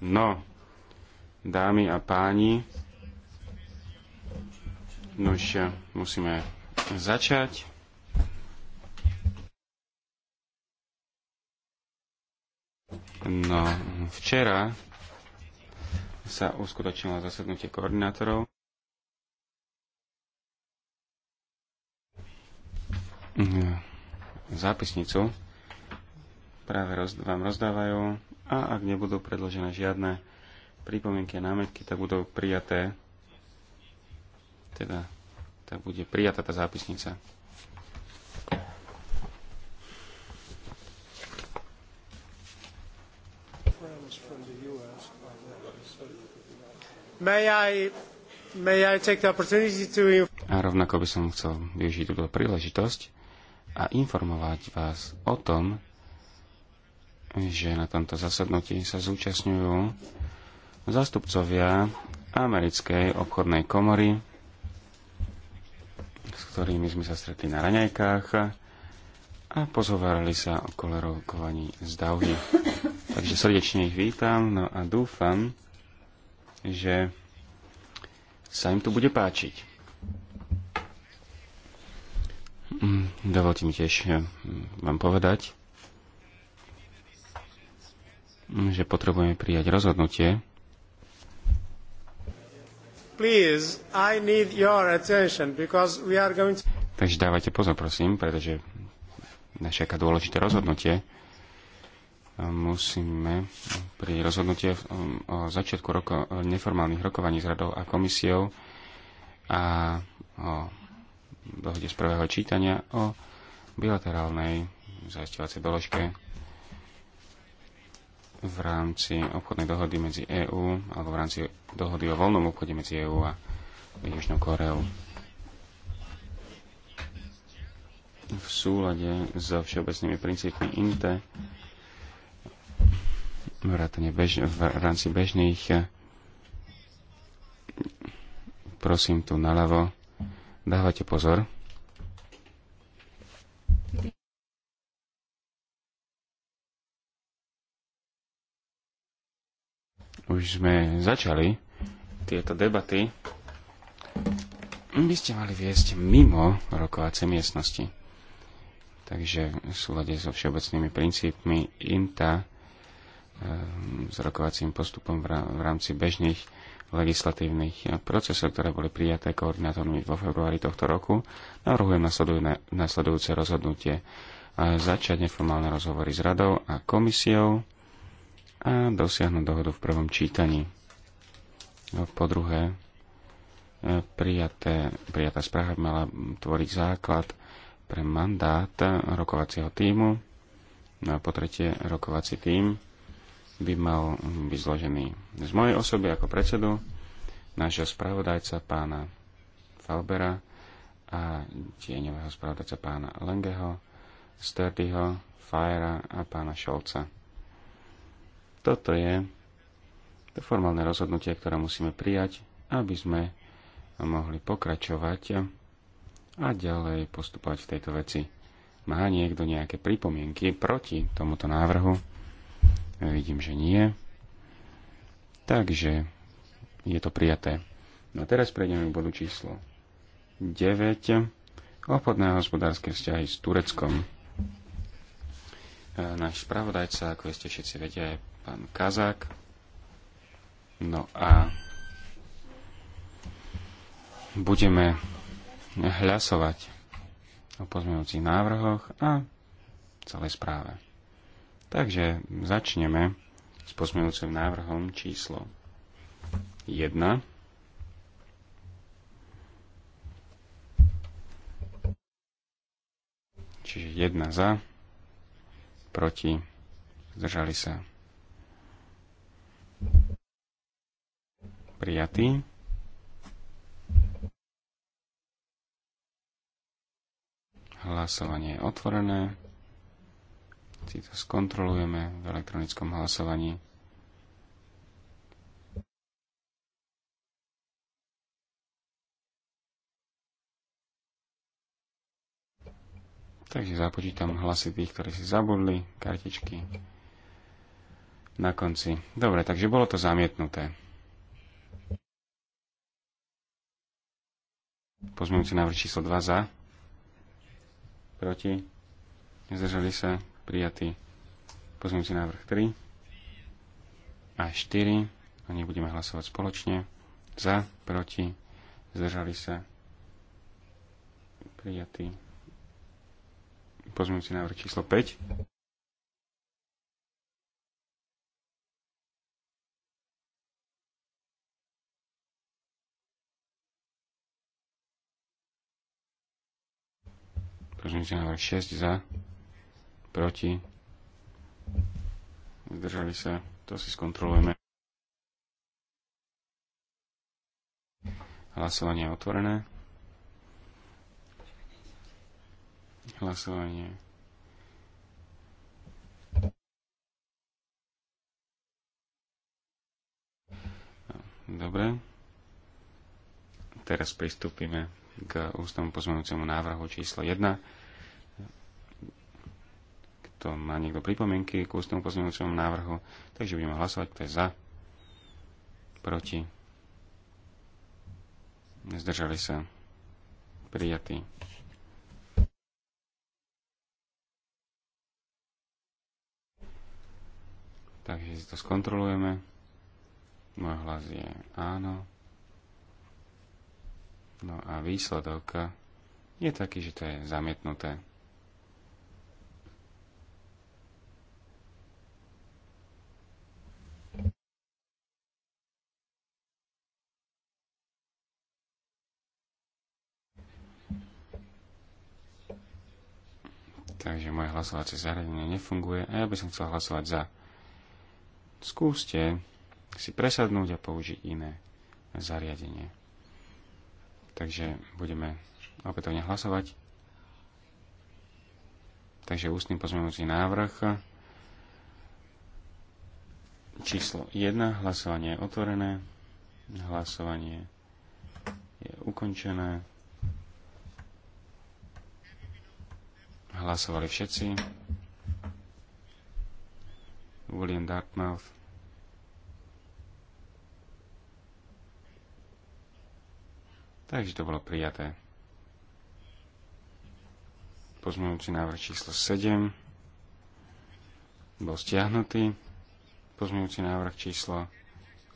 No, dámy a páni, no musíme začať. No, včera sa uskutočnilo zasadnutie koordinátorov. Zápisnicu práve roz, vám rozdávajú a ak nebudú predložené žiadne pripomienky a námetky, tak budú prijaté, teda tak bude prijatá tá zápisnica. May I, may I take the opportunity to... A rovnako by som chcel využiť túto príležitosť a informovať vás o tom, že na tomto zasadnutí sa zúčastňujú zástupcovia americkej obchodnej komory, s ktorými sme sa stretli na raňajkách a pozhovárali sa o kolerokovaní z Dauhy. Takže srdečne ich vítam no a dúfam, že sa im tu bude páčiť. Mm, dovolte mi tiež eh, vám povedať, že potrebujeme prijať rozhodnutie. Please, I need your attention because we are going to... Takže dávajte pozor, prosím, pretože naše čaká dôležité rozhodnutie. Musíme pri rozhodnutie um, o začiatku roko, neformálnych rokovaní s radou a komisiou a o dohode z prvého čítania o bilaterálnej zaisťovacej doložke v rámci obchodnej dohody medzi EÚ alebo v rámci dohody o voľnom obchode medzi EÚ a Južnou Koreou. V súlade so všeobecnými princípmi INTE bež, v rámci bežných prosím tu naľavo dávate pozor už sme začali tieto debaty, by ste mali viesť mimo rokovacej miestnosti. Takže v súlade so všeobecnými princípmi INTA eh, s rokovacím postupom v rámci bežných legislatívnych procesov, ktoré boli prijaté koordinátormi vo februári tohto roku, navrhujem nasledujúce rozhodnutie eh, začať neformálne rozhovory s radou a komisiou a dosiahnuť dohodu v prvom čítaní. Po druhé, e, prijaté, prijatá správa mala tvoriť základ pre mandát rokovacieho týmu. No a po tretie, rokovací tým by mal byť zložený z mojej osoby ako predsedu, nášho spravodajca pána Falbera a tieňového spravodajca pána Lengeho, Sturdyho, Fajera a pána Šolca. Toto je to formálne rozhodnutie, ktoré musíme prijať, aby sme mohli pokračovať a ďalej postupovať v tejto veci. Má niekto nejaké pripomienky proti tomuto návrhu? Vidím, že nie. Takže je to prijaté. No a teraz prejdeme k bodu číslo 9. Obchodné a hospodárske vzťahy s Tureckom. Náš spravodajca, ako ste všetci vedia, je pán Kazák. No a budeme hlasovať o pozmeňujúcich návrhoch a celej správe. Takže začneme s pozmeňujúcim návrhom číslo 1. Čiže 1 za, proti, zdržali sa prijatý. Hlasovanie je otvorené. Si to skontrolujeme v elektronickom hlasovaní. Takže započítam hlasy tých, ktorí si zabudli kartičky na konci. Dobre, takže bolo to zamietnuté. Pozmeňujúci návrh číslo 2 za. Proti. Nezdržali sa. Prijatý. Pozmeňujúci návrh 3 a 4. O nich budeme hlasovať spoločne. Za. Proti. Zdržali sa. Prijatý. Pozmeňujúci návrh číslo 5. Pozmeňujúci návrh 6 za, proti, zdržali sa, to si skontrolujeme. Hlasovanie je otvorené. Hlasovanie. Dobre. Teraz pristúpime k ústavu pozmeňujúcemu návrhu číslo 1 to má niekto pripomienky k ústnemu pozmeňujúcemu návrhu, takže budeme hlasovať, kto je za, proti, zdržali sa, prijatí. Takže si to skontrolujeme. Môj hlas je áno. No a výsledok je taký, že to je zamietnuté. Takže moje hlasovacie zariadenie nefunguje a ja by som chcel hlasovať za. Skúste si presadnúť a použiť iné zariadenie. Takže budeme opätovne hlasovať. Takže ústny pozmeňujúci návrh číslo 1. Hlasovanie je otvorené. Hlasovanie je ukončené. Hlasovali všetci. William Dartmouth. Takže to bolo prijaté. Pozmenujúci návrh číslo 7 bol stiahnutý. pozmenujúci návrh číslo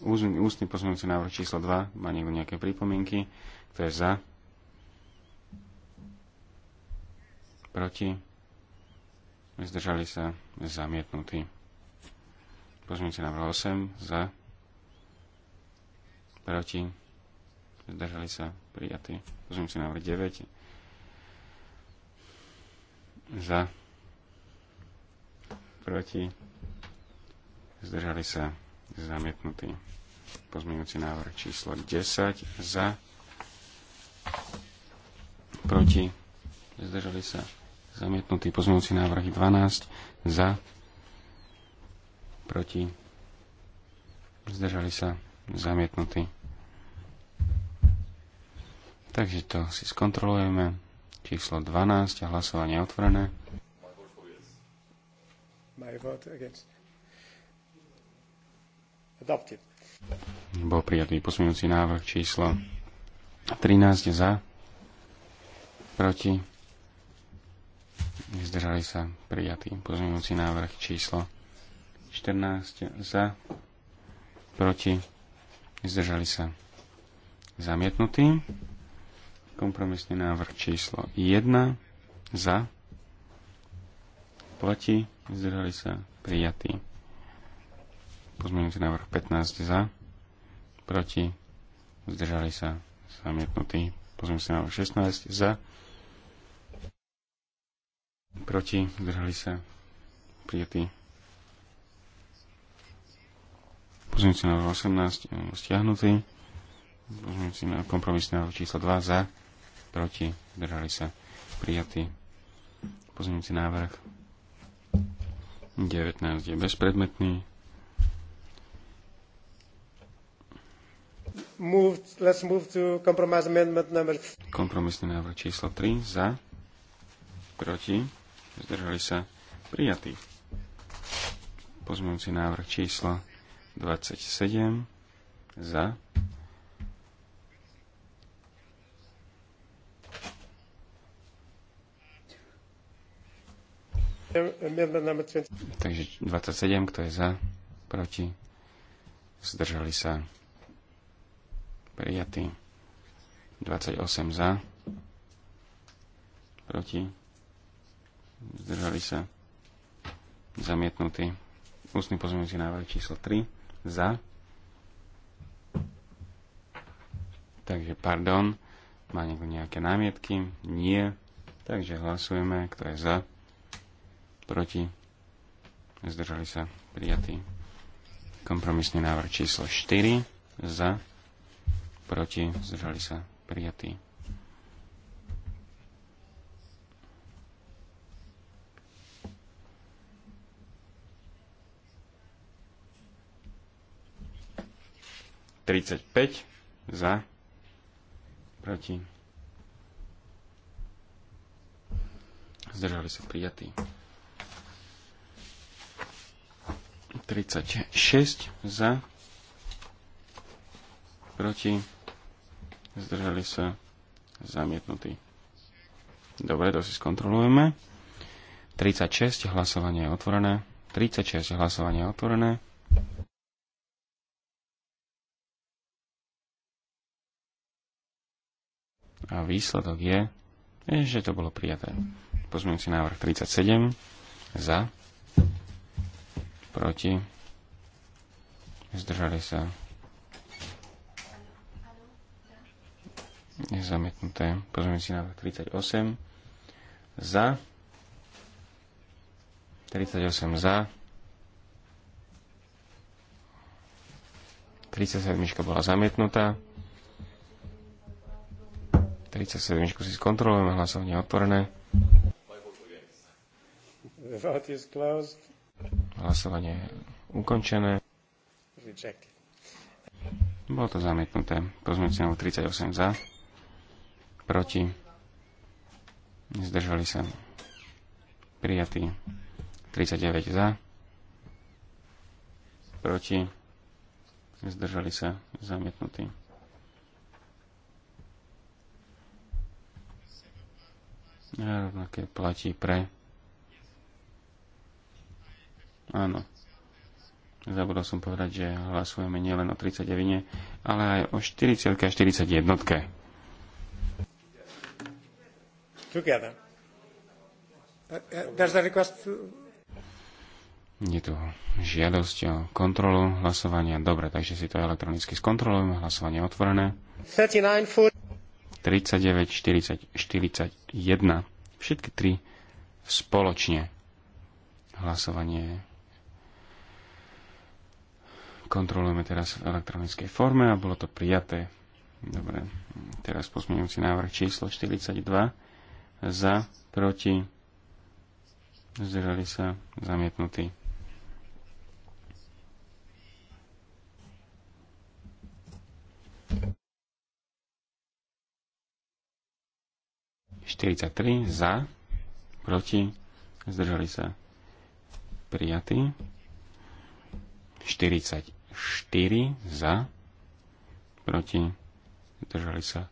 ústny pozmenujúci návrh číslo 2. Má niekto nejaké pripomienky? Kto je za? proti, zdržali sa zamietnutí. Pozmite návrh 8 za, proti, zdržali sa prijatí. Pozmite návrh 9 za, proti, zdržali sa zamietnutí. Pozmiňujúci návrh číslo 10 za, proti, zdržali sa Zamietnutý pozmeňujúci návrh 12 za, proti, zdržali sa, zamietnutý. Takže to si skontrolujeme. Číslo 12 a hlasovanie otvorené. Bol prijatý pozmeňujúci návrh číslo 13 za, proti, Zdržali sa prijatý pozmeňujúci návrh číslo 14 za, proti, zdržali sa zamietnutý. Kompromisný návrh číslo 1 za, proti, zdržali sa prijatý. Pozmeňujúci návrh 15 za, proti, zdržali sa zamietnutý. Pozmeňujúci návrh 16 za, proti, zdržali sa, prijatí. Pozmeňujúci návrh 18 e, stiahnutý. Pozmeňujúci návrh kompromisný návrh číslo 2 za, proti, zdržali sa, prijatí. Pozmeňujúci návrh 19 je bezpredmetný. Move, let's move to compromise amendment number... Kompromisný návrh číslo 3 za, proti, zdržali sa, prijatý. Pozmúci návrh číslo 27 za, Takže 27, kto je za, proti, zdržali sa, prijatý, 28 za, proti, zdržali sa, zamietnutý. Ústny pozmeňujúci návrh číslo 3, za. Takže pardon, má niekto nejaké námietky? Nie. Takže hlasujeme, kto je za, proti, zdržali sa, prijatý. Kompromisný návrh číslo 4, za, proti, zdržali sa, prijatý 35 za, proti, zdržali sa prijatí. 36 za, proti, zdržali sa zamietnutí. Dobre, to si skontrolujeme. 36, hlasovanie je otvorené. 36, hlasovanie je otvorené. A výsledok je, že to bolo prijaté. Pozmeňujúci návrh 37 za, proti, zdržali sa nezametnuté. zamietnuté. Pozmeňujúci návrh 38 za, 38 za, 37 bola zamietnutá, 37 si skontrolujeme, hlasovanie otvorené. Hlasovanie je ukončené. Bolo to zamietnuté. Pozmeňujúci návrh 38 za. Proti. Zdržali sa. Prijatý. 39 za. Proti. Zdržali sa. Zamietnutý. rovnaké platí pre... Áno. Zabudol som povedať, že hlasujeme nielen o 39, ale aj o 40 a 41. Together. There's a request Je tu žiadosť o kontrolu hlasovania. Dobre, takže si to elektronicky skontrolujeme. Hlasovanie otvorené. 39, 39, 40, 41. Všetky tri spoločne. Hlasovanie kontrolujeme teraz v elektronickej forme a bolo to prijaté. Dobre, teraz pozmeňujúci návrh číslo 42 za, proti, zdržali sa, zamietnutý. 43 za, proti, zdržali sa prijatí. 44 za, proti, zdržali sa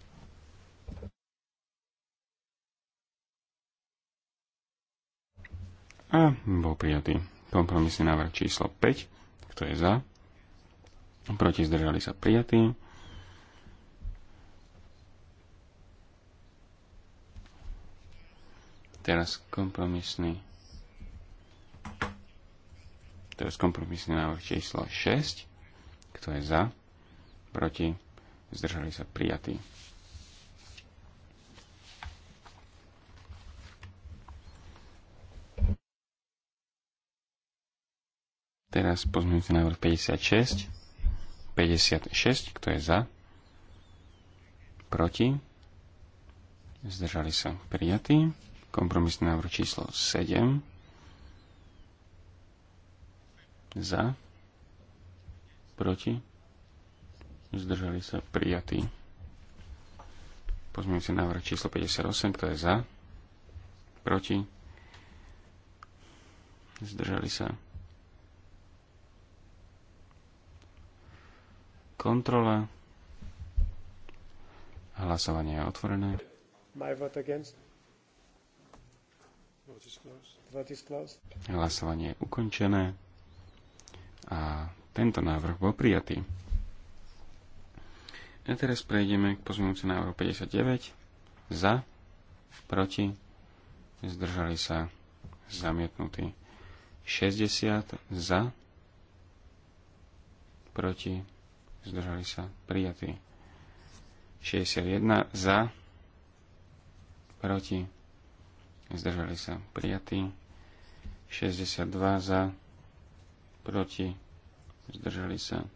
a bol prijatý kompromisný návrh číslo 5, kto je za, proti zdržali sa prijatí. Teraz kompromisný teraz kompromisný návrh číslo 6. Kto je za? Proti? Zdržali sa prijatí. Teraz pozmeňujúci návrh 56. 56. Kto je za? Proti? Zdržali sa prijatí. Kompromisný návrh číslo 7. Za. Proti. Zdržali sa prijatí. Pozmeňujúci návrh číslo 58, kto je za? Proti? Zdržali sa. Kontrola. Hlasovanie je otvorené. My vote against. Hlasovanie je ukončené a tento návrh bol prijatý. A teraz prejdeme k pozmeňujúcemu návrhu 59. Za, proti, zdržali sa zamietnutí. 60 za, proti, zdržali sa prijatí. 61 za, proti, zdržali sa prijatí, 62 za, proti, zdržali sa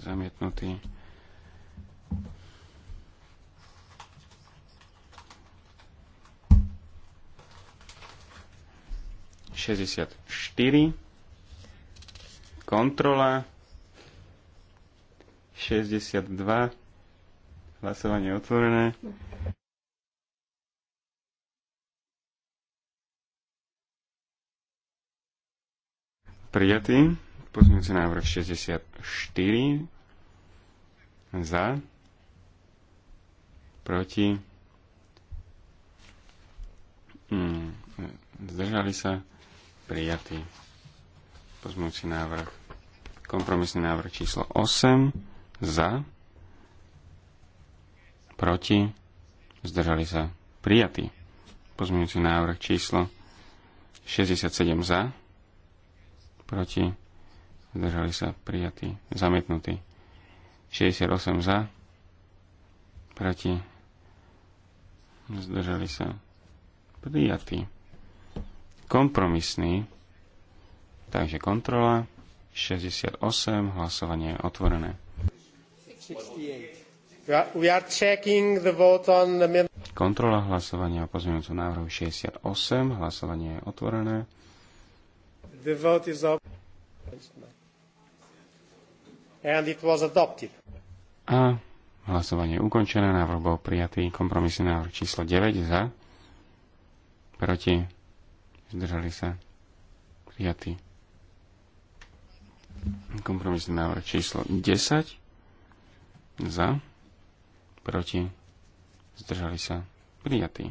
zamietnutí. Šesťdesiat štyri, kontrola, šesťdesiat dva, hlasovanie otvorené. Prijatý. Pozmeňujúci návrh 64. Za. Proti. Mm, zdržali sa. Prijatý. Pozmeňujúci návrh. Kompromisný návrh číslo 8. Za. Proti. Zdržali sa. Prijatý. Pozmeňujúci návrh číslo 67 za proti, zdržali sa prijatí, zamietnutí. 68 za, proti, zdržali sa prijatí. Kompromisný, takže kontrola, 68, hlasovanie je otvorené. Kontrola hlasovania o pozmeňujúcom návrhu 68. Hlasovanie je otvorené. The vote is up. And it was adopted. A hlasovanie je ukončené, návrh bol prijatý, kompromisný návrh číslo 9 za, proti, zdržali sa, prijatý. Kompromisný návrh číslo 10 za, proti, zdržali sa, prijatý.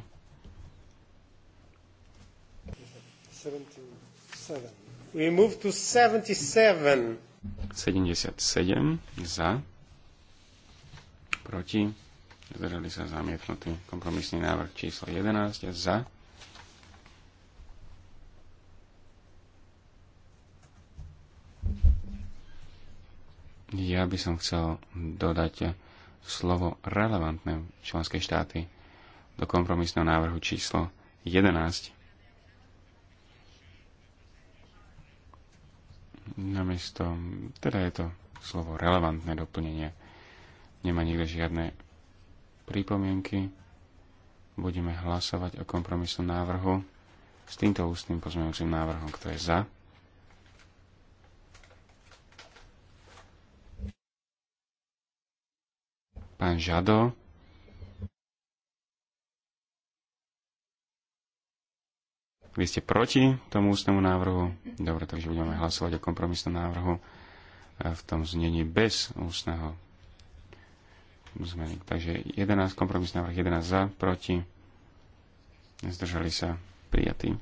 7. We move to 77. 77 za. Proti. Zdržali sa zamietnutý kompromisný návrh číslo 11 za. Ja by som chcel dodať slovo relevantné členské štáty do kompromisného návrhu číslo 11. namiesto, teda je to slovo relevantné doplnenie. Nemá nikde žiadne pripomienky. Budeme hlasovať o kompromisnom návrhu s týmto ústnym pozmeňujúcim návrhom, kto je za. Pán Žado. Vy ste proti tomu ústnemu návrhu. Dobre, takže budeme hlasovať o kompromisnom návrhu e, v tom znení bez ústneho zmeny. Takže 11, kompromisný návrh 11 za, proti, zdržali sa prijatí.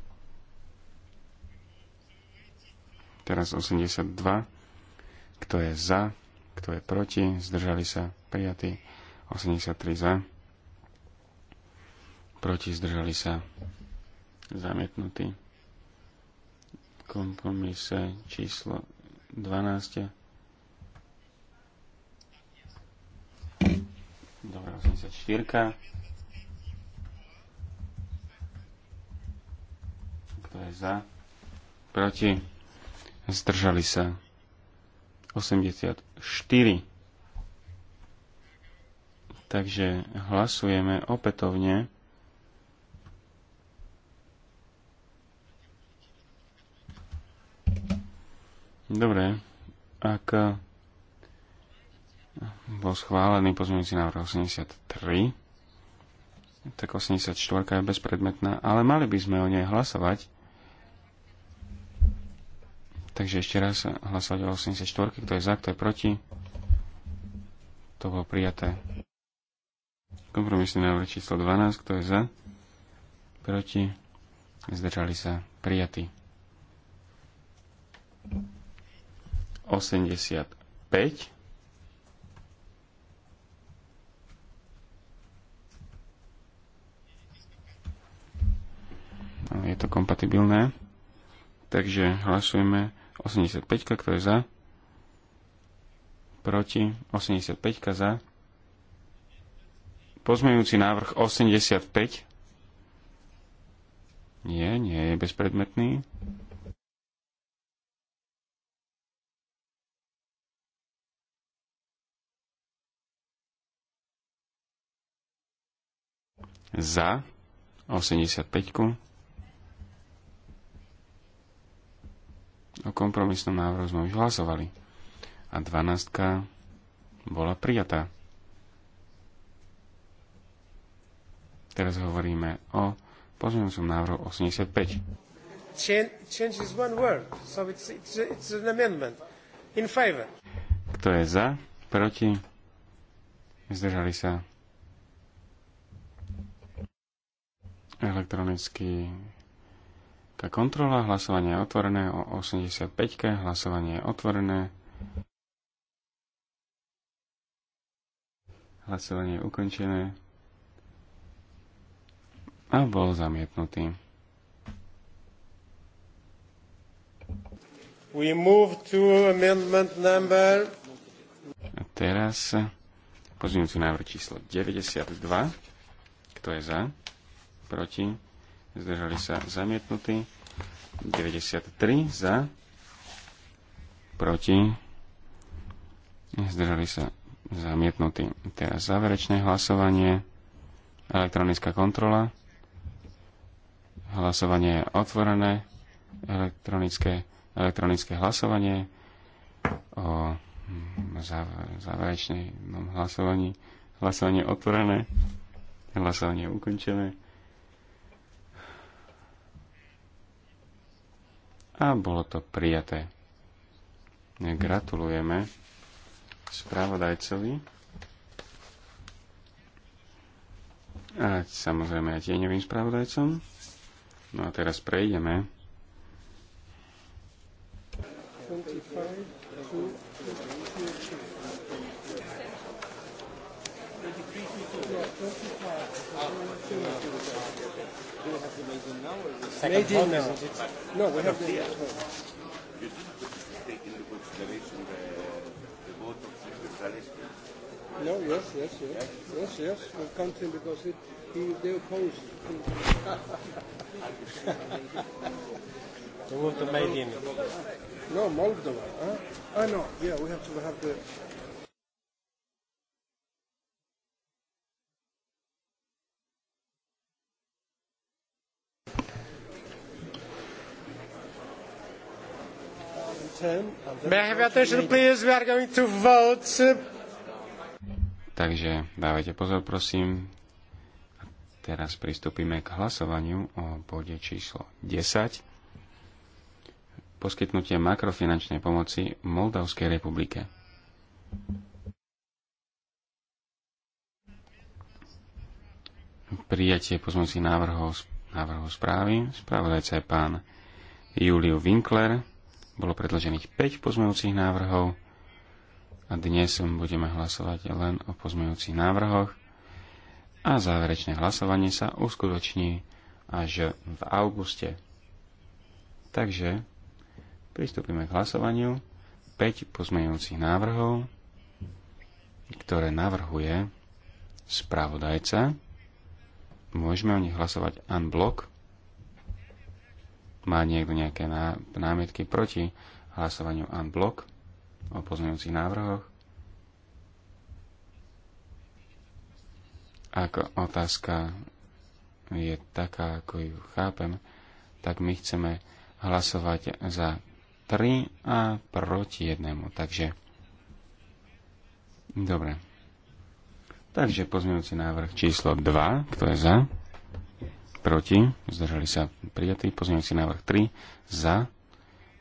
Teraz 82, kto je za, kto je proti, zdržali sa prijatí. 83 za, proti, zdržali sa zamietnutý. Kompromise číslo 12. Dobre, 84. Kto je za? Proti? Zdržali sa. 84. Takže hlasujeme opätovne Dobre, ak eh, bol schválený pozmeňujúci návrh 83, tak 84 je bezpredmetná, ale mali by sme o nej hlasovať. Takže ešte raz hlasovať o 84, kto je za, kto je proti. To bolo prijaté. Kompromisný návrh číslo 12, kto je za, proti, zdržali sa, prijatý. 85. No, je to kompatibilné. Takže hlasujeme 85, kto je za. Proti 85 za. Pozmejúci návrh 85. Nie, nie je bezpredmetný. za 85. O kompromisnom návrhu sme už hlasovali. A 12. bola prijatá. Teraz hovoríme o pozmeňujúcom návrhu 85. Change is one word, so it's, it's, it's an amendment. In favor. Kto je za? Proti? Zdržali sa? Elektronicky tá kontrola, hlasovanie je otvorené o 85 hlasovanie je otvorené. Hlasovanie je ukončené. A bol zamietnutý. We move to amendment number... A teraz si návrh číslo 92. Kto je za? proti, zdržali sa zamietnutí, 93 za, proti, zdržali sa zamietnutí. Teraz záverečné hlasovanie, elektronická kontrola, hlasovanie je otvorené, elektronické, elektronické hlasovanie o záverečnom hlasovaní, hlasovanie otvorené, hlasovanie ukončené. a bolo to prijaté. Gratulujeme spravodajcovi a samozrejme aj tieňovým spravodajcom. No a teraz prejdeme Thank you. Do we have the made in now? Or is it made in now. No, we have the. Yeah. You didn't take into consideration the, the vote of Mr. Zaleski. No, yes, yes, yes. Yes, yes. yes. We can't him because it, he, they opposed. we want the made in. No, Moldova. Huh? Ah, no, yeah, we have to have the. Takže dávajte pozor, prosím. Teraz pristúpime k hlasovaniu o bode číslo 10. Poskytnutie makrofinančnej pomoci Moldavskej republike. Prijatie pozmocí návrhov, návrhov správy. Spravodajca je pán Juliu Winkler. Bolo predložených 5 pozmeňujúcich návrhov a dnes budeme hlasovať len o pozmeňujúcich návrhoch a záverečné hlasovanie sa uskutoční až v auguste. Takže pristúpime k hlasovaniu 5 pozmeňujúcich návrhov, ktoré navrhuje spravodajca. Môžeme o nich hlasovať unblock má niekto nejaké námietky proti hlasovaniu unblock o pozmeňujúcich návrhoch? Ako otázka je taká, ako ju chápem, tak my chceme hlasovať za 3 a proti jednému. Takže, dobre. Takže pozmeňujúci návrh číslo 2, kto je za? proti, zdržali sa prijatí, pozmeňujúci návrh 3, za,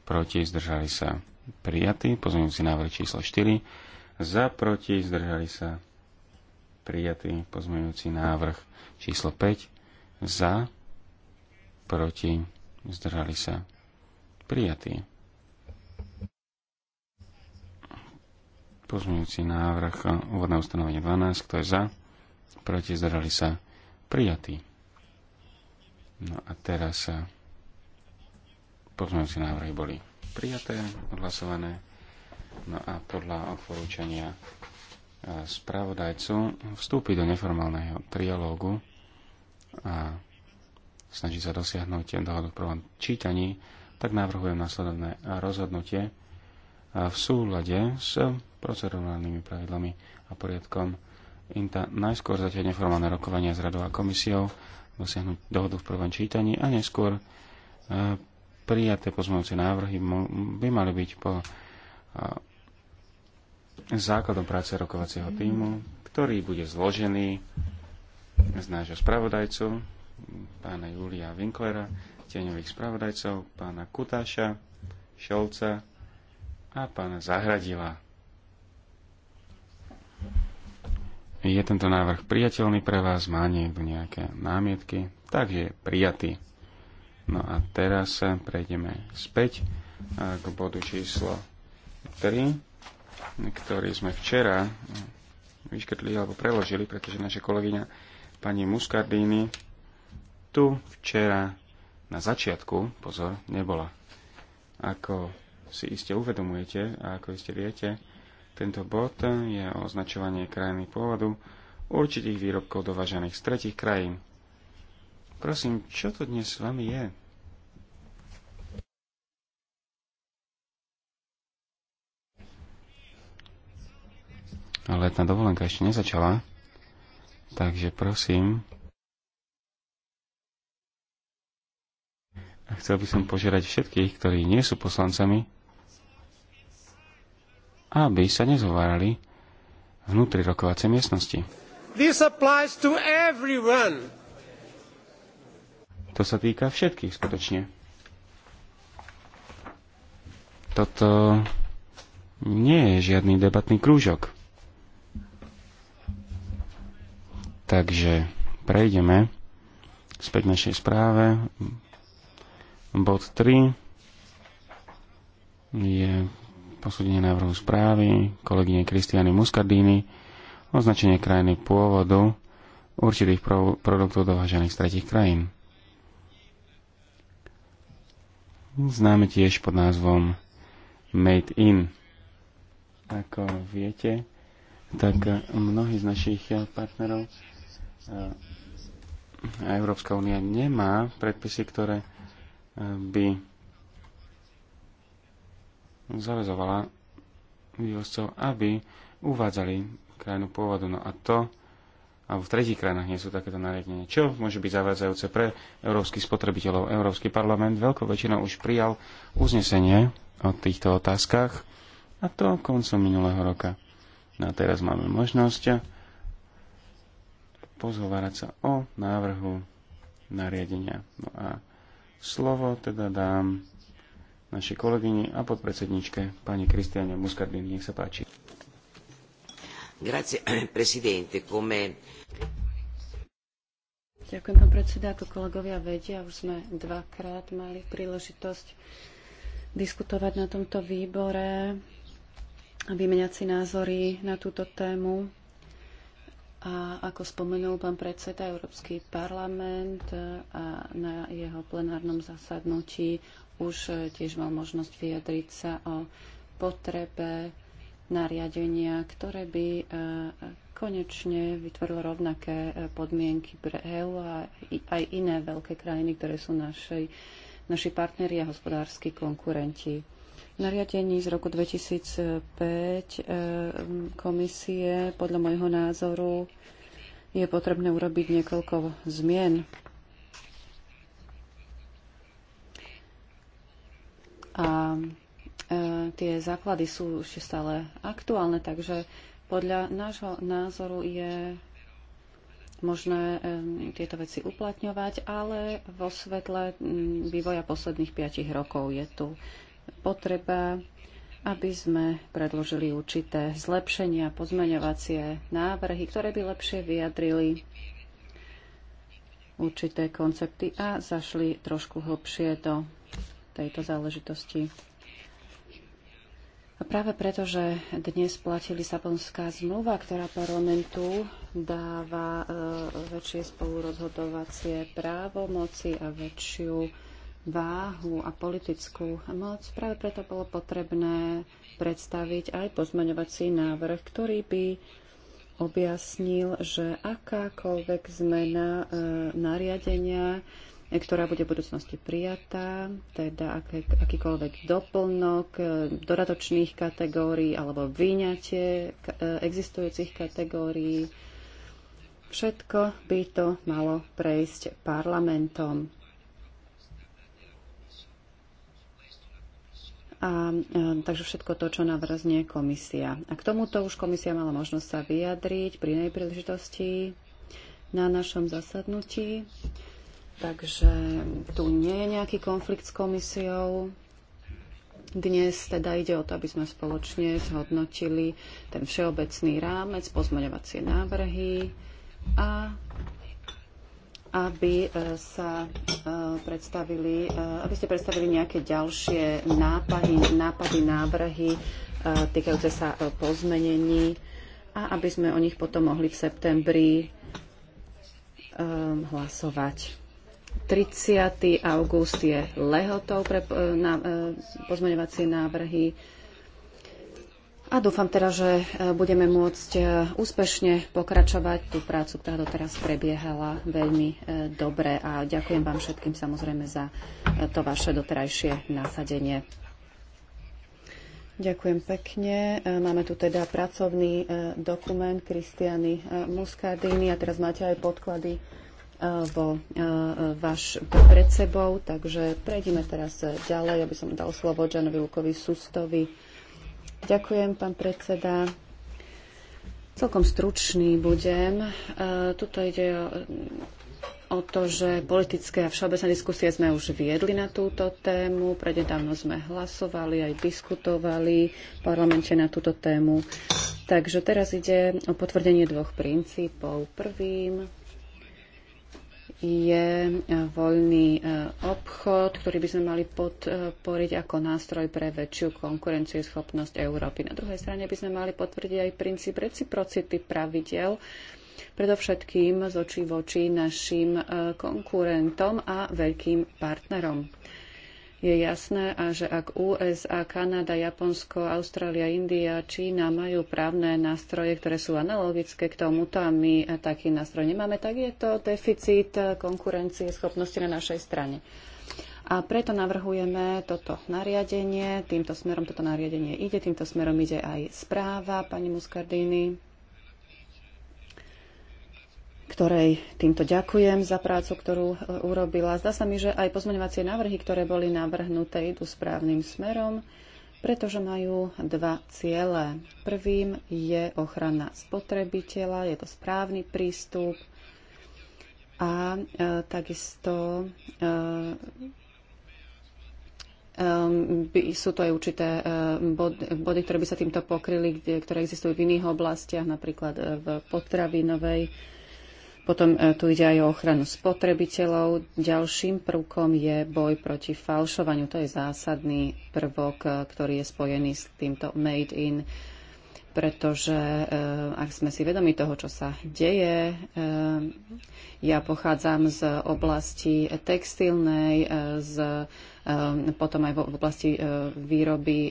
proti, zdržali sa prijatí, pozmeňujúci návrh číslo 4, za, proti, zdržali sa prijatý pozmeňujúci návrh číslo 5, za, proti, zdržali sa prijatý. Pozmeňujúci návrh úvodné ustanovenie 12, kto je za, proti, zdržali sa prijatý. No a teraz sa eh, pozmeňujúce návrhy boli prijaté, odhlasované. No a podľa odporúčania eh, spravodajcu vstúpi do neformálneho trialógu a snaží sa dosiahnuť dohodu v prvom čítaní, tak navrhujem následovné eh, rozhodnutie v súlade s procedurálnymi pravidlami a poriadkom INTA najskôr zatiaľ neformálne rokovania s radou a komisiou dosiahnuť dohodu v prvom čítaní a neskôr e, prijaté pozmeňujúce návrhy by mali byť po e, základom práce rokovacieho týmu, ktorý bude zložený z nášho spravodajcu, pána Julia Winklera, tieňových spravodajcov, pána Kutáša, Šolca a pána Zahradila. Je tento návrh priateľný pre vás? Má niekto nejaké námietky? Takže je prijatý. No a teraz sa prejdeme späť k bodu číslo 3, ktorý sme včera vyškrtli alebo preložili, pretože naša kolegyňa pani Muscardini tu včera na začiatku, pozor, nebola. Ako si iste uvedomujete a ako iste viete, tento bod je označovanie krajiny pôvodu určitých výrobkov dovážaných z tretich krajín. Prosím, čo to dnes s vami je? Letná dovolenka ešte nezačala, takže prosím. A chcel by som požiadať všetkých, ktorí nie sú poslancami, aby sa nezhovárali vnútri rokovacej miestnosti. To, to sa týka všetkých skutočne. Toto nie je žiadny debatný krúžok. Takže prejdeme späť našej správe. Bod 3 je posúdenie návrhu správy kolegyne Kristiany Muscardini, označenie krajiny pôvodu určitých pro- produktov dovážených z tretich krajín. Známe tiež pod názvom Made in. Ako viete, tak mnohí z našich partnerov a eh, Európska únia nemá predpisy, ktoré eh, by zavezovala vývozcov, aby uvádzali krajinu pôvodu. No a to, alebo v tretich krajinách nie sú takéto nariadenia. Čo môže byť zavádzajúce pre európskych spotrebiteľov? Európsky parlament veľkou väčšinou už prijal uznesenie o týchto otázkach a to koncom minulého roka. No a teraz máme možnosť pozhovárať sa o návrhu nariadenia. No a slovo teda dám našej kolegyni a podpredsedničke pani Kristiane Muscardini. Nech sa páči. Grazie, presidente. Come... Ďakujem, pán predseda. Ako kolegovia vedia, už sme dvakrát mali príležitosť diskutovať na tomto výbore a vymeniať si názory na túto tému. A ako spomenul pán predseda, Európsky parlament eh, a na jeho plenárnom zasadnutí už e, tiež mal možnosť vyjadriť sa o potrebe nariadenia, ktoré by e, konečne vytvorilo rovnaké e, podmienky pre EU a aj iné veľké krajiny, ktoré sú našej, naši partneri a hospodárski konkurenti. V nariadení z roku 2005 komisie podľa môjho názoru je potrebné urobiť niekoľko zmien A e, tie základy sú ešte stále aktuálne, takže podľa nášho názoru je možné e, tieto veci uplatňovať, ale vo svetle vývoja posledných 5 rokov je tu potreba, aby sme predložili určité zlepšenia, pozmeňovacie návrhy, ktoré by lepšie vyjadrili určité koncepty a zašli trošku hlbšie do tejto záležitosti. A práve preto, že dnes platí Lisabonská zmluva, ktorá parlamentu dáva e, väčšie spolurozhodovacie právomoci a väčšiu váhu a politickú moc, práve preto bolo potrebné predstaviť aj pozmaňovací návrh, ktorý by objasnil, že akákoľvek zmena e, nariadenia e, ktorá bude v budúcnosti prijatá, teda aké, akýkoľvek doplnok e, dodatočných kategórií alebo vyňatie e, existujúcich kategórií. Všetko by to malo prejsť parlamentom. A, e, takže všetko to, čo navrznie komisia. A k tomuto už komisia mala možnosť sa vyjadriť pri nejpríležitosti príležitosti na našom zasadnutí. Takže tu nie je nejaký konflikt s komisiou. Dnes teda ide o to, aby sme spoločne zhodnotili ten všeobecný rámec, pozmeňovacie návrhy a aby e, sa e, predstavili, e, aby ste predstavili nejaké ďalšie nápady, nápady návrhy týkajúce sa pozmenení a aby sme o nich potom mohli v septembri hlasovať. 30. august je lehotou pre e, na, e, pozmeňovacie návrhy. A dúfam teda, že e, budeme môcť úspešne pokračovať tú prácu, ktorá doteraz prebiehala veľmi dobre. A ďakujem vám všetkým samozrejme za to vaše doterajšie nasadenie. Ďakujem pekne. Máme tu teda pracovný dokument Kristiany Muscardini a teraz máte aj podklady vo, e, e, vaš, pred sebou, takže prejdeme teraz ďalej, aby som dal slovo Janovi Lukovi Sustovi. Ďakujem, pán predseda. Celkom stručný budem. E, tuto ide o o to, že politické a všeobecné diskusie sme už viedli na túto tému. Prednedávno sme hlasovali aj diskutovali v parlamente na túto tému. Takže teraz ide o potvrdenie dvoch princípov. Prvým je e, voľný e, obchod, ktorý by sme mali podporiť ako nástroj pre väčšiu konkurencieschopnosť Európy. Na druhej strane by sme mali potvrdiť aj princíp reciprocity pravidel, predovšetkým z očí voči našim e, konkurentom a veľkým partnerom. Je jasné, a že ak USA, Kanada, Japonsko, Austrália, India, Čína majú právne nástroje, ktoré sú analogické k tomuto a my taký nástroj nemáme, tak je to deficit eh, konkurencie schopnosti na našej strane. A preto navrhujeme toto nariadenie, týmto smerom toto nariadenie ide, týmto smerom ide aj správa pani Muscardini ktorej týmto ďakujem za prácu, ktorú e, urobila. Zdá sa mi, že aj pozmeňovacie návrhy, ktoré boli navrhnuté, idú správnym smerom, pretože majú dva ciele. Prvým je ochrana spotrebiteľa, je to správny prístup a e, takisto e, e by, sú to aj určité e, body, body, ktoré by sa týmto pokryli, kde, ktoré existujú v iných oblastiach, napríklad v potravinovej potom e, tu ide aj o ochranu spotrebiteľov. Ďalším prvkom je boj proti falšovaniu. To je zásadný prvok, e, ktorý je spojený s týmto made in, pretože e, ak sme si vedomi toho, čo sa deje, ja pochádzam z oblasti textilnej, z, potom aj v oblasti výroby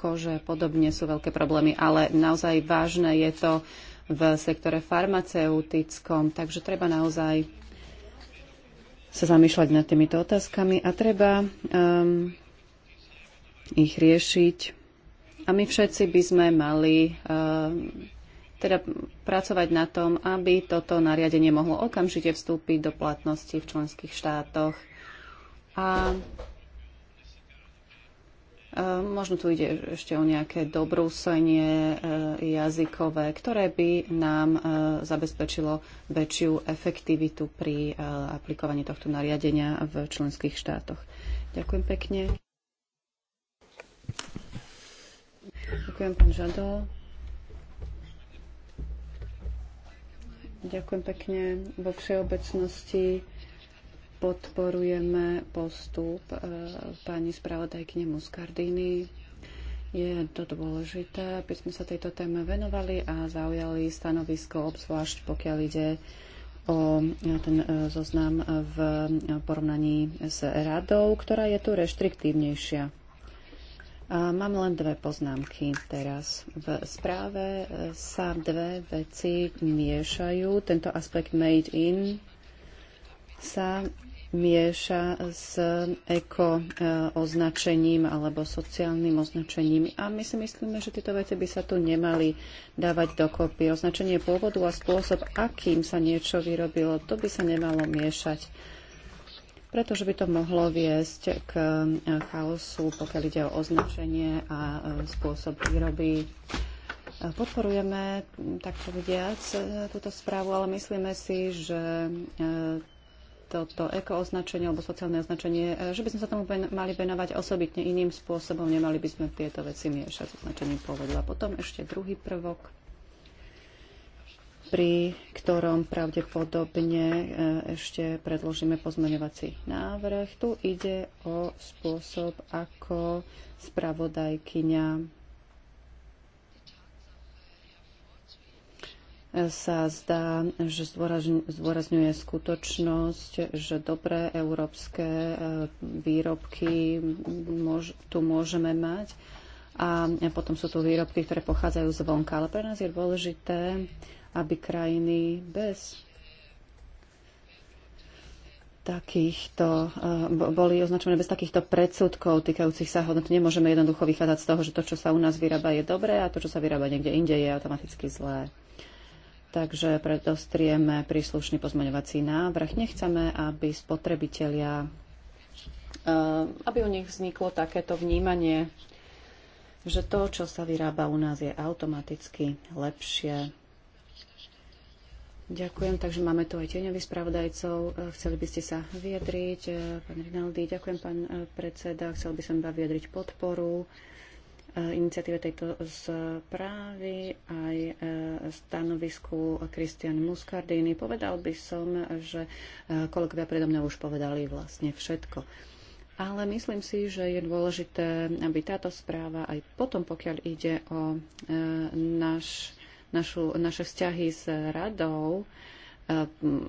kože, podobne sú veľké problémy, ale naozaj vážne je to, v sektore farmaceutickom. Takže treba naozaj sa zamýšľať nad týmito otázkami a treba um, ich riešiť. A my všetci by sme mali um, teda pracovať na tom, aby toto nariadenie mohlo okamžite vstúpiť do platnosti v členských štátoch. A Ehm, možno tu ide ešte o nejaké dobrúsenie e, jazykové, ktoré by nám e, zabezpečilo väčšiu efektivitu pri e, aplikovaní tohto nariadenia v členských štátoch. Ďakujem pekne. Ďakujem, pán Žado. Ďakujem pekne. Vo všeobecnosti podporujeme postup e, pani spravodajkyne Muscardini. Je to dôležité, aby sme sa tejto téme venovali a zaujali stanovisko, obzvlášť pokiaľ ide o ten e, zoznam v porovnaní s radou, ktorá je tu reštriktívnejšia. A mám len dve poznámky teraz. V správe e, sa dve veci miešajú. Tento aspekt made in sa mieša s eko e, označením alebo sociálnym označením. A my si myslíme, že tieto veci by sa tu nemali dávať dokopy. Označenie pôvodu a spôsob, akým sa niečo vyrobilo, to by sa nemalo miešať pretože by to mohlo viesť k e, chaosu, pokiaľ ide o označenie a e, spôsob výroby. Podporujeme, tak povediac, túto správu, ale myslíme si, že toto ekooznačenie alebo sociálne označenie, e, že by sme sa tomu ben, mali venovať osobitne iným spôsobom, nemali by sme tieto veci miešať s označením pôvodu. A potom ešte druhý prvok, pri ktorom pravdepodobne e, ešte predložíme pozmeňovací návrh. Tu ide o spôsob, ako spravodajkyňa sa zdá, že zdôrazňuje skutočnosť, že dobré európske e, výrobky tu môžeme mať a potom sú tu výrobky, ktoré pochádzajú zvonka. Ale pre nás je dôležité, aby krajiny bez takýchto, e, boli označené bez takýchto predsudkov týkajúcich sa hodnot. Nemôžeme jednoducho vychádzať z toho, že to, čo sa u nás vyrába, je dobré a to, čo sa vyrába niekde inde, je automaticky zlé. Takže predostrieme príslušný pozmeňovací návrh. Nechceme, aby spotrebitelia, e, aby u nich vzniklo takéto vnímanie, že to, čo sa vyrába u nás, je automaticky lepšie. Ďakujem, takže máme tu aj tieňových spravodajcov. E, chceli by ste sa vyjadriť, e, pán Rinaldi, ďakujem, pán predseda. Chcel by som iba vyjadriť podporu iniciatíve tejto správy aj e, stanovisku Kristian Muscardini. Povedal by som, že e, kolegovia predo mňa už povedali vlastne všetko. Ale myslím si, že je dôležité, aby táto správa aj potom, pokiaľ ide o e, naš, našu, naše vzťahy s radou,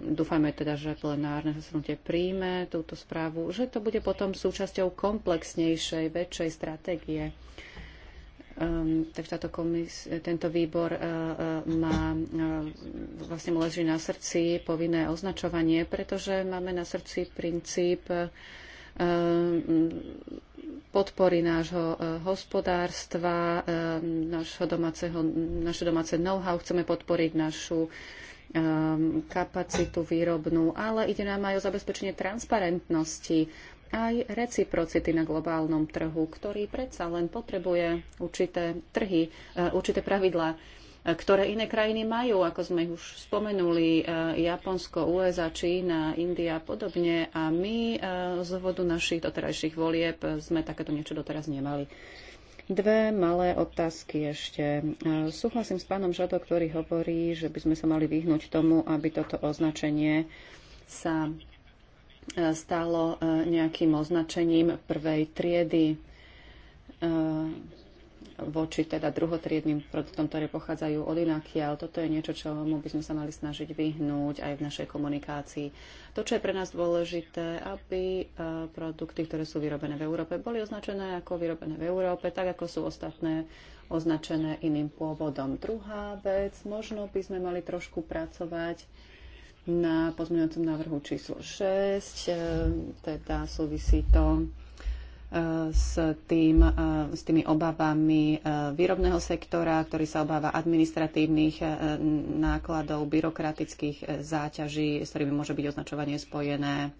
dúfame teda, že plenárne zasadnutie príjme túto správu, že to bude potom súčasťou komplexnejšej, väčšej stratégie um, tak táto komis, tento výbor uh, má, uh, vlastne mu leží na srdci povinné označovanie, pretože máme na srdci princíp podpory nášho hospodárstva, nášho domáceho, naše domáce know-how, chceme podporiť našu ehm, kapacitu výrobnú, ale ide nám aj o zabezpečenie transparentnosti aj reciprocity na globálnom trhu, ktorý predsa len potrebuje určité trhy, e, určité pravidlá, e, ktoré iné krajiny majú, ako sme už spomenuli, e, Japonsko, USA, Čína, India a podobne. A my z vodu našich doterajších volieb sme takéto niečo doteraz nemali. Dve malé otázky ešte. Súhlasím s pánom Žado, ktorý hovorí, že by sme sa mali vyhnúť tomu, aby toto označenie sa stálo e, nejakým označením prvej triedy e, voči teda druhotriedným produktom, ktoré pochádzajú od ale Toto je niečo, čo by sme sa mali snažiť vyhnúť aj v našej komunikácii. To, čo je pre nás dôležité, aby e, produkty, ktoré sú vyrobené v Európe, boli označené ako vyrobené v Európe, tak ako sú ostatné označené iným pôvodom. Druhá vec, možno by sme mali trošku pracovať na pozmeňovacom návrhu číslo 6, e, teda súvisí to e, s, tým, e, s tými obavami výrobného sektora, ktorý sa obáva administratívnych nákladov, byrokratických záťaží, s ktorými môže byť označovanie spojené.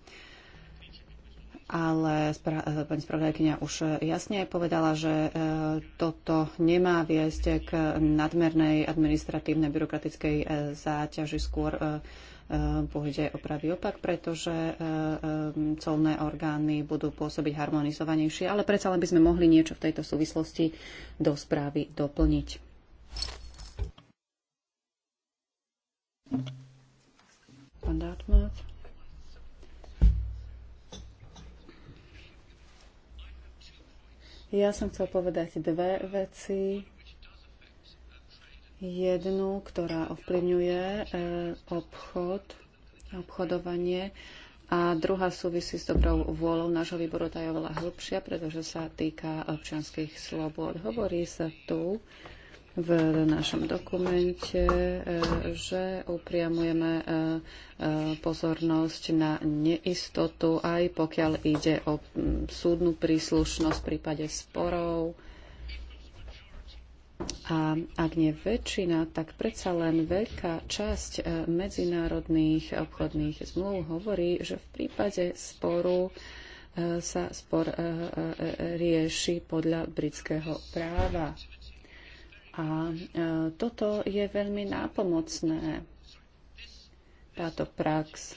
Ale spra- pani spravodajkynia už jasne povedala, že toto nemá viesť k nadmernej administratívnej byrokratickej záťaži, skôr Eh, pôjde o pravý opak, pretože eh, eh, colné orgány budú pôsobiť harmonizovanejšie, ale predsa len by sme mohli niečo v tejto súvislosti do správy doplniť. Pán Dartmouth. Ja som chcel povedať dve veci jednu, ktorá ovplyvňuje e, obchod, obchodovanie a druhá súvisí s dobrou vôľou nášho výboru, tá je oveľa hĺbšia, pretože sa týka občianských slobod. Hovorí sa tu v našom dokumente, e, že upriamujeme e, pozornosť na neistotu, aj pokiaľ ide o súdnu príslušnosť v prípade sporov, a ak nie väčšina, tak predsa len veľká časť e, medzinárodných obchodných zmluv hovorí, že v prípade sporu e, sa spor e, rieši podľa britského práva. A toto je veľmi nápomocné, táto prax,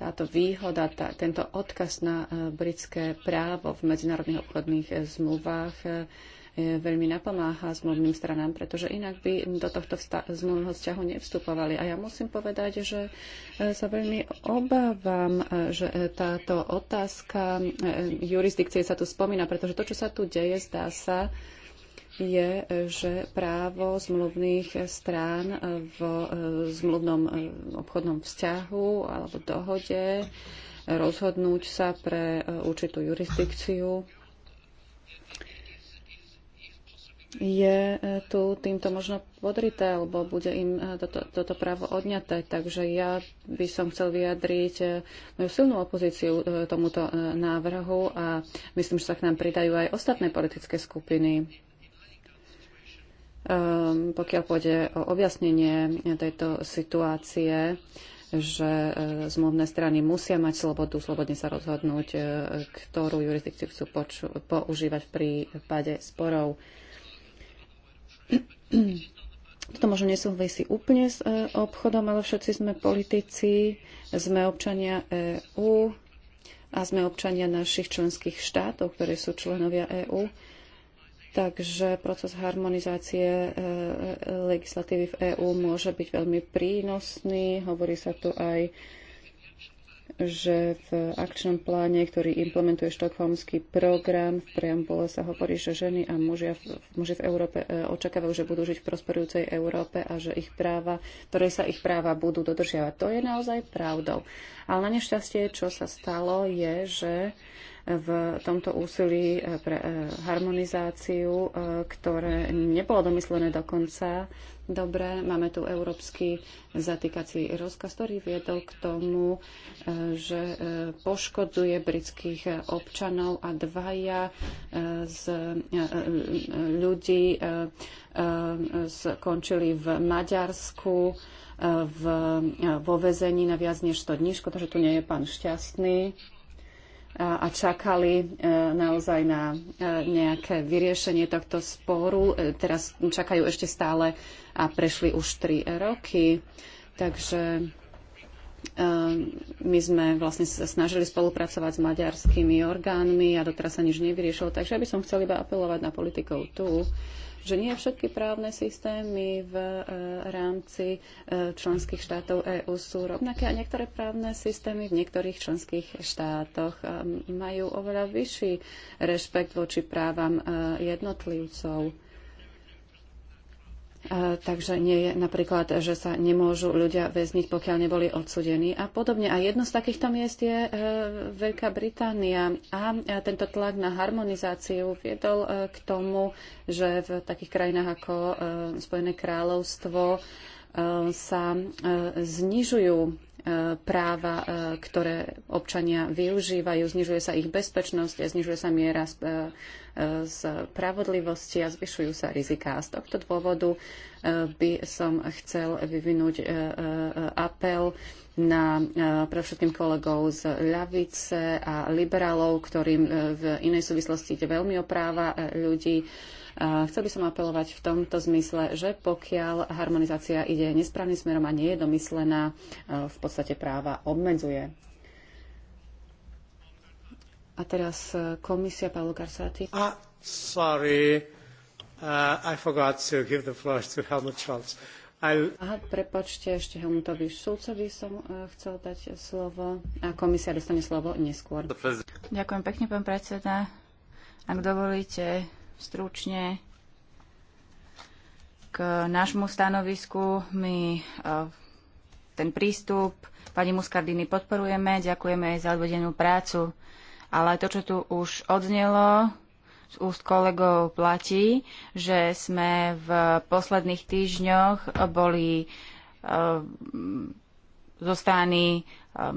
táto výhoda, tá, tento odkaz na britské právo v medzinárodných obchodných zmluvách E, veľmi napomáha zmluvným stranám, pretože inak by do tohto zmluvného vzťahu nevstupovali. A ja musím povedať, že e, sa veľmi obávam, e, že táto otázka jurisdikcie sa tu spomína, pretože to, čo sa tu deje, zdá sa, je, že právo zmluvných strán v zmluvnom obchodnom vzťahu alebo dohode rozhodnúť sa pre určitú jurisdikciu je e, tu týmto možno podrité, alebo bude im e, toto, toto právo odňaté. Takže ja by som chcel vyjadriť e, moju silnú opozíciu tomuto návrhu a myslím, že sa k nám pridajú aj ostatné politické skupiny. Ehm, pokiaľ pôjde o objasnenie tejto situácie, že zmluvné strany musia mať slobodu, slobodne sa rozhodnúť, ktorú jurisdikciu chcú používať v prípade sporov. Toto možno nesúvisí úplne s e, obchodom, ale všetci sme politici, sme občania EÚ a sme občania našich členských štátov, ktorí sú členovia EÚ. Takže proces harmonizácie e, e, legislatívy v EÚ môže byť veľmi prínosný. Hovorí sa tu aj že v akčnom pláne, ktorý implementuje štokholmský program, v preambule sa hovorí, že ženy a muži, muži v Európe e, očakávajú, že budú žiť v prosperujúcej Európe a že ich práva, ktoré sa ich práva budú dodržiavať. To je naozaj pravdou. Ale na nešťastie, čo sa stalo, je, že v tomto úsilí eh, pre eh, harmonizáciu, eh, ktoré nebolo domyslené dokonca. Dobre, máme tu európsky zatýkací rozkaz, ktorý viedol k tomu, že poškodzuje britských občanov a dvaja z ľudí skončili v Maďarsku v, vo vezení na viac než 100 dní. Škoda, že tu nie je pán Šťastný a čakali e, naozaj na e, nejaké vyriešenie tohto sporu. E, teraz čakajú ešte stále a prešli už tri roky. Takže my sme vlastne sa snažili spolupracovať s maďarskými orgánmi a doteraz sa nič nevyriešilo. Takže ja by som chcel iba apelovať na politikov tu, že nie všetky právne systémy v eh, rámci eh, členských štátov EÚ sú rovnaké a niektoré právne systémy v niektorých členských štátoch eh, majú oveľa vyšší rešpekt voči právam jednotlivcov takže nie je napríklad, že sa nemôžu ľudia väzniť, pokiaľ neboli odsudení a podobne. A jedno z takýchto miest je e, Veľká Británia a tento tlak na harmonizáciu viedol e, k tomu, že v takých krajinách ako e, Spojené kráľovstvo sa znižujú práva, e, ktoré občania využívajú, znižuje sa ich bezpečnosť, a znižuje sa miera e, spravodlivosti a zvyšujú sa riziká. Z tohto dôvodu e, by som chcel vyvinúť apel na pre všetkým kolegov z ľavice a liberálov, ktorým v inej súvislosti ide veľmi o práva ľudí. Chcel by som apelovať v tomto zmysle, že pokiaľ harmonizácia ide nesprávnym smerom a nie je domyslená, v podstate podstate práva obmedzuje. A teraz e, komisia Paolo Garsati. Ah, sorry. Uh, I forgot to give the floor to Helmut Schultz. I'll... Aha, prepačte, ešte Helmutovi Šulcovi som uh, chcel dať slovo. A komisia dostane slovo neskôr. Ďakujem pekne, pán predseda. Ak dovolíte, stručne k nášmu stanovisku. My uh, ten prístup. Pani Muscardini podporujeme, ďakujeme jej za odvedenú prácu. Ale to, čo tu už odznelo z úst kolegov platí, že sme v posledných týždňoch boli uh, zo strany uh,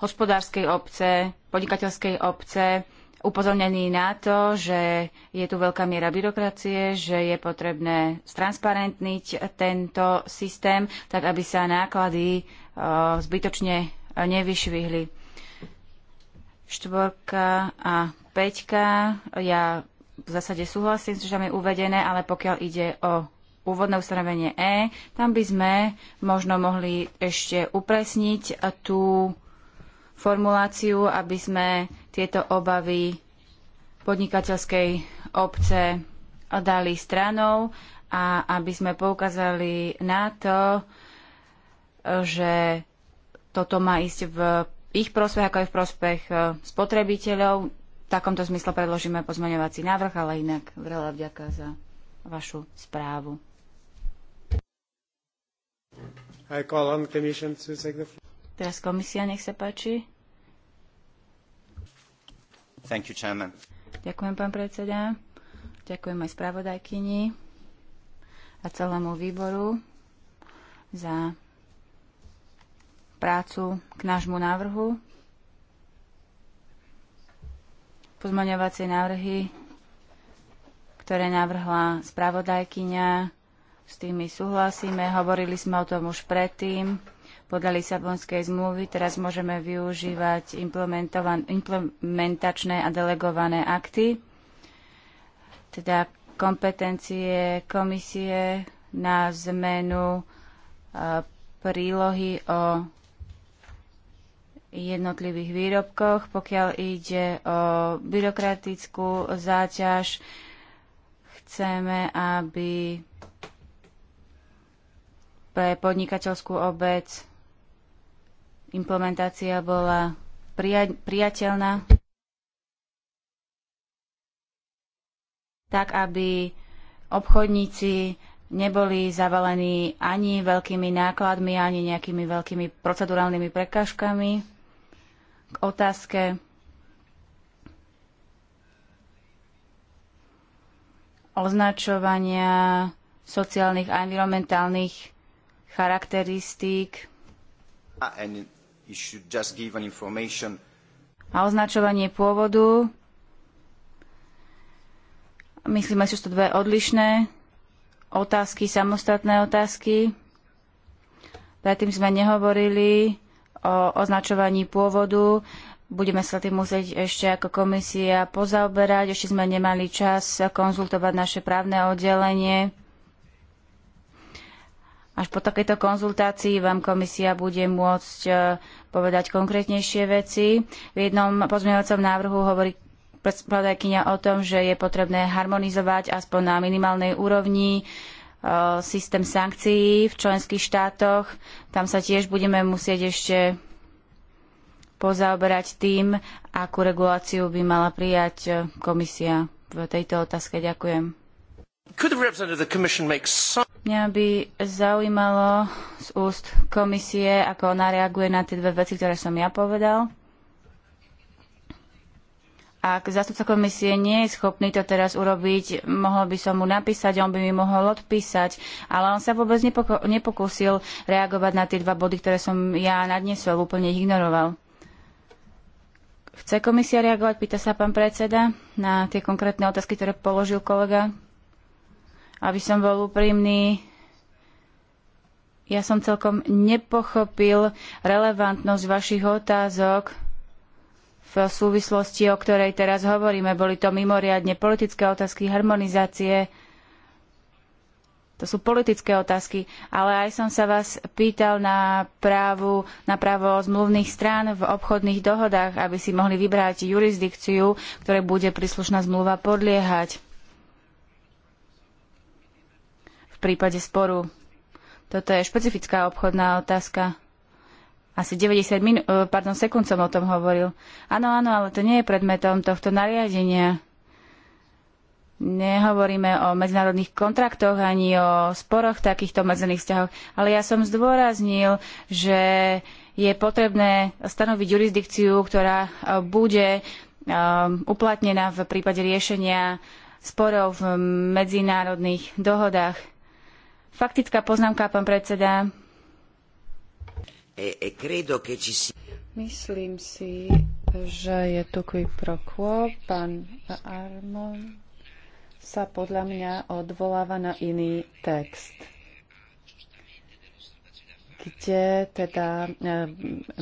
hospodárskej obce, podnikateľskej obce upozornení na to, že je tu veľká miera byrokracie, že je potrebné stransparentniť tento systém, tak aby sa náklady e, zbytočne nevyšvihli. Štvorka a peťka, ja v zásade súhlasím, že tam je uvedené, ale pokiaľ ide o úvodné ustanovenie E, tam by sme možno mohli ešte upresniť tú formuláciu, aby sme tieto obavy podnikateľskej obce dali stranou a aby sme poukázali na to, že toto má ísť v ich prospech, ako aj v prospech e, spotrebiteľov. V takomto zmysle predložíme pozmeňovací návrh, ale inak veľa vďaka za vašu správu. I call on Commission to take the floor. Teraz komisia, nech sa páči. Thank you, chairman. Ďakujem, pán predseda. Ďakujem aj spravodajkyni a celému výboru za prácu k nášmu návrhu. Pozmaňovacie návrhy, ktoré navrhla spravodajkyňa, s tými súhlasíme. Hovorili sme o tom už predtým podľa Lisabonskej zmluvy. Teraz môžeme využívať implementačné a delegované akty, teda kompetencie komisie na zmenu e, prílohy o jednotlivých výrobkoch, pokiaľ ide o byrokratickú záťaž, chceme, aby pre podnikateľskú obec implementácia bola prija- priateľná, tak aby obchodníci neboli zavalení ani veľkými nákladmi, ani nejakými veľkými procedurálnymi prekážkami. K otázke označovania sociálnych a environmentálnych charakteristík. A, it should just give an information a označovanie pôvodu. Myslíme že sú to dve odlišné otázky, samostatné otázky. Predtým sme nehovorili o označovaní pôvodu. Budeme sa tým musieť ešte ako komisia pozaoberať. Ešte sme nemali čas konzultovať naše právne oddelenie až po takejto konzultácii vám komisia bude môcť e, povedať konkrétnejšie veci. V jednom pozmeňovacom návrhu hovorí spravodajkyňa o tom, že je potrebné harmonizovať aspoň na minimálnej úrovni e, systém sankcií v členských štátoch. Tam sa tiež budeme musieť ešte pozaoberať tým, akú reguláciu by mala prijať e, komisia v tejto otázke. Ďakujem. Mňa by zaujímalo z úst komisie, ako ona reaguje na tie dve veci, ktoré som ja povedal. Ak zástupca komisie nie je schopný to teraz urobiť, mohol by som mu napísať, on by mi mohol odpísať, ale on sa vôbec nepoko- nepokúsil reagovať na tie dva body, ktoré som ja nadnesol, úplne ich ignoroval. Chce komisia reagovať, pýta sa pán predseda, na tie konkrétne otázky, ktoré položil kolega? Aby som bol úprimný, ja som celkom nepochopil relevantnosť vašich otázok v súvislosti, o ktorej teraz hovoríme. Boli to mimoriadne politické otázky, harmonizácie. To sú politické otázky, ale aj som sa vás pýtal na, právu, na právo zmluvných strán v obchodných dohodách, aby si mohli vybrať jurisdikciu, ktorej bude príslušná zmluva podliehať. v prípade sporu. Toto je špecifická obchodná otázka. Asi 90 minu- eh, pardon, sekúnd som o tom hovoril. Áno, áno, ale to nie je predmetom tohto nariadenia. Nehovoríme o medzinárodných kontraktoch ani o sporoch takýchto medzených vzťahoch, ale ja som zdôraznil, že je potrebné stanoviť jurisdikciu, ktorá eh, bude eh, uplatnená v prípade riešenia sporov v medzinárodných dohodách. Faktická poznámka, pán predseda. E, e, Myslím si, že je tu quid pro quo. Pán Armon sa podľa mňa odvoláva na iný text kde teda eh,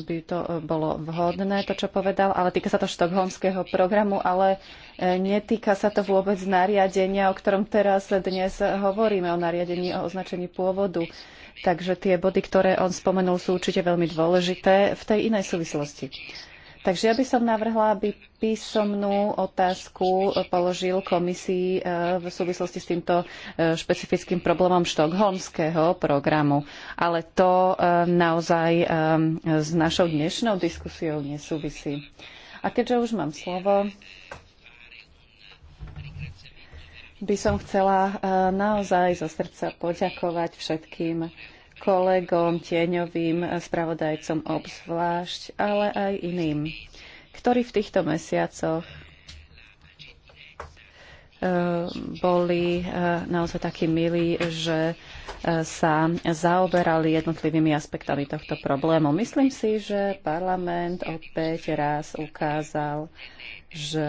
by to eh, bolo vhodné, to, čo povedal, ale týka sa to štokholmského programu, ale eh, netýka sa to vôbec nariadenia, o ktorom teraz dnes hovoríme, o nariadení o označení pôvodu. Takže tie body, ktoré on spomenul, sú určite veľmi dôležité v tej inej súvislosti. Takže ja by som navrhla, aby písomnú otázku položil komisii e, v súvislosti s týmto e, špecifickým problémom štokholmského programu. Ale to e, naozaj s našou dnešnou diskusiou nesúvisí. A keďže už mám slovo, by som chcela naozaj zo srdca poďakovať všetkým kolegom, tieňovým spravodajcom obzvlášť, ale aj iným, ktorí v týchto mesiacoch eh, boli eh, naozaj takí milí, že eh, sa zaoberali jednotlivými aspektami tohto problému. Myslím si, že parlament opäť raz ukázal, že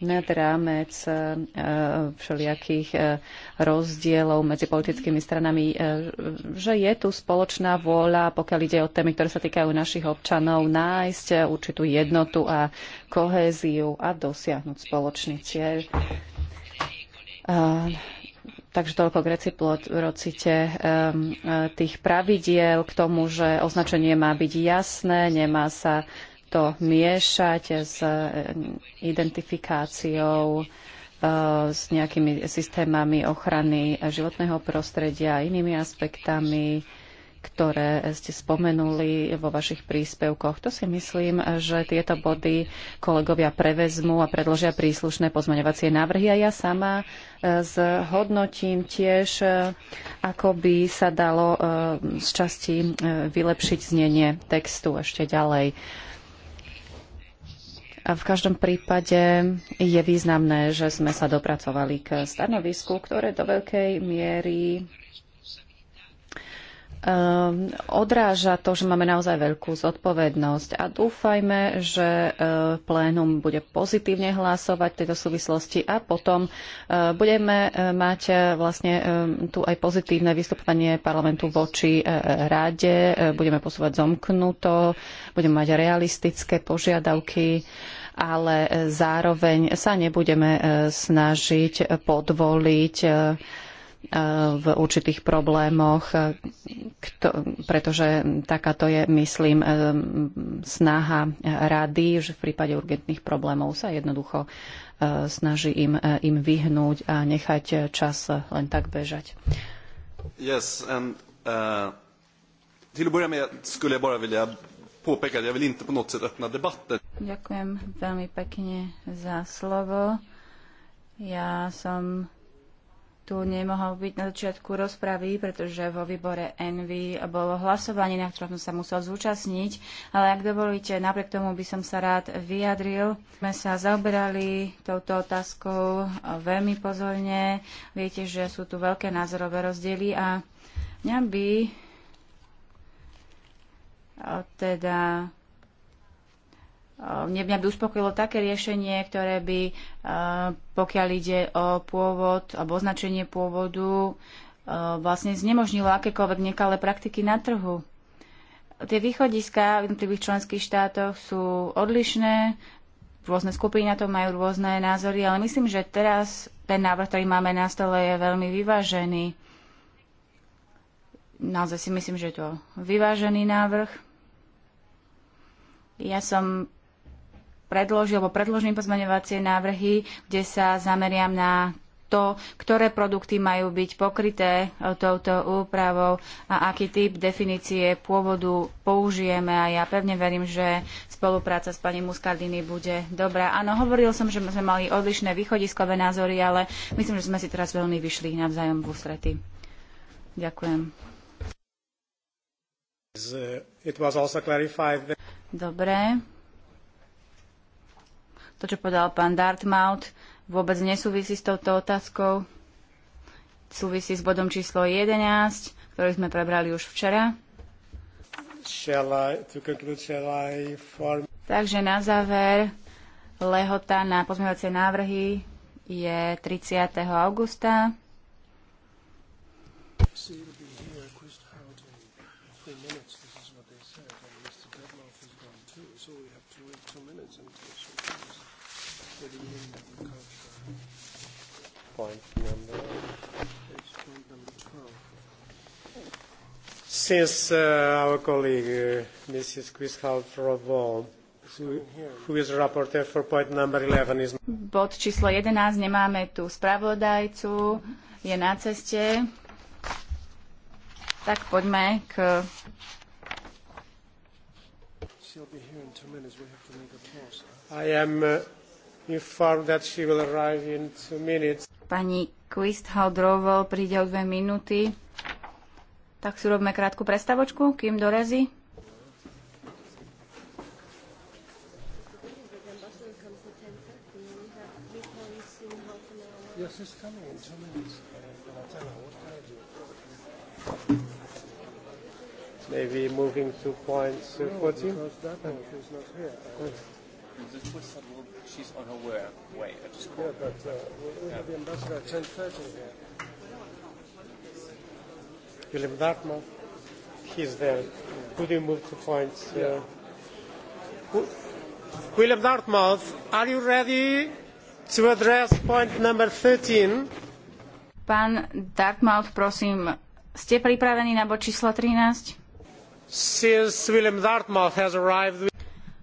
nad rámec e, e, všelijakých e, rozdielov medzi politickými stranami, že je tu spoločná vôľa, pokiaľ ide o témy, ktoré sa týkajú našich občanov, nájsť určitú jednotu a kohéziu a dosiahnuť spoločný cieľ. Takže toľko k reciprocite tých pravidiel k tomu, že označenie má byť jasné, nemá sa to miešať s eh, identifikáciou, eh, s nejakými systémami ochrany životného prostredia a inými aspektami, ktoré ste spomenuli vo vašich príspevkoch. To si myslím, že tieto body kolegovia prevezmú a predložia príslušné pozmeňovacie návrhy a ja sama eh, zhodnotím tiež, ako by sa dalo z časti vylepšiť znenie textu ešte ďalej v každom prípade je významné, že sme sa dopracovali k stanovisku, ktoré do veľkej miery Ehm, odráža to, že máme naozaj veľkú zodpovednosť a dúfajme, že eh, plénum bude pozitívne hlasovať v tejto súvislosti a potom eh, budeme eh, mať vlastne ehm, tu aj pozitívne vystupovanie parlamentu voči rade, budeme posúvať zomknuto, budeme mať realistické požiadavky ale zároveň sa nebudeme snažiť podvoliť v určitých problémoch, pretože takáto je, myslím, snaha rady, že v prípade urgentných problémov sa jednoducho e, snaží im, e, im vyhnúť a nechať čas len tak bežať. Yes, and, uh, till att börja med skulle jag bara vilja påpeka att jag vill inte på något sätt öppna debatten. Ďakujem veľmi pekne za slovo. Ja som tu nemohol byť na začiatku rozpravy, pretože vo výbore Envy bolo hlasovanie, na ktorom som sa musel zúčastniť, ale ak dovolíte, napriek tomu by som sa rád vyjadril. sme sa zaoberali touto otázkou veľmi pozorne. Viete, že sú tu veľké názorové rozdiely a mňa by teda Mňa by uspokojilo také riešenie, ktoré by, e, pokiaľ ide o pôvod alebo označenie pôvodu, e, vlastne znemožnilo akékoľvek nekalé praktiky na trhu. Tie východiska v jednotlivých členských štátoch sú odlišné, rôzne skupiny na to majú rôzne názory, ale myslím, že teraz ten návrh, ktorý máme na stole, je veľmi vyvážený. Naozaj si myslím, že je to vyvážený návrh. Ja som predložil, alebo predložím pozmeňovacie návrhy, kde sa zameriam na to, ktoré produkty majú byť pokryté e, touto úpravou a aký typ definície pôvodu použijeme. A ja pevne verím, že spolupráca s pani Muscardini bude dobrá. Áno, hovoril som, že sme mali odlišné východiskové názory, ale myslím, že sme si teraz veľmi vyšli navzájom v ústrety. Ďakujem. Uh, Dobre, to, čo povedal pán Dartmouth, vôbec nesúvisí s touto otázkou. Súvisí s bodom číslo 11, ktorý sme prebrali už včera. I, conclude, form... Takže na záver, lehota na pozmeňovacie návrhy je 30. augusta. Since uh, our colleague, uh, Mrs. Quishal Rovol, who is rapporteur for point number 11 is... Bod číslo 11 nemáme tu spravodajcu, je na ceste. Tak poďme k I am uh, informed that she will arrive in two minutes. Pani Quist Haldrovol príde o dve minúty. Tak si robíme krátku prestavočku, kým dorezí. Maybe moving to point no, 14? Because that one is not here. Uh, she's on her way. yeah, but uh, we have the ambassador at 10.30 here. Willem Dartmouth. He's there. Could you move to points? Uh, yeah. Willem Dartmouth, are you ready to address point number 13? Pán Dartmouth, prosím, ste pripravení na bod číslo 13? Since Willem Dartmouth has arrived...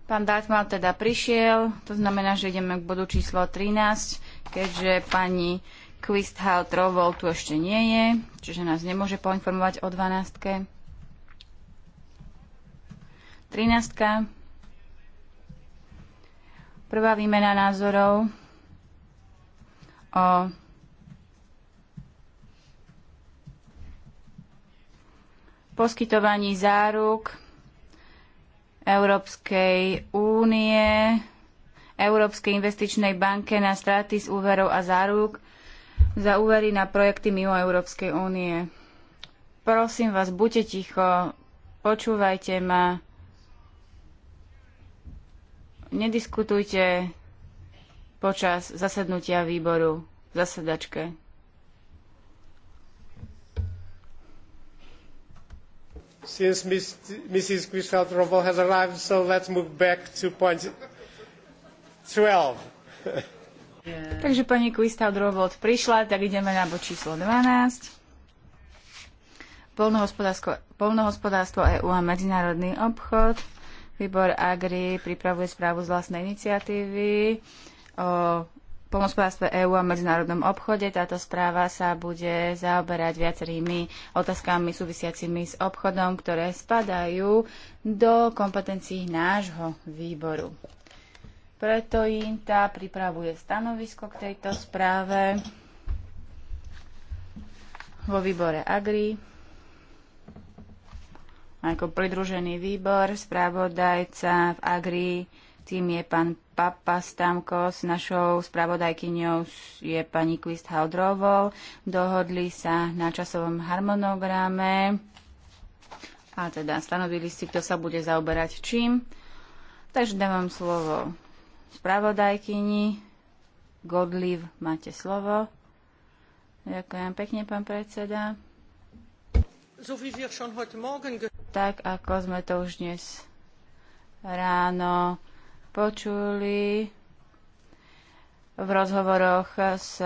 Pán Dartmouth teda prišiel, to znamená, že ideme k bodu číslo 13, keďže pani Quisthout Rovol tu ešte nie je, čiže nás nemôže poinformovať o 12. 13. Prvá výmena názorov o poskytovaní záruk Európskej únie Európskej investičnej banke na straty z úverov a záruk za úvery na projekty mimo Európskej únie. Prosím vás, buďte ticho, počúvajte ma, nediskutujte počas zasadnutia výboru v zasedačke. Since Ms. Mrs. Christel Trumbull has arrived, so let's move back to point 12. Takže pani Kuistaudrovod prišla, tak ideme na bod číslo 12. Polnohospodárstvo, EU EÚ a medzinárodný obchod. Výbor Agri pripravuje správu z vlastnej iniciatívy o polnohospodárstve EÚ a medzinárodnom obchode. Táto správa sa bude zaoberať viacerými otázkami súvisiacimi s obchodom, ktoré spadajú do kompetencií nášho výboru. Preto INTA pripravuje stanovisko k tejto správe vo výbore AGRI. Ako pridružený výbor, správodajca v AGRI, tým je pán Papa Stamko s našou spravodajkyňou je pani Quist Haudrovou. Dohodli sa na časovom harmonograme a teda stanovili si, kto sa bude zaoberať čím. Takže dávam slovo spravodajkyni. Godliv, máte slovo. Ďakujem pekne, pán predseda. Tak, ako sme to už dnes ráno počuli v rozhovoroch s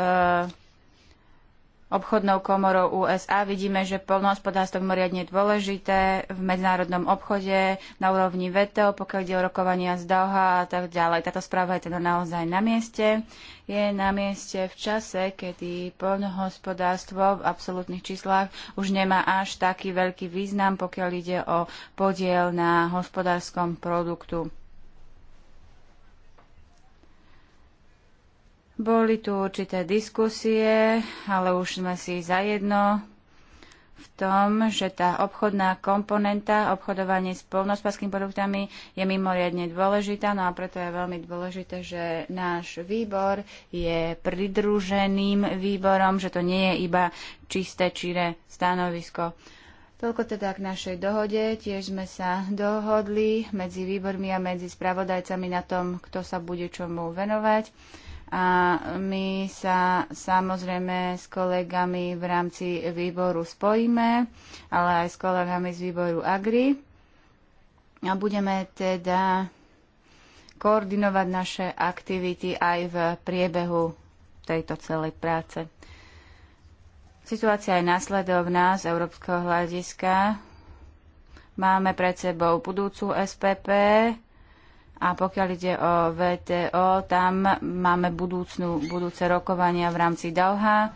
obchodnou komorou USA. Vidíme, že polnohospodárstvo je mimoriadne dôležité v medzinárodnom obchode na úrovni VTO, pokiaľ ide o rokovania z Doha a tak ďalej. Táto správa je teda naozaj na mieste. Je na mieste v čase, kedy polnohospodárstvo v absolútnych číslach už nemá až taký veľký význam, pokiaľ ide o podiel na hospodárskom produktu. Boli tu určité diskusie, ale už sme si zajedno v tom, že tá obchodná komponenta, obchodovanie s polnospadskými produktami je mimoriadne dôležitá, no a preto je veľmi dôležité, že náš výbor je pridruženým výborom, že to nie je iba čisté, číre stanovisko. Toľko teda k našej dohode. Tiež sme sa dohodli medzi výbormi a medzi spravodajcami na tom, kto sa bude čomu venovať a my sa samozrejme s kolegami v rámci výboru spojíme, ale aj s kolegami z výboru Agri a budeme teda koordinovať naše aktivity aj v priebehu tejto celej práce. Situácia je následovná z európskeho hľadiska. Máme pred sebou budúcu SPP, a pokiaľ ide o VTO, tam máme budúcnú, budúce rokovania v rámci Dauha,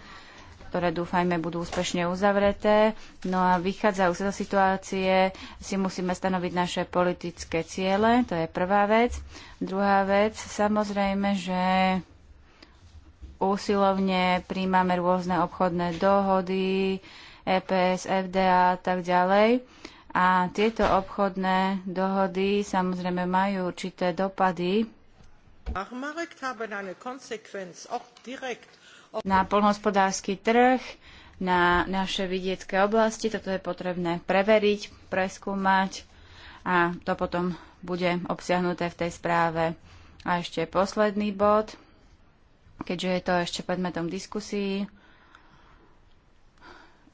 ktoré dúfajme budú úspešne uzavreté. No a vychádzajú sa do situácie, si musíme stanoviť naše politické ciele, to je prvá vec. Druhá vec, samozrejme, že úsilovne príjmame rôzne obchodné dohody, EPS, FDA a tak ďalej a tieto obchodné dohody samozrejme majú určité dopady na polnohospodársky trh, na naše vidiecké oblasti. Toto je potrebné preveriť, preskúmať a to potom bude obsiahnuté v tej správe. A ešte posledný bod, keďže je to ešte predmetom diskusii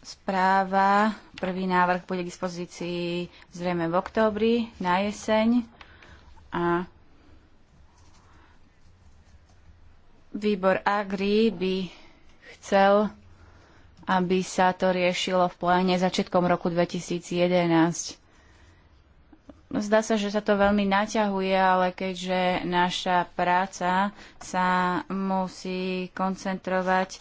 správa. Prvý návrh bude k dispozícii zrejme v októbri, na jeseň. A výbor Agri by chcel, aby sa to riešilo v pláne začiatkom roku 2011. Zdá sa, že sa to veľmi naťahuje, ale keďže naša práca sa musí koncentrovať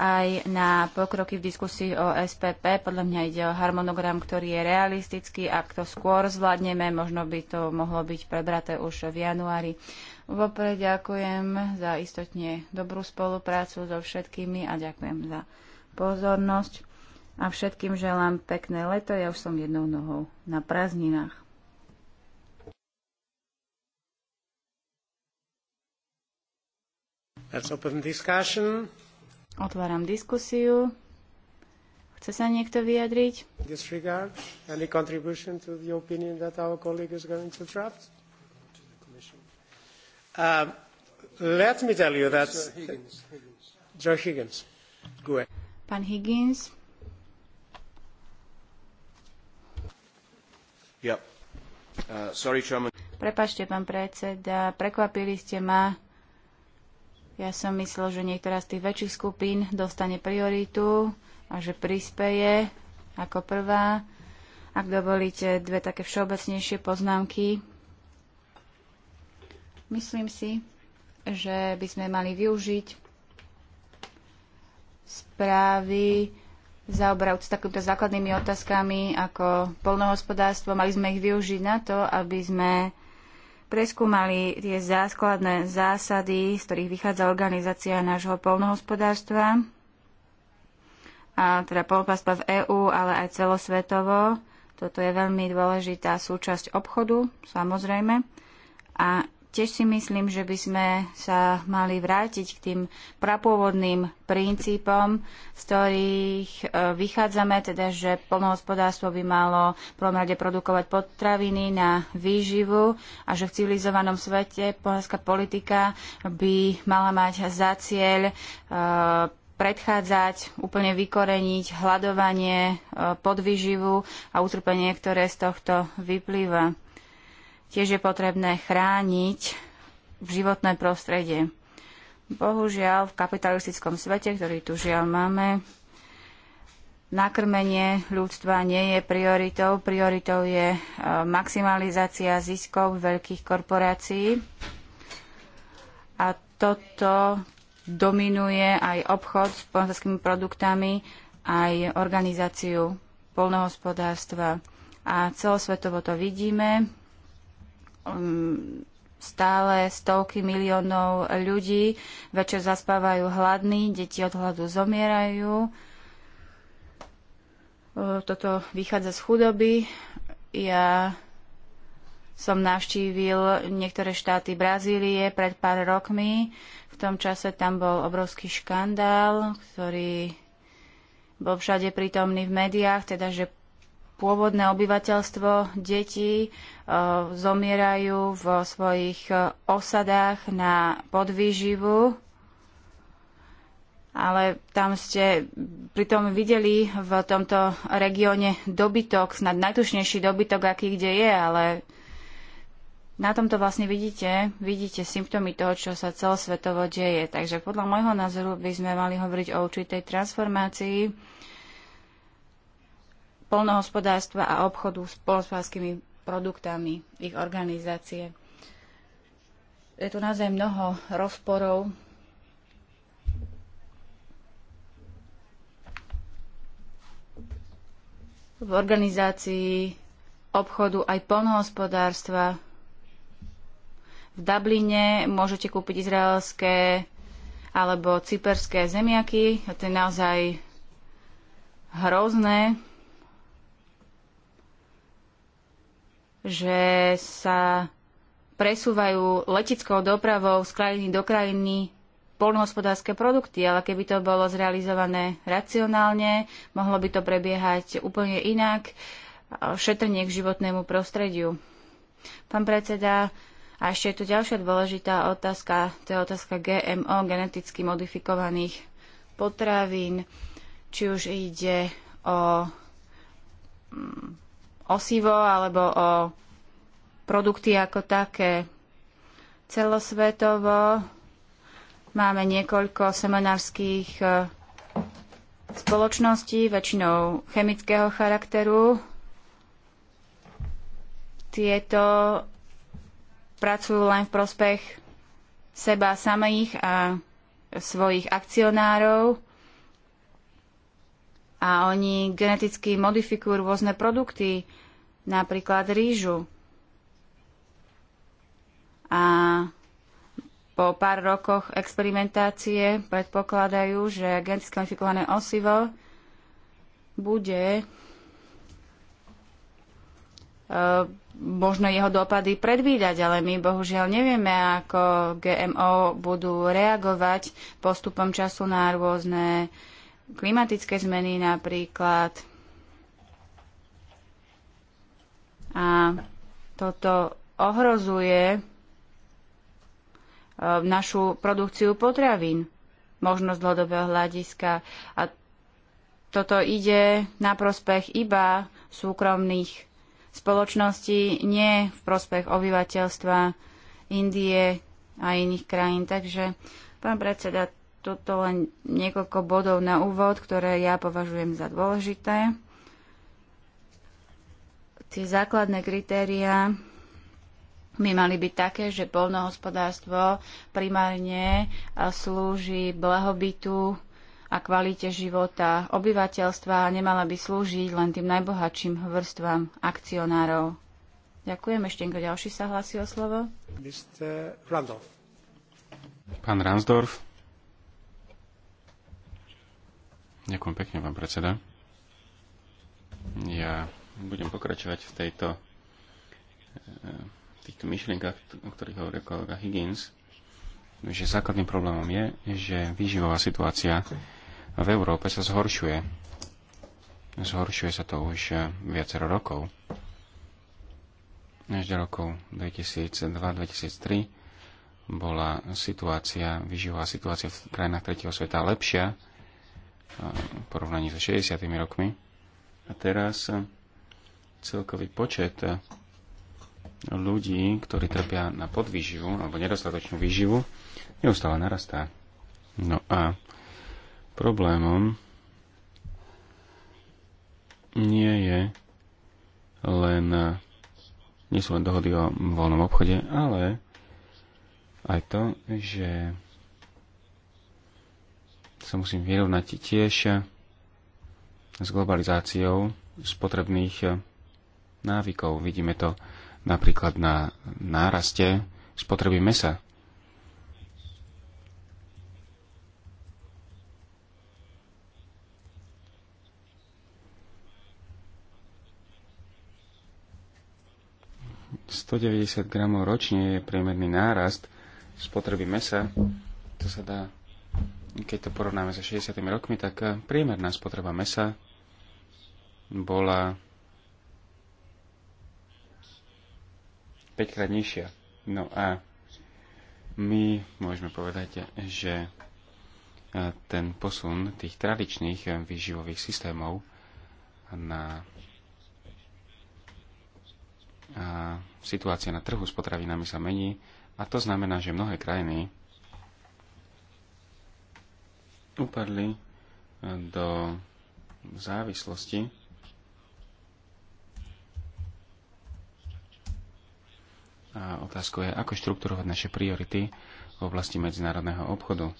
aj na pokroky v diskusii o SPP. Podľa mňa ide o harmonogram, ktorý je realistický. Ak to skôr zvládneme, možno by to mohlo byť prebraté už v januári. Vopred ďakujem za istotne dobrú spoluprácu so všetkými a ďakujem za pozornosť. A všetkým želám pekné leto. Ja už som jednou nohou na prázdninách. Let's open discussion. Otváram diskusiu. Chce sa niekto vyjadriť? Disregard any contribution to the opinion that our colleague is going to draft? Um, let me tell you that... Higgins. Joe Higgins. Go ahead. Pán Higgins. Yep. Uh, sorry, Prepačte, pán predseda, prekvapili ste ma ja som myslel, že niektorá z tých väčších skupín dostane prioritu a že prispeje ako prvá. Ak dovolíte dve také všeobecnejšie poznámky, myslím si, že by sme mali využiť správy zaoberajúc takýmto základnými otázkami ako polnohospodárstvo. Mali sme ich využiť na to, aby sme preskúmali tie základné zásady, z ktorých vychádza organizácia nášho polnohospodárstva, a teda polnohospodárstva v EÚ, ale aj celosvetovo. Toto je veľmi dôležitá súčasť obchodu, samozrejme. A Tiež si myslím, že by sme sa mali vrátiť k tým prapôvodným princípom, z ktorých e, vychádzame, teda že polnohospodárstvo by malo v prvom rade produkovať potraviny na výživu a že v civilizovanom svete polská politika by mala mať za cieľ e, predchádzať, úplne vykoreniť hľadovanie, e, podvyživu a utrpenie, ktoré z tohto vyplýva. Tiež je potrebné chrániť životné prostredie. Bohužiaľ, v kapitalistickom svete, ktorý tu žiaľ máme, nakrmenie ľudstva nie je prioritou. Prioritou je e, maximalizácia ziskov veľkých korporácií. A toto dominuje aj obchod s polnohospodárskými produktami, aj organizáciu polnohospodárstva. A celosvetovo to vidíme Um, stále stovky miliónov ľudí večer zaspávajú hladní, deti od hladu zomierajú. Uh, toto vychádza z chudoby. Ja som navštívil niektoré štáty Brazílie pred pár rokmi. V tom čase tam bol obrovský škandál, ktorý bol všade prítomný v médiách, teda že pôvodné obyvateľstvo, deti e, zomierajú v svojich e, osadách na podvýživu, ale tam ste pritom videli v tomto regióne dobytok, snad najtušnejší dobytok, aký kde je, ale na tomto vlastne vidíte, vidíte symptómy toho, čo sa celosvetovo deje. Takže podľa môjho názoru by sme mali hovoriť o určitej transformácii Poľnohospodárstva a obchodu s poľnohospodárskymi produktami ich organizácie. Je tu naozaj mnoho rozporov. v organizácii obchodu aj polnohospodárstva. V Dubline môžete kúpiť izraelské alebo cyperské zemiaky. To je naozaj hrozné. že sa presúvajú leteckou dopravou z krajiny do krajiny polnohospodárske produkty, ale keby to bolo zrealizované racionálne, mohlo by to prebiehať úplne inak, šetrenie k životnému prostrediu. Pán predseda, a ešte je tu ďalšia dôležitá otázka, to je otázka GMO, geneticky modifikovaných potravín, či už ide o mm, osivo alebo o produkty ako také. Celosvetovo máme niekoľko seminárskych e, spoločností, väčšinou chemického charakteru. Tieto pracujú len v prospech seba samých a svojich akcionárov a oni geneticky modifikujú rôzne produkty, napríklad rýžu. A po pár rokoch experimentácie predpokladajú, že geneticky modifikované osivo bude e, možno jeho dopady predvídať, ale my bohužiaľ nevieme, ako GMO budú reagovať postupom času na rôzne klimatické zmeny napríklad. A toto ohrozuje e, našu produkciu potravín, možnosť dlhodobého hľadiska. A toto ide na prospech iba súkromných spoločností, nie v prospech obyvateľstva Indie a iných krajín. Takže, pán predseda, toto len niekoľko bodov na úvod, ktoré ja považujem za dôležité tie základné kritériá by mali byť také, že polnohospodárstvo primárne slúži blahobytu a kvalite života obyvateľstva a nemala by slúžiť len tým najbohatším vrstvám akcionárov. Ďakujem. Ešte niekto ďalší sa hlasí o slovo? Mr. Pán Ransdorf. Ďakujem pekne, pán predseda. Ja budem pokračovať v tejto eh, týchto myšlienkach, o ktorých hovorí kolega Higgins, že základným problémom je, že výživová situácia v Európe sa zhoršuje. Zhoršuje sa to už eh, viacero rokov. Až do rokov 2002-2003 bola situácia, výživová situácia v krajinách tretieho sveta lepšia eh, v porovnaní so 60. rokmi. A teraz celkový počet ľudí, ktorí trpia na podvýživu alebo nedostatočnú výživu, neustále narastá. No a problémom nie je len nie sú len dohody o voľnom obchode, ale aj to, že sa musím vyrovnať tiež s globalizáciou spotrebných návykov. Vidíme to napríklad na náraste spotreby mesa. ...190 gramov ročne je priemerný nárast spotreby mesa. To sa dá, keď to porovnáme so 60 rokmi, tak priemerná spotreba mesa bola 5 krát nižšia. No a my môžeme povedať, že e, ten posun tých tradičných e, výživových systémov na a situácia na trhu s potravinami sa mení a to znamená, že mnohé krajiny upadli e, do závislosti A otázkou je, ako štruktúrovať naše priority v oblasti medzinárodného obchodu.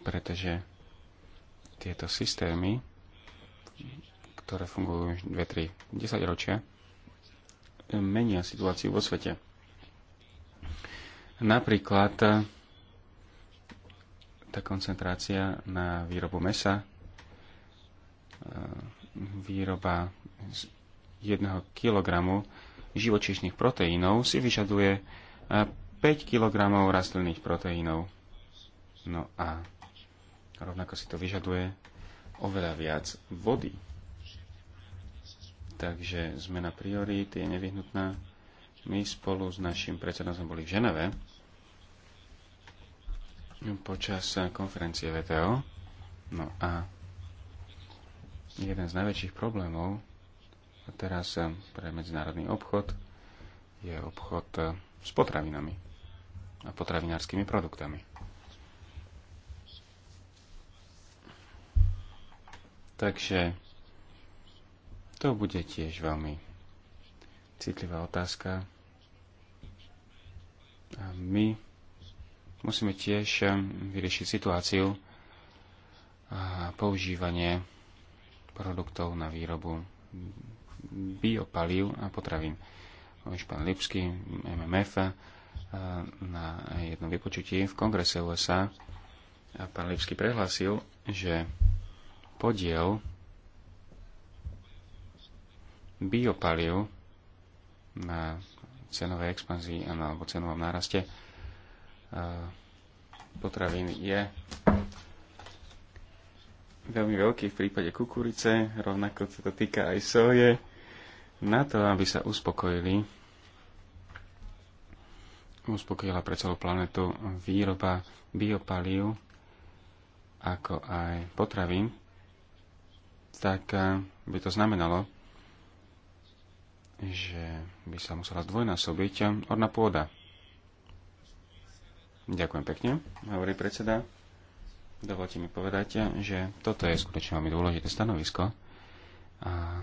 Pretože tieto systémy, ktoré fungujú už 2, 3, 10 ročia, menia situáciu vo svete. Napríklad eh, tá koncentrácia na výrobu mesa, eh, výroba z jedného kilogramu živočíšnych proteínov si vyžaduje 5 eh, kg rastlinných proteínov. No a rovnako si to vyžaduje oveľa viac vody. Takže zmena priority je nevyhnutná. My spolu s našim predsedom sme boli v Ženeve počas konferencie VTO. No a jeden z najväčších problémov a teraz eh, pre medzinárodný obchod je obchod eh, s potravinami a potravinárskymi produktami. Takže to bude tiež veľmi citlivá otázka. A my musíme tiež eh, vyriešiť situáciu a používanie produktov na výrobu biopalív a potravín. Už pán Lipsky, MMF, eh, na jednom vypočutí v kongrese USA a pán Lipsky prehlásil, že podiel biopalív na cenovej expanzii alebo cenovom náraste eh, potravín je veľmi veľký v prípade kukurice, rovnako sa to týka aj soje na to, aby sa uspokojili uspokojila pre celú planetu výroba biopaliu, ako aj potravín, tak eh, by to znamenalo, že by sa musela zdvojnásobiť orná pôda. Ďakujem pekne, hovorí predseda. Dovolte mi povedať, že toto je skutočne veľmi dôležité stanovisko. A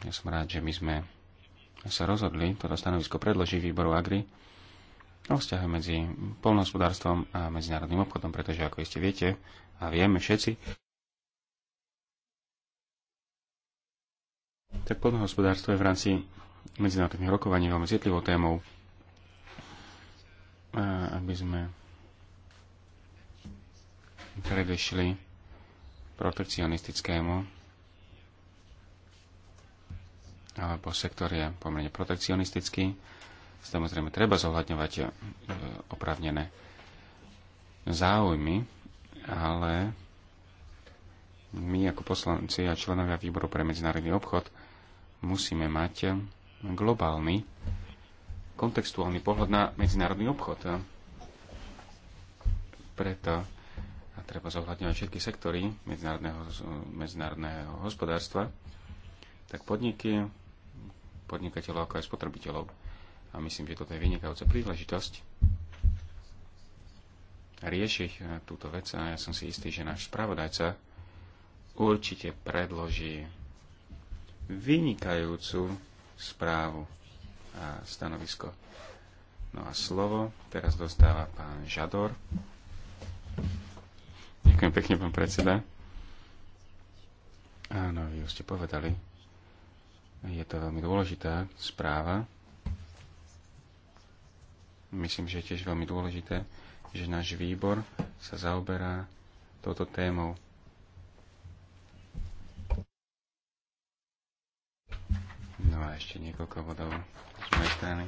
ja som rád, že my sme sa rozhodli toto stanovisko predloží výboru Agri o vzťahu medzi polnohospodárstvom a medzinárodným obchodom, pretože ako iste viete a vieme všetci, tak polnohospodárstvo je v rámci medzinárodných rokovaní veľmi citlivou témou. A aby sme predešli protekcionistickému alebo sektor je pomerne protekcionistický. Samozrejme, treba zohľadňovať e, opravnené záujmy, ale my ako poslanci a členovia výboru pre medzinárodný obchod musíme mať globálny, kontextuálny pohľad na medzinárodný obchod. Preto a treba zohľadňovať všetky sektory medzinárodného, medzinárodného hospodárstva, tak podniky, podnikateľov ako aj spotrebiteľov. A myslím, že toto je vynikajúca príležitosť riešiť eh, túto vec a ja som si istý, že náš spravodajca určite predloží vynikajúcu správu a stanovisko. No a slovo teraz dostáva pán Žador. Ďakujem pekne, pán predseda. Áno, vy už ste povedali, je to veľmi dôležitá správa. Myslím, že je tiež veľmi dôležité, že náš výbor sa zaoberá touto témou. No a ešte niekoľko bodov z mojej strany.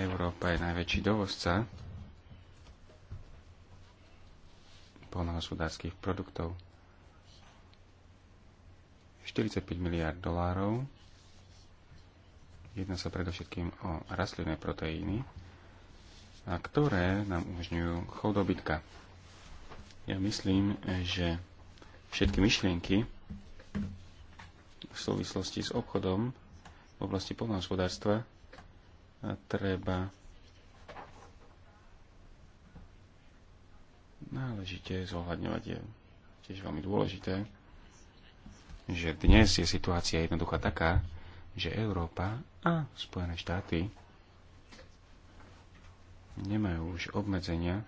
Európa je najväčší dovozca polnohospodárských produktov. 45 miliard dolárov Jedná sa predovšetkým o rastlinné proteíny, a ktoré nám umožňujú chov dobytka. Ja myslím, že všetky myšlienky v súvislosti s obchodom v oblasti polnohospodárstva treba náležite zohľadňovať. Je tiež veľmi dôležité, že dnes je situácia jednoduchá taká, že Európa a Spojené štáty nemajú už obmedzenia,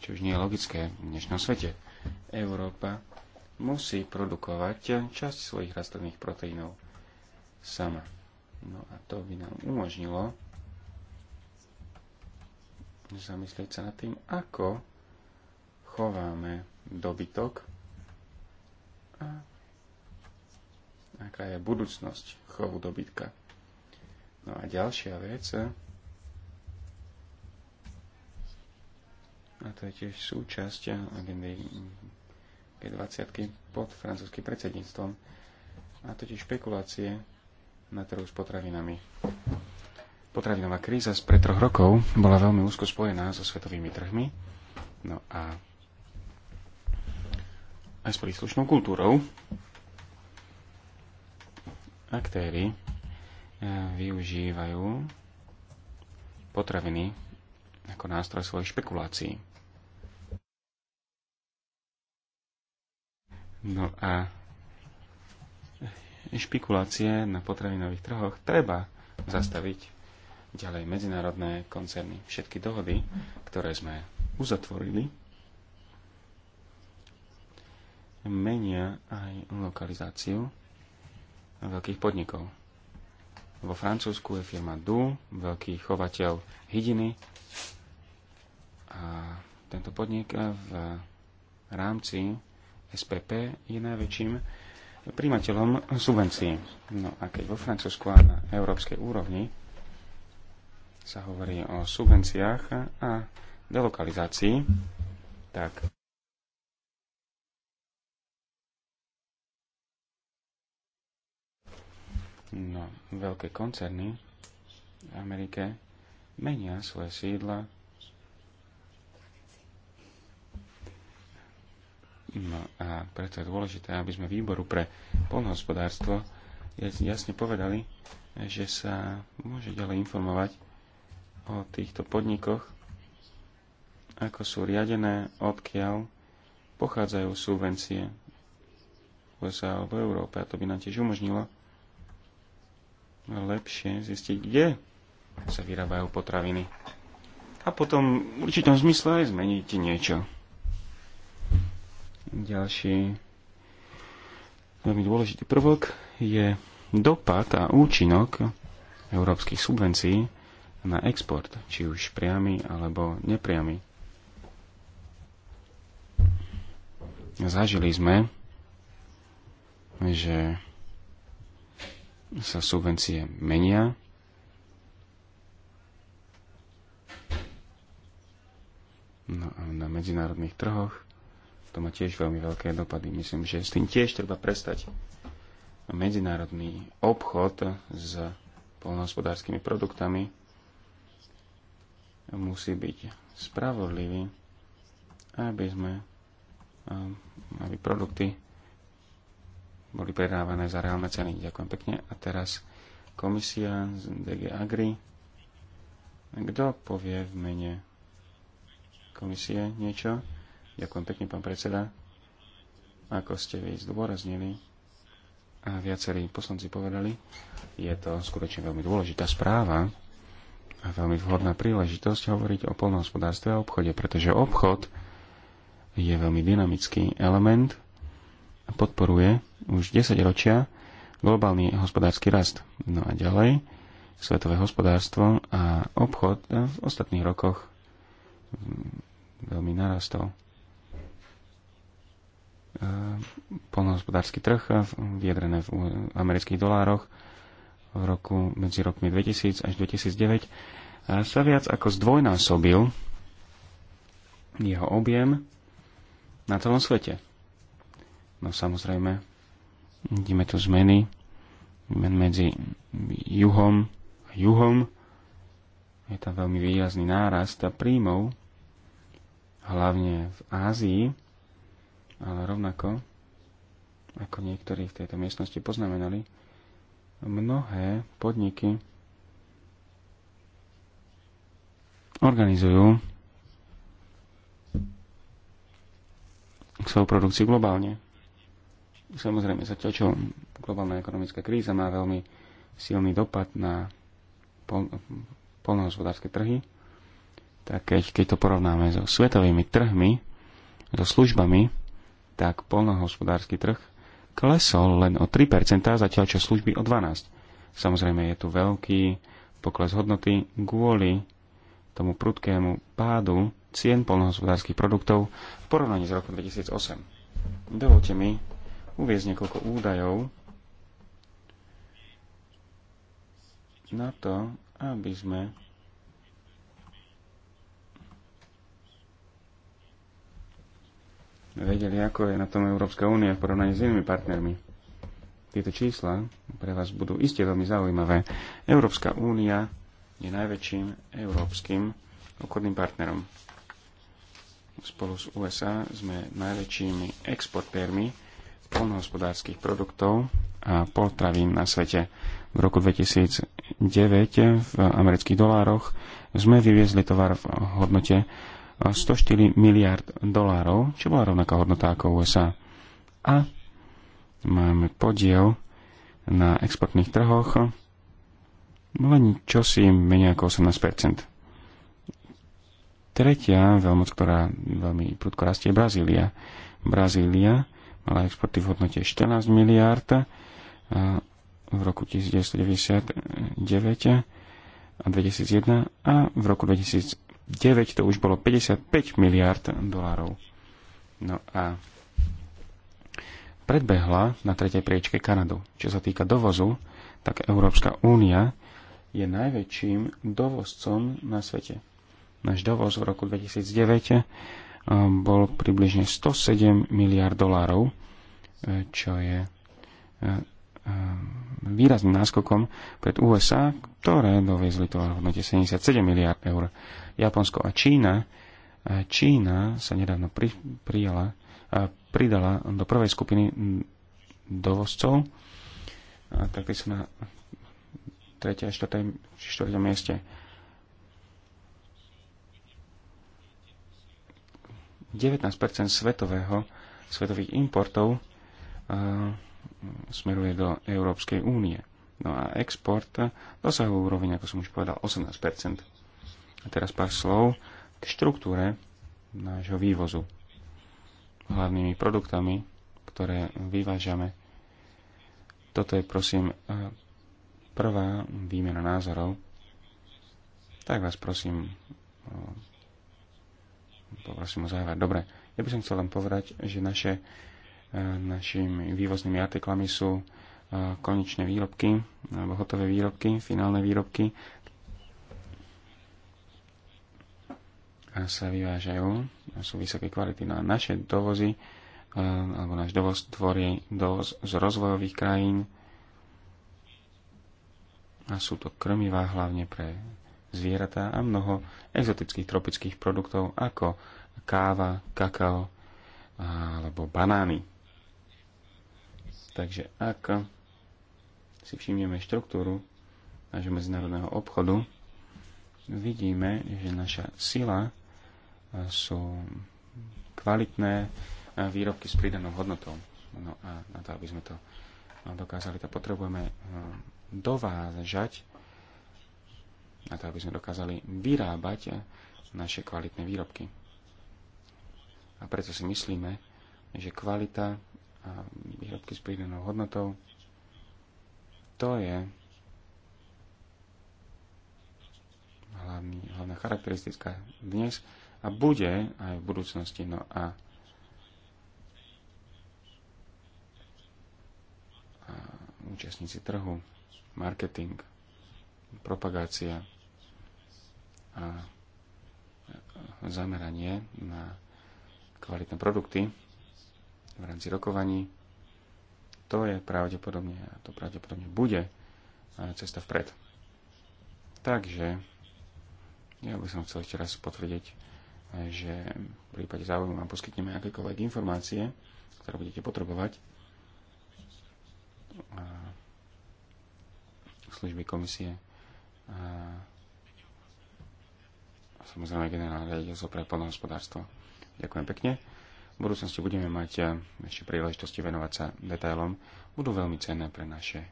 čo už nie je logické v dnešnom svete. Európa musí produkovať časť svojich rastlinných proteínov sama. No a to by nám umožnilo zamyslieť sa nad tým, ako chováme dobytok a aká je budúcnosť chovu dobytka. No a ďalšia vec, eh? a to je tiež súčasť eh, agendy G20 pod francúzským predsedníctvom, a totiž špekulácie na trhu s potravinami. Potravinová kríza z pred troch rokov bola veľmi úzko spojená so svetovými trhmi, no a aj s príslušnou kultúrou, aktéry eh, využívajú potraviny ako nástroj svojich špekulácií. No a špekulácie na potravinových trhoch treba zastaviť ďalej medzinárodné koncerny. Všetky dohody, ktoré sme uzatvorili, menia aj lokalizáciu veľkých podnikov. Vo Francúzsku je firma Du, veľký chovateľ hydiny. A tento podnik eh, v rámci SPP je najväčším príjmateľom subvencií. No a keď vo Francúzsku a na európskej úrovni sa hovorí o subvenciách a delokalizácii, tak No, veľké koncerny v Amerike menia svoje sídla. No a preto je dôležité, aby sme výboru pre polnohospodárstvo jasne povedali, že sa môže ďalej informovať o týchto podnikoch, ako sú riadené, odkiaľ pochádzajú subvencie USA alebo Európe. A to by nám tiež umožnilo lepšie zistiť, kde sa vyrábajú potraviny. A potom v určitom zmysle aj zmeniť niečo. Ďalší veľmi dôležitý prvok je dopad a účinok európskych subvencií na export, či už priamy alebo nepriamy. Zažili sme, že sa subvencie menia. No a na medzinárodných trhoch to má tiež veľmi veľké dopady. Myslím, že s tým tiež treba prestať. Medzinárodný obchod s polnohospodárskymi produktami musí byť spravodlivý, aby sme aby produkty boli predávané za reálne ceny. Ďakujem pekne. A teraz komisia z DG Agri. Kto povie v mene komisie niečo? Ďakujem pekne, pán predseda. Ako ste vy zdôraznili a viacerí poslanci povedali, je to skutočne veľmi dôležitá správa a veľmi vhodná príležitosť hovoriť o polnohospodárstve a obchode, pretože obchod je veľmi dynamický element, podporuje už 10 ročia globálny hospodársky rast. No a ďalej, svetové hospodárstvo a obchod v ostatných rokoch mm, veľmi narastol. E, polnohospodársky trh, e, vyjadrené v amerických dolároch, v roku medzi rokmi 2000 až 2009 e, sa viac ako zdvojnásobil jeho objem na celom svete. No samozrejme, vidíme tu zmeny medzi juhom a juhom. Je tam veľmi výrazný nárast a príjmov, hlavne v Ázii, ale rovnako, ako niektorí v tejto miestnosti poznamenali, mnohé podniky organizujú svoju produkciu globálne. Samozrejme, sa to, čo globálna ekonomická kríza má veľmi silný dopad na pol, polnohospodárske trhy, tak keď, keď to porovnáme so svetovými trhmi, so službami, tak polnohospodársky trh klesol len o 3%, zatiaľ čo služby o 12%. Samozrejme je tu veľký pokles hodnoty kvôli tomu prudkému pádu cien polnohospodárskych produktov v porovnaní s rokom 2008. Dovolte mi uviezť niekoľko údajov na to, aby sme vedeli, ako je na tom Európska únia v porovnaní s inými partnermi. Tieto čísla pre vás budú iste veľmi zaujímavé. Európska únia je najväčším európskym obchodným partnerom. Spolu s USA sme najväčšími exportérmi polnohospodárskych produktov a potravín na svete. V roku 2009 v amerických dolároch sme vyviezli tovar v hodnote 104 miliard dolárov, čo bola rovnaká hodnota ako USA. A máme podiel na exportných trhoch len čosi menej ako 18 Tretia veľmoc, ktorá veľmi prudko rastie, je Brazília. Brazília mala exporty v hodnote 14 miliárd v roku 1999 a 2001 a v roku 2009 to už bolo 55 miliárd dolárov. No a predbehla na tretej priečke Kanadu. Čo sa týka dovozu, tak Európska únia je najväčším dovozcom na svete. Náš dovoz v roku 2009 bol približne 107 miliard dolárov, e, čo je e, e, výrazným náskokom pred USA, ktoré doviezli to hodnote 77 miliard eur. Japonsko a Čína. Čína sa nedávno pri, prijala, pridala do prvej skupiny dovozcov, a tak sú na 3. a 4. 4. mieste 19 svetového, svetových importov uh, smeruje do Európskej únie. No a export eh, dosahuje úroveň, ako som už povedal, 18 A teraz pár slov k štruktúre nášho vývozu. Hlavnými produktami, ktoré vyvážame. Toto je, prosím, eh, prvá výmena názorov. Tak vás prosím Poprosím o záver. Dobre, ja by som chcel len povedať, že naše, e, našimi vývoznými artiklami sú e, konečné výrobky, alebo hotové výrobky, finálne výrobky. A sa vyvážajú, a sú vysoké kvality na no naše dovozy, e, alebo náš dovoz tvorí dovoz z rozvojových krajín. A sú to krmivá hlavne pre zvieratá a mnoho exotických tropických produktov ako káva, kakao alebo banány. Takže ak si všimneme štruktúru nášho medzinárodného obchodu, vidíme, že naša sila sú kvalitné výrobky s pridanou hodnotou. No a na to, aby sme to dokázali, to potrebujeme dovážať na to, aby sme dokázali vyrábať naše kvalitné výrobky. A preto si myslíme, že kvalita a výrobky s prídenou hodnotou to je hlavný, hlavná charakteristika dnes a bude aj v budúcnosti. No a, a účastníci trhu, marketing, propagácia, zameranie na kvalitné produkty v rámci rokovaní. To je pravdepodobne, a to pravdepodobne bude cesta vpred. Takže ja by som chcel ešte raz potvrdiť, že v prípade záujmu vám poskytneme akékoľvek informácie, ktoré budete potrebovať. Služby komisie samozrejme generálne riaditeľstvo pre poľnohospodárstvo. Ďakujem pekne. V budúcnosti budeme mať eh, ešte príležitosti venovať sa detailom. Budú veľmi cenné pre naše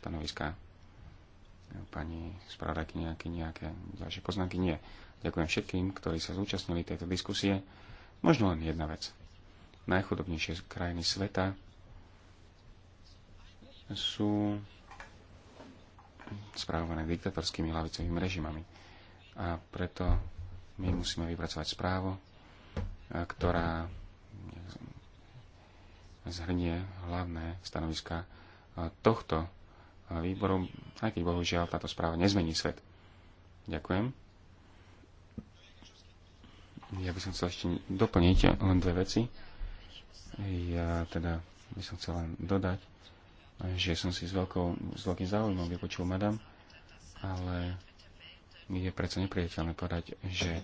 stanoviská. Eh, pani spravodajky nejaké, nejaké ďalšie poznámky? Nie. Ďakujem všetkým, ktorí sa zúčastnili tejto diskusie. Možno len jedna vec. Najchudobnejšie krajiny sveta sú správované diktatorskými hlavicovými režimami. A preto my musíme vypracovať správu, e, ktorá zhrnie hlavné stanoviska e, tohto e, výboru, aj keď bohužiaľ táto správa nezmení svet. Ďakujem. Ja by som chcel ešte doplniť len dve veci. Ja teda by som chcel len dodať, že som si s, veľkou, s veľkým záujmom vypočul madam, ale je predsa nepriateľné povedať, že e,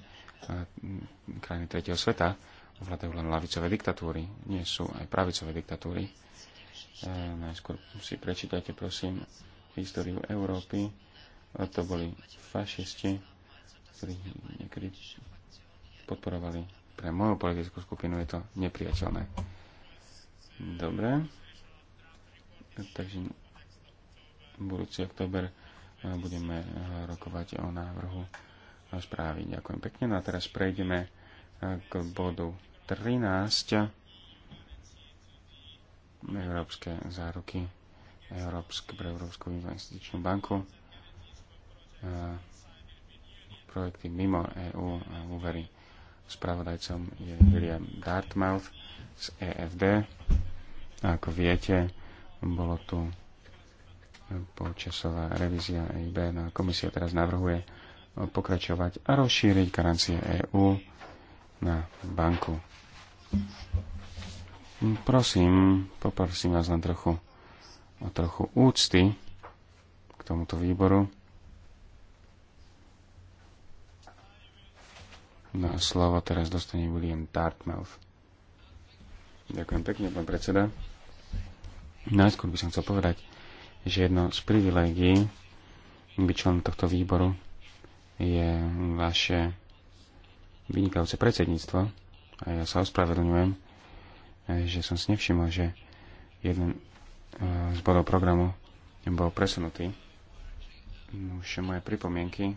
krajiny tretieho sveta ovládajú len lavicové diktatúry. Nie sú aj pravicové diktatúry. E, najskôr si prečítajte, prosím, históriu Európy. E, to boli fašisti, ktorí niekedy podporovali. Pre moju politickú skupinu je to nepriateľné. Dobre. Takže budúci oktober budeme eh, rokovať o návrhu eh, správy. Ďakujem pekne. No a teraz prejdeme eh, k bodu 13. Európske záruky Európsk, pre Európsku investičnú banku. Projekty mimo EÚ a úvery. Spravodajcom je William Dartmouth z EFD. A ako viete, bolo tu počasová revízia EIB. No a komisia teraz navrhuje pokračovať a rozšíriť garancie EÚ na banku. Prosím, poprosím vás len trochu o trochu úcty k tomuto výboru. No a slovo teraz dostane William Dartmouth. Ďakujem pekne, pán predseda. Najskôr by som chcel povedať, že jedno z privilegií byť členom tohto výboru je vaše vynikajúce predsedníctvo. A ja sa ospravedlňujem, že som si nevšimol, že jeden e, z bodov programu bol presunutý. Už moje pripomienky e,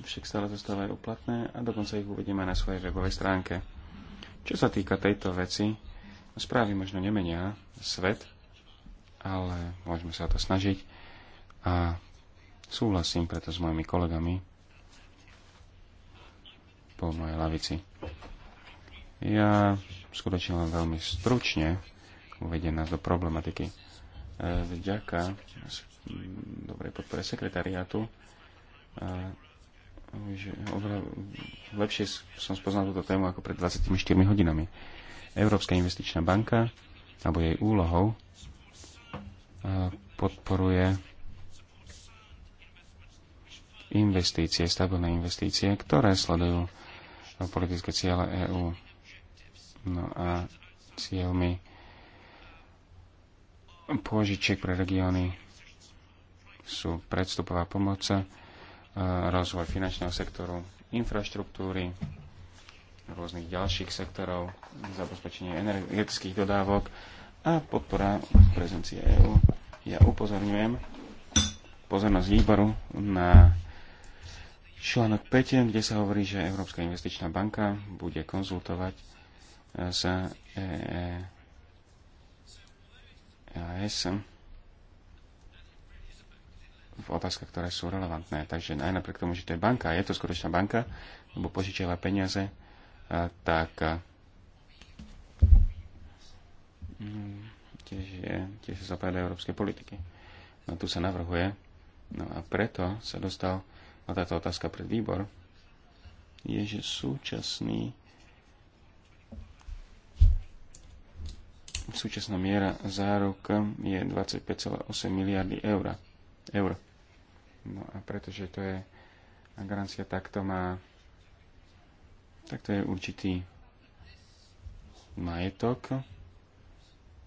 však stále zostávajú uplatné a dokonca ich uvidíme na svojej webovej stránke. Čo sa týka tejto veci, správy možno nemenia svet, ale môžeme sa o to snažiť. A súhlasím preto s mojimi kolegami po mojej lavici. Ja skutočne len veľmi stručne uvedem nás do problematiky. E, vďaka dobrej podpore sekretariátu e, že oveľa lepšie som spoznal túto tému ako pred 24 hodinami. Európska investičná banka, alebo jej úlohou, podporuje investície, stabilné investície, ktoré sledujú politické ciele EÚ. No a cieľmi pôžičiek pre regióny sú predstupová pomoc, e, rozvoj finančného sektoru, infraštruktúry, rôznych ďalších sektorov, zabezpečenie energetických dodávok a podpora prezencie EÚ ja upozorňujem pozornosť výboru na článok 5, kde sa hovorí, že Európska investičná banka bude konzultovať eh, eh, eh, s EAS v otázkach, ktoré sú relevantné. Takže aj napriek tomu, že to je banka, je to skutočná banka, lebo požičiava peniaze, tak mm, tiež, je, tiež zapadá európskej politiky. No tu sa navrhuje. No a preto sa dostal na táto otázka pred výbor, je, že súčasný súčasná miera záruk je 25,8 miliardy eur. eur. No a pretože to je garancia takto má takto je určitý majetok,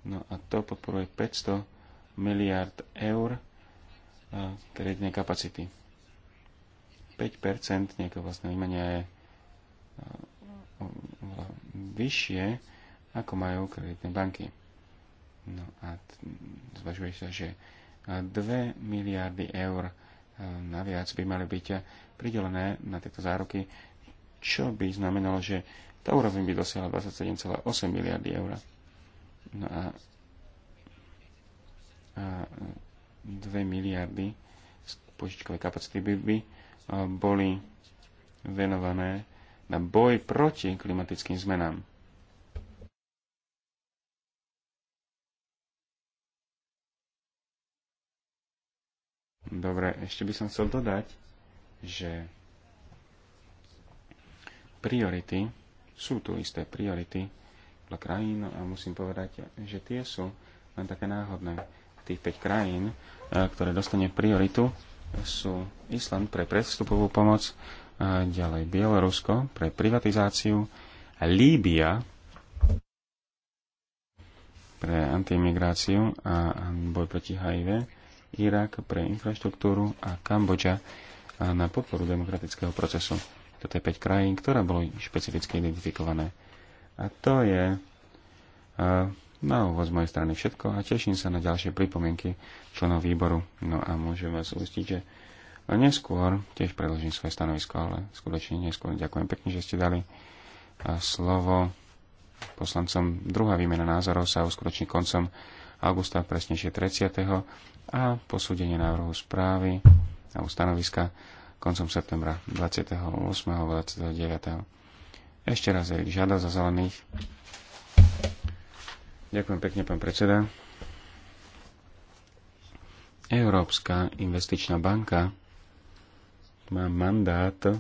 No a to podporuje 500 miliard eur kreditnej e, kapacity. 5% nejakého vlastného imenia je e, vyššie, ako majú kreditné banky. No a zvažuje sa, že 2 miliardy eur e, naviac by mali byť pridelené na tieto záruky, čo by znamenalo, že tá úroveň by dosiahla 27,8 miliardy eur. No a, a 2 miliardy z požičkovej kapacity by, by boli venované na boj proti klimatickým zmenám. Dobre, ešte by som chcel dodať, že priority, sú tu isté priority, podľa krajín a musím povedať, že tie sú len také náhodné. Tých 5 krajín, e, ktoré dostane prioritu, sú Island pre predstupovú pomoc, e, ďalej Bielorusko pre privatizáciu, Líbia pre antimigráciu a boj proti HIV, Irak pre infraštruktúru a Kambodža e, na podporu demokratického procesu. Toto je 5 krajín, ktoré boli špecificky identifikované. A to je e, na úvod z mojej strany všetko a teším sa na ďalšie pripomienky členov výboru. No a môžem vás uistiť, že neskôr tiež predložím svoje stanovisko, ale skutočne neskôr. Ďakujem pekne, že ste dali e, slovo poslancom. Druhá výmena názorov sa uskutoční koncom augusta, presnejšie 30. a posúdenie návrhu správy a stanoviska koncom septembra 28. a 29. Ešte raz je žiada za zelených. Ďakujem pekne, pán predseda. Európska investičná banka má mandát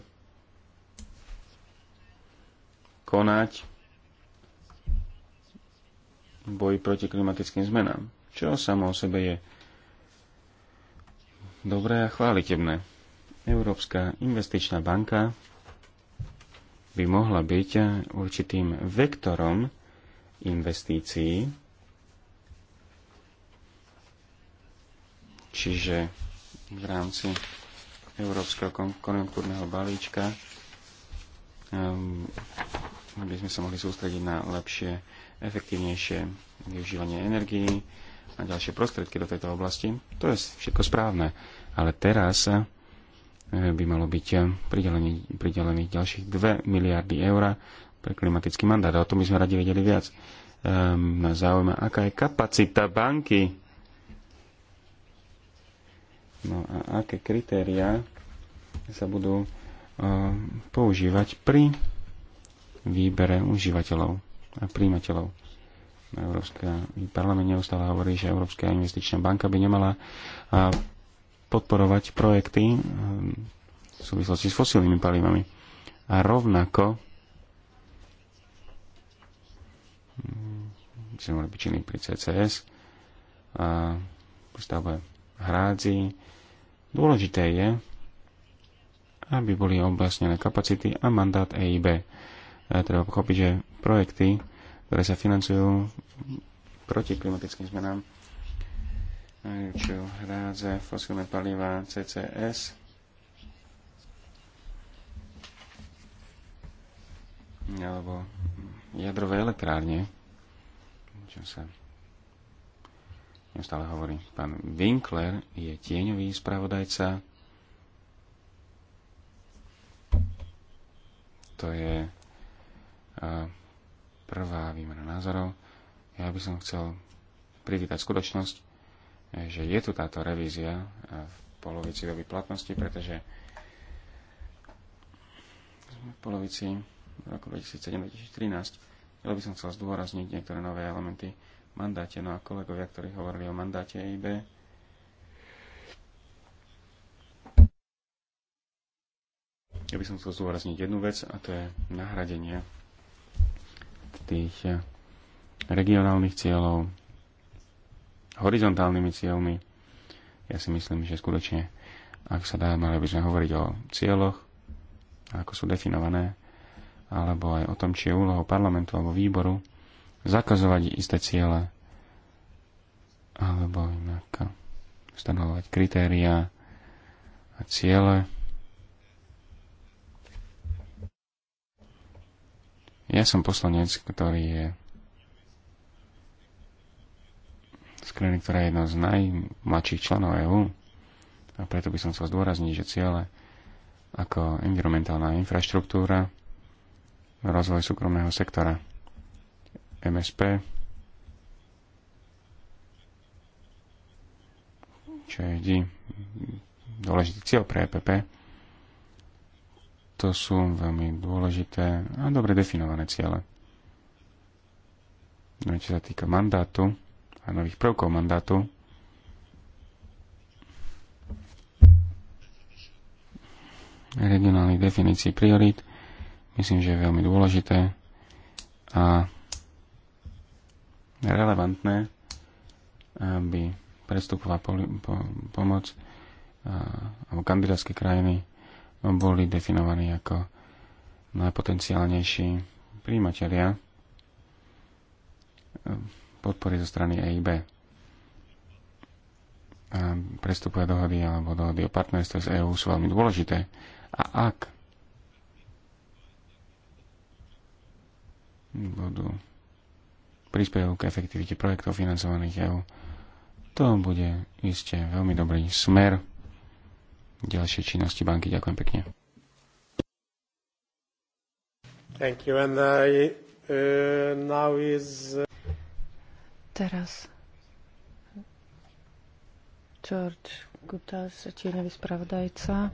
konať boj proti klimatickým zmenám, čo samo o sebe je dobré a chválitebné. Európska investičná banka by mohla byť eh, určitým vektorom investícií, čiže v rámci Európskeho konjunktúrneho balíčka ehm, by sme sa mohli sústrediť na lepšie, efektívnejšie využívanie energií a ďalšie prostriedky do tejto oblasti. To je všetko správne. Ale teraz eh, Eh, by malo byť eh, pridelených, pridelených ďalších 2 miliardy eur pre klimatický mandát. A o tom by sme radi vedeli viac. Um, zaujíma, aká je kapacita banky. No a aké kritéria sa budú uh, používať pri výbere užívateľov a príjimateľov. Európska parlament neustále hovorí, že Európska investičná banka by nemala uh, podporovať projekty ehm, v súvislosti s fosílnymi palivami. A rovnako ehm, by sme mohli byť činní pri CCS, a stavbe hrádzi. Dôležité je, aby boli objasnené kapacity a mandát EIB. A e, treba pochopiť, že projekty, ktoré sa financujú proti klimatickým zmenám, čo hrádza fosilné paliva CCS. alebo jadrové elektrárne, čo sa neustále hovorí. Pán Winkler je tieňový spravodajca. To je prvá výmena názorov. Ja by som chcel privítať skutočnosť, že je tu táto revízia e, v polovici doby platnosti, pretože v polovici roku 2007-2013. Ja by som chcel zdôrazniť niektoré nové elementy v mandáte. No a kolegovia, ktorí hovorili o mandáte EIB, ja by som chcel zdôrazniť jednu vec a to je nahradenie tých regionálnych cieľov horizontálnymi cieľmi. Ja si myslím, že skutočne, ak sa dá, mali by sme hovoriť o cieľoch, ako sú definované, alebo aj o tom, či je úlohou parlamentu alebo výboru zakazovať isté ciele, alebo inak stanovovať kritériá a ciele. Ja som poslanec, ktorý je krajiny, ktorá je jedna z najmladších členov EÚ. A preto by som chcel zdôrazniť, že ciele ako environmentálna infraštruktúra, rozvoj súkromného sektora, MSP, čo je dôležitý cieľ pre EPP, to sú veľmi dôležité a dobre definované ciele. No, čo sa týka mandátu, a nových prvkov mandátu. regionálnych definícií priorít. Myslím, že je veľmi dôležité a relevantné, aby prestupová po, pomoc alebo kandidátske krajiny boli definovaní ako najpotenciálnejší príjimatelia podpory zo strany EIB. A prestupové dohody alebo dohody o partnerstve z EÚ sú veľmi dôležité. A ak budú príspevajú k efektivite projektov financovaných EÚ, to bude iste veľmi dobrý smer ďalšej činnosti banky. Ďakujem pekne. Thank you. And I, uh, now is... Teraz George Gutas, tieňový spravodajca.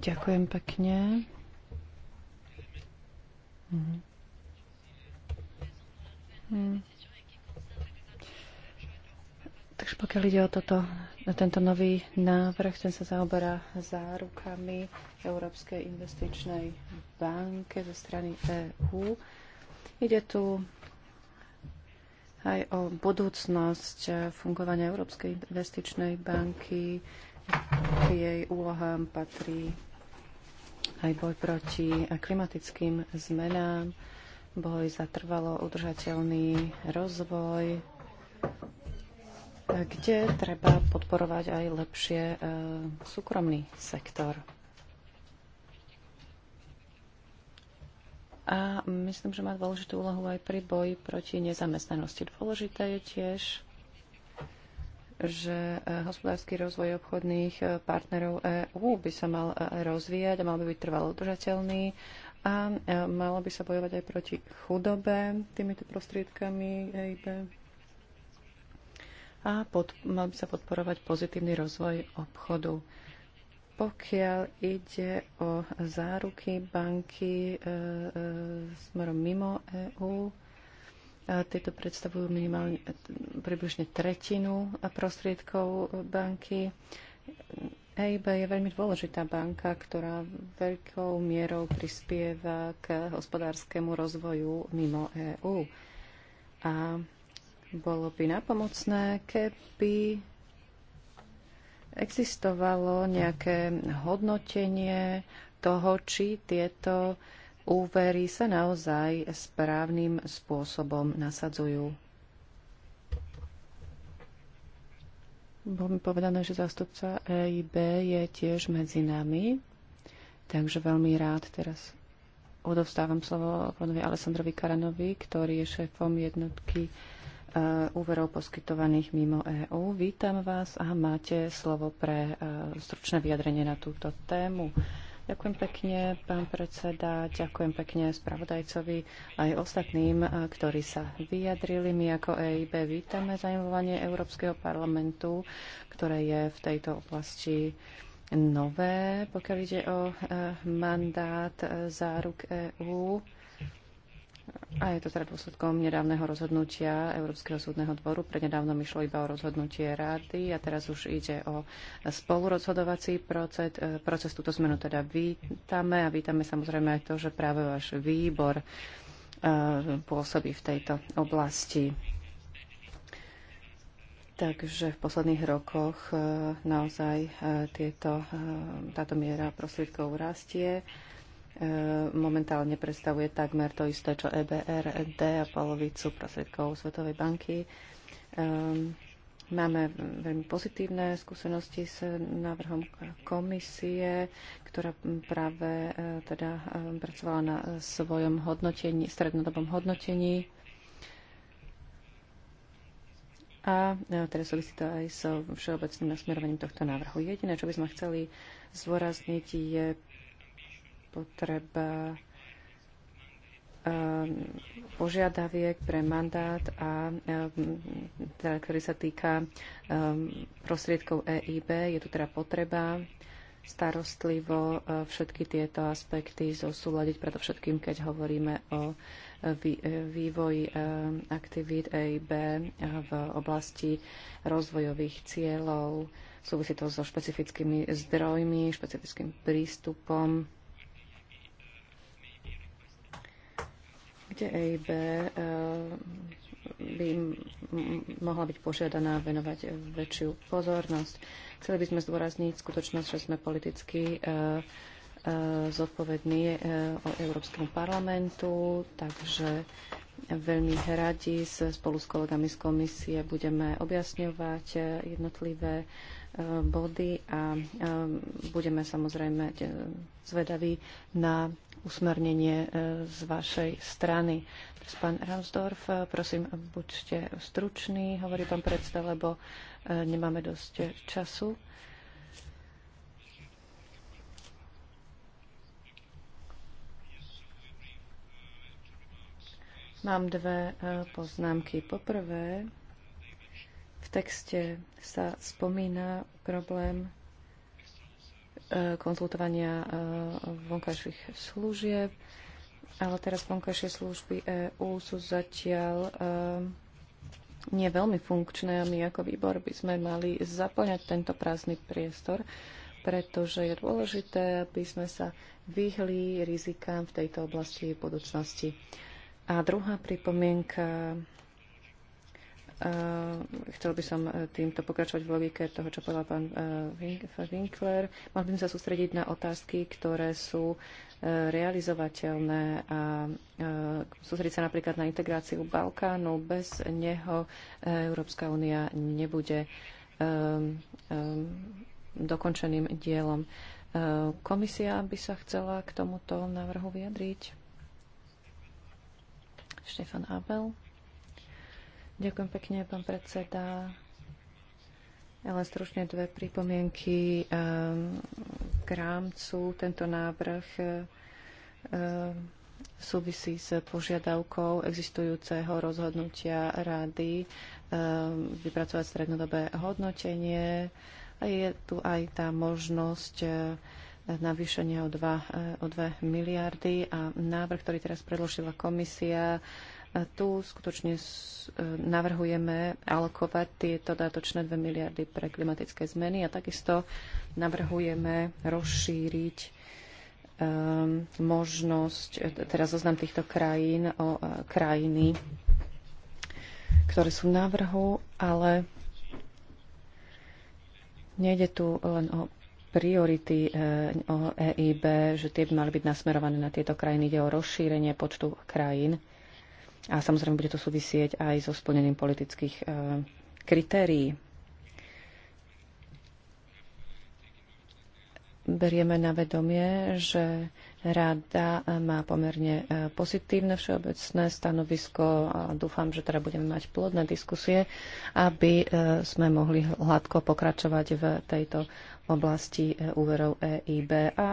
Ďakujem pekne. Mhm. Mhm. Takže pokiaľ ide o toto, na tento nový návrh, ten sa zaoberá zárukami Európskej investičnej banke zo strany EÚ. Ide tu aj o budúcnosť eh, fungovania Európskej investičnej banky. K jej úlohám patrí aj boj proti klimatickým zmenám, boj za trvalo udržateľný rozvoj, kde treba podporovať aj lepšie eh, súkromný sektor. A myslím, že má dôležitú úlohu aj pri boji proti nezamestnanosti. Dôležité je tiež, že e, hospodársky rozvoj obchodných e, partnerov EÚ by sa mal e, rozvíjať a mal by byť trvalo udržateľný a malo by sa bojovať aj proti chudobe týmito prostriedkami EIB a pod, mal by sa podporovať pozitívny rozvoj obchodu. Pokiaľ ide o záruky banky e, e, smerom mimo EÚ, e, tieto predstavujú minimálne e, približne tretinu prostriedkov banky. EIB je veľmi dôležitá banka, ktorá veľkou mierou prispieva k hospodárskému rozvoju mimo EÚ. A bolo by napomocné, keby existovalo nejaké hodnotenie toho, či tieto úvery sa naozaj správnym spôsobom nasadzujú. Bolo mi povedané, že zástupca EIB je tiež medzi nami, takže veľmi rád teraz odovstávam slovo pánovi Alessandrovi Karanovi, ktorý je šéfom jednotky E, úverov poskytovaných mimo EÚ. Vítam vás a máte slovo pre e, stručné vyjadrenie na túto tému. Ďakujem pekne, pán predseda, ďakujem pekne spravodajcovi aj ostatným, e, ktorí sa vyjadrili. My ako EIB vítame zaujímavanie Európskeho parlamentu, ktoré je v tejto oblasti nové, pokiaľ ide o mandát záruk EÚ. A je to teda dôsledkom nedávneho rozhodnutia Európskeho súdneho dvoru. Prednedávno išlo iba o rozhodnutie rády a teraz už ide o spolurozhodovací proces. E, proces túto zmenu teda vítame a vítame samozrejme aj to, že práve váš výbor e, pôsobí v tejto oblasti. Takže v posledných rokoch e, naozaj tieto, táto miera prostriedkov rastie E, momentálne predstavuje takmer to isté, čo EBRD a polovicu prostriedkov Svetovej banky. E, máme veľmi pozitívne skúsenosti s návrhom komisie, ktorá práve e, teda pracovala na svojom hodnotení, strednodobom hodnotení. A teraz súvisí to aj so všeobecným nasmerovaním tohto návrhu. Jediné, čo by sme chceli zvorazniť, je potreba um, požiadaviek pre mandát, a, um, teda, ktorý sa týka um, prostriedkov EIB. Je tu teda potreba starostlivo uh, všetky tieto aspekty zosúľadiť, predovšetkým keď hovoríme o uh, uh, vývoji aktivít EIB v oblasti rozvojových cieľov. Súvisí to so špecifickými zdrojmi, špecifickým prístupom kde EIB eh, by mohla byť požiadaná venovať väčšiu pozornosť. Chceli by sme zdôrazniť skutočnosť, že sme politicky eh, eh, zodpovední Európskemu parlamentu, takže veľmi radi spolu s kolegami z komisie budeme objasňovať jednotlivé body a budeme samozrejme zvedaví na usmernenie e, z vašej strany. Pán Ramsdorf, e, prosím, buďte struční, hovorí pán predseda, lebo e, nemáme dosť času. Mám dve poznámky. Poprvé, v texte sa spomína problém E, konzultovania e, vonkajších služieb, ale teraz vonkajšie služby EÚ sú zatiaľ e, nie veľmi funkčné a my ako výbor by sme mali zaplňať tento prázdny priestor, pretože je dôležité, aby sme sa vyhli rizikám v tejto oblasti v budúcnosti. A druhá pripomienka Eh, chcel by som eh, týmto pokračovať v logike toho, čo povedal pán eh, Winkler. Mal by som sa sústrediť na otázky, ktoré sú realizovateľné a sústrediť sa napríklad na integráciu Balkánu. Bez neho Európska únia nebude dokončeným dielom. Komisia by sa chcela k tomuto návrhu vyjadriť. Štefan Abel. Ďakujem pekne, pán predseda. Ja len stručne dve pripomienky ehm, k rámcu. Tento návrh ehm, súvisí s požiadavkou existujúceho rozhodnutia rady ehm, vypracovať strednodobé hodnotenie. A je tu aj tá možnosť navýšenia o 2, o 2 miliardy a návrh, ktorý teraz predložila komisia, tu skutočne e, navrhujeme alokovať tieto dátočné 2 miliardy pre klimatické zmeny a takisto navrhujeme rozšíriť um, možnosť, e, teda zoznam týchto krajín o uh, krajiny, ktoré sú v návrhu, ale nejde tu len o priority o EIB, že tie by mali byť nasmerované na tieto krajiny. Ide o rozšírenie počtu krajín, a samozrejme bude to súvisieť aj so splnením politických e, kritérií. Berieme na vedomie, že rada e, má pomerne e, pozitívne všeobecné stanovisko a dúfam, že teda budeme mať plodné diskusie, aby sme mohli hladko pokračovať v tejto oblasti úverov EIB a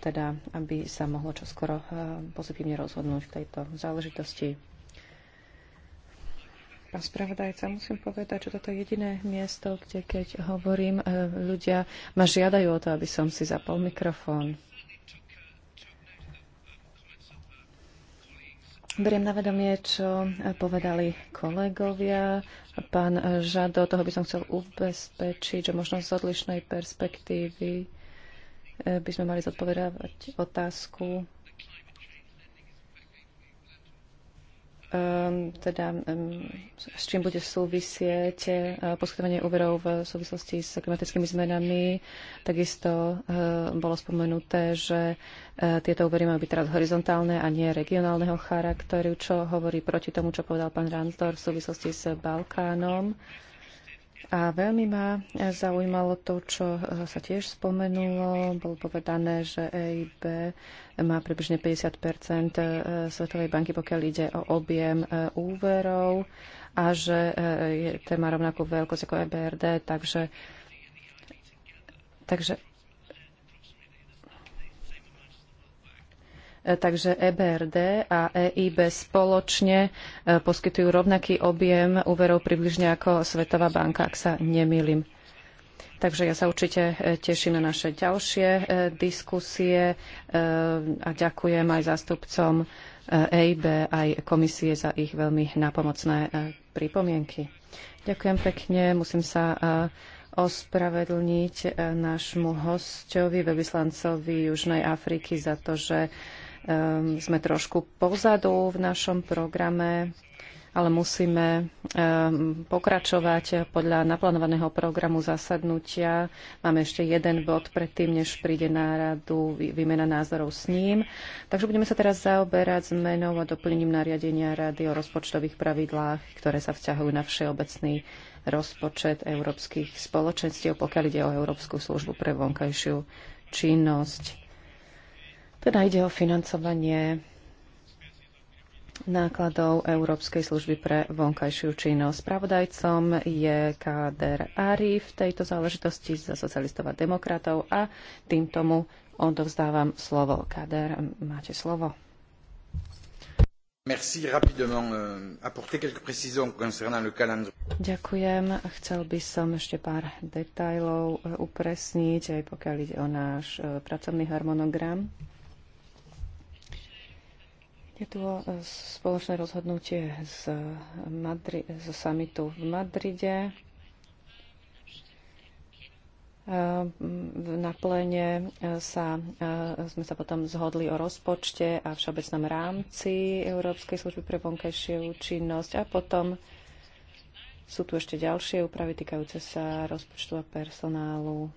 teda aby sa mohlo čoskoro eh, pozitívne rozhodnúť v tejto záležitosti. Pán spravodajca, musím povedať, že toto je jediné miesto, kde keď hovorím, eh, ľudia ma žiadajú o to, aby som si zapol mikrofón. Beriem na vedomie, čo povedali kolegovia. Pán Žado, toho by som chcel ubezpečiť, že možno z odlišnej perspektívy E, by sme mali zodpovedávať otázku ehm, teda ehm, s čím bude súvisieť e, poskytovanie úverov v súvislosti s klimatickými zmenami. Takisto e, bolo spomenuté, že tieto úvery majú byť teraz horizontálne a nie regionálneho charakteru, čo hovorí proti tomu, čo povedal pán Ransdor v súvislosti s Balkánom. A veľmi ma zaujímalo to, čo eh, sa tiež spomenulo. Bolo povedané, že EIB má približne 50 eh, Svetovej banky, pokiaľ ide o objem eh, úverov a že je téma rovnakú veľkosť ako EBRD, takže, takže E, takže EBRD a EIB spoločne e, poskytujú rovnaký objem úverov približne ako Svetová banka, ak sa nemýlim. Takže ja sa určite e, teším na naše ďalšie diskusie a ďakujem aj zástupcom EIB, aj komisie za ich veľmi nápomocné pripomienky. Ďakujem pekne. Musím sa ospravedlniť nášmu hostovi, veľvyslancovi Južnej Afriky za to, že Ehm, sme trošku pozadu v našom programe, ale musíme ehm, pokračovať podľa naplánovaného programu zasadnutia. Máme ešte jeden bod predtým, než príde náradu, výmena názorov s ním. Takže budeme sa teraz zaoberať zmenou a doplnením nariadenia rady o rozpočtových pravidlách, ktoré sa vzťahujú na všeobecný rozpočet európskych spoločenstiev, pokiaľ ide o Európsku službu pre vonkajšiu činnosť. Teda ide o financovanie nákladov Európskej služby pre vonkajšiu činnosť. Spravodajcom je Káder Ari v tejto záležitosti za socialistov a demokratov a tým tomu odovzdávam slovo. Káder, máte slovo. Merci rapidement euh, apporter quelques précisions concernant le calendrier. Ďakujem. Chcel by som ešte pár detailov euh, upresniť, aj pokiaľ ide o náš euh, pracovný harmonogram. Je tu e, spoločné rozhodnutie z, Madri- z samitu v Madride. E, na plene e, sa, sme sa potom zhodli o rozpočte a všeobecnom rámci Európskej služby pre vonkajšiu činnosť a potom sú tu ešte ďalšie úpravy týkajúce sa rozpočtu a personálu.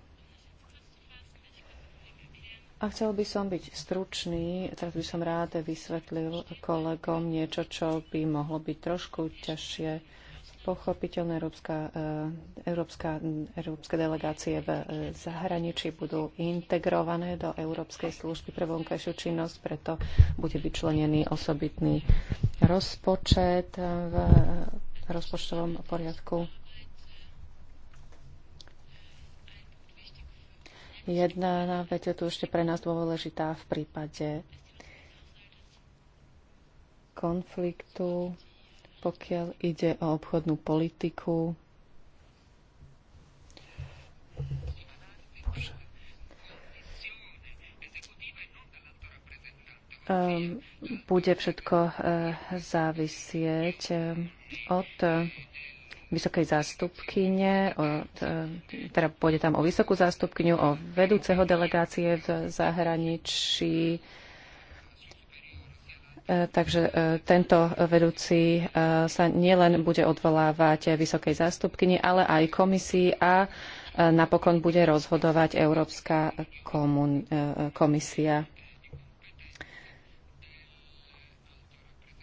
A chcel by som byť stručný, teraz by som rád vysvetlil kolegom niečo, čo by mohlo byť trošku ťažšie pochopiteľné. Európska, eh, európska, európske delegácie v eh, zahraničí budú integrované do Európskej služby pre vonkajšiu činnosť, preto bude vyčlenený osobitný rozpočet eh, v rozpočtovom poriadku Jedna vec je tu ešte pre nás dôležitá v prípade konfliktu, pokiaľ ide o obchodnú politiku. Bože. Ehm, bude všetko eh, závisieť eh, od vysokej zástupkyne, o, teda pôjde tam o vysokú zástupkyňu, o vedúceho delegácie v zahraničí. E, takže e, tento vedúci e, sa nielen bude odvolávať vysokej zástupkyni, ale aj komisii a napokon bude rozhodovať Európska komun- komisia.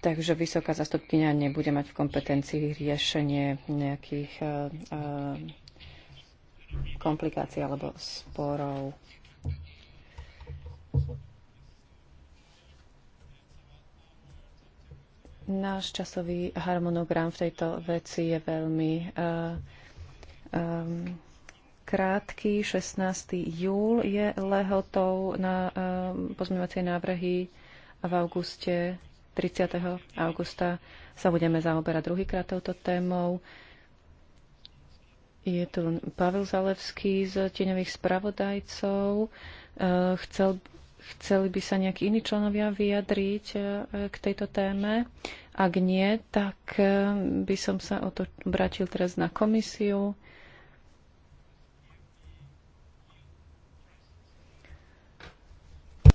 Takže vysoká zastupkynia nebude mať v kompetencii riešenie nejakých eh, eh, komplikácií alebo sporov. Náš časový harmonogram v tejto veci je veľmi uh, um, krátky. 16. júl je lehotou na uh, pozmeňovacie návrhy a v auguste 30. augusta sa budeme zaoberať druhýkrát touto témou. Je tu Pavel Zalevský z tieňových spravodajcov. E, chcel, chceli by sa nejakí iní členovia vyjadriť e, k tejto téme? Ak nie, tak e, by som sa o to obrátil teraz na komisiu.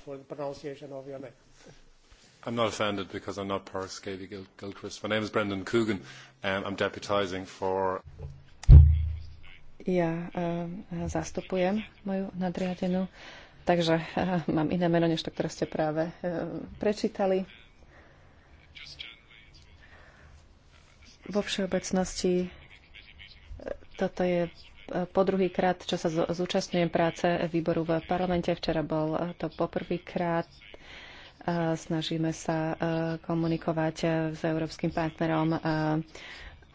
for the pronunciation of your name. I'm not offended because I'm not Parks Scavy Gil Gilchrist. My name is Brendan Coogan and um, I'm deputizing for... Ja uh, zastupujem moju nadriadenú, takže uh, mám iné meno, než to, ktoré ste práve uh, prečítali. Vo všeobecnosti uh, toto je uh, po druhý krát, čo sa zúčastňujem práce výboru v parlamente. Včera bol uh, to poprvý krát. Eh, snažíme sa eh, komunikovať eh, s európskym partnerom,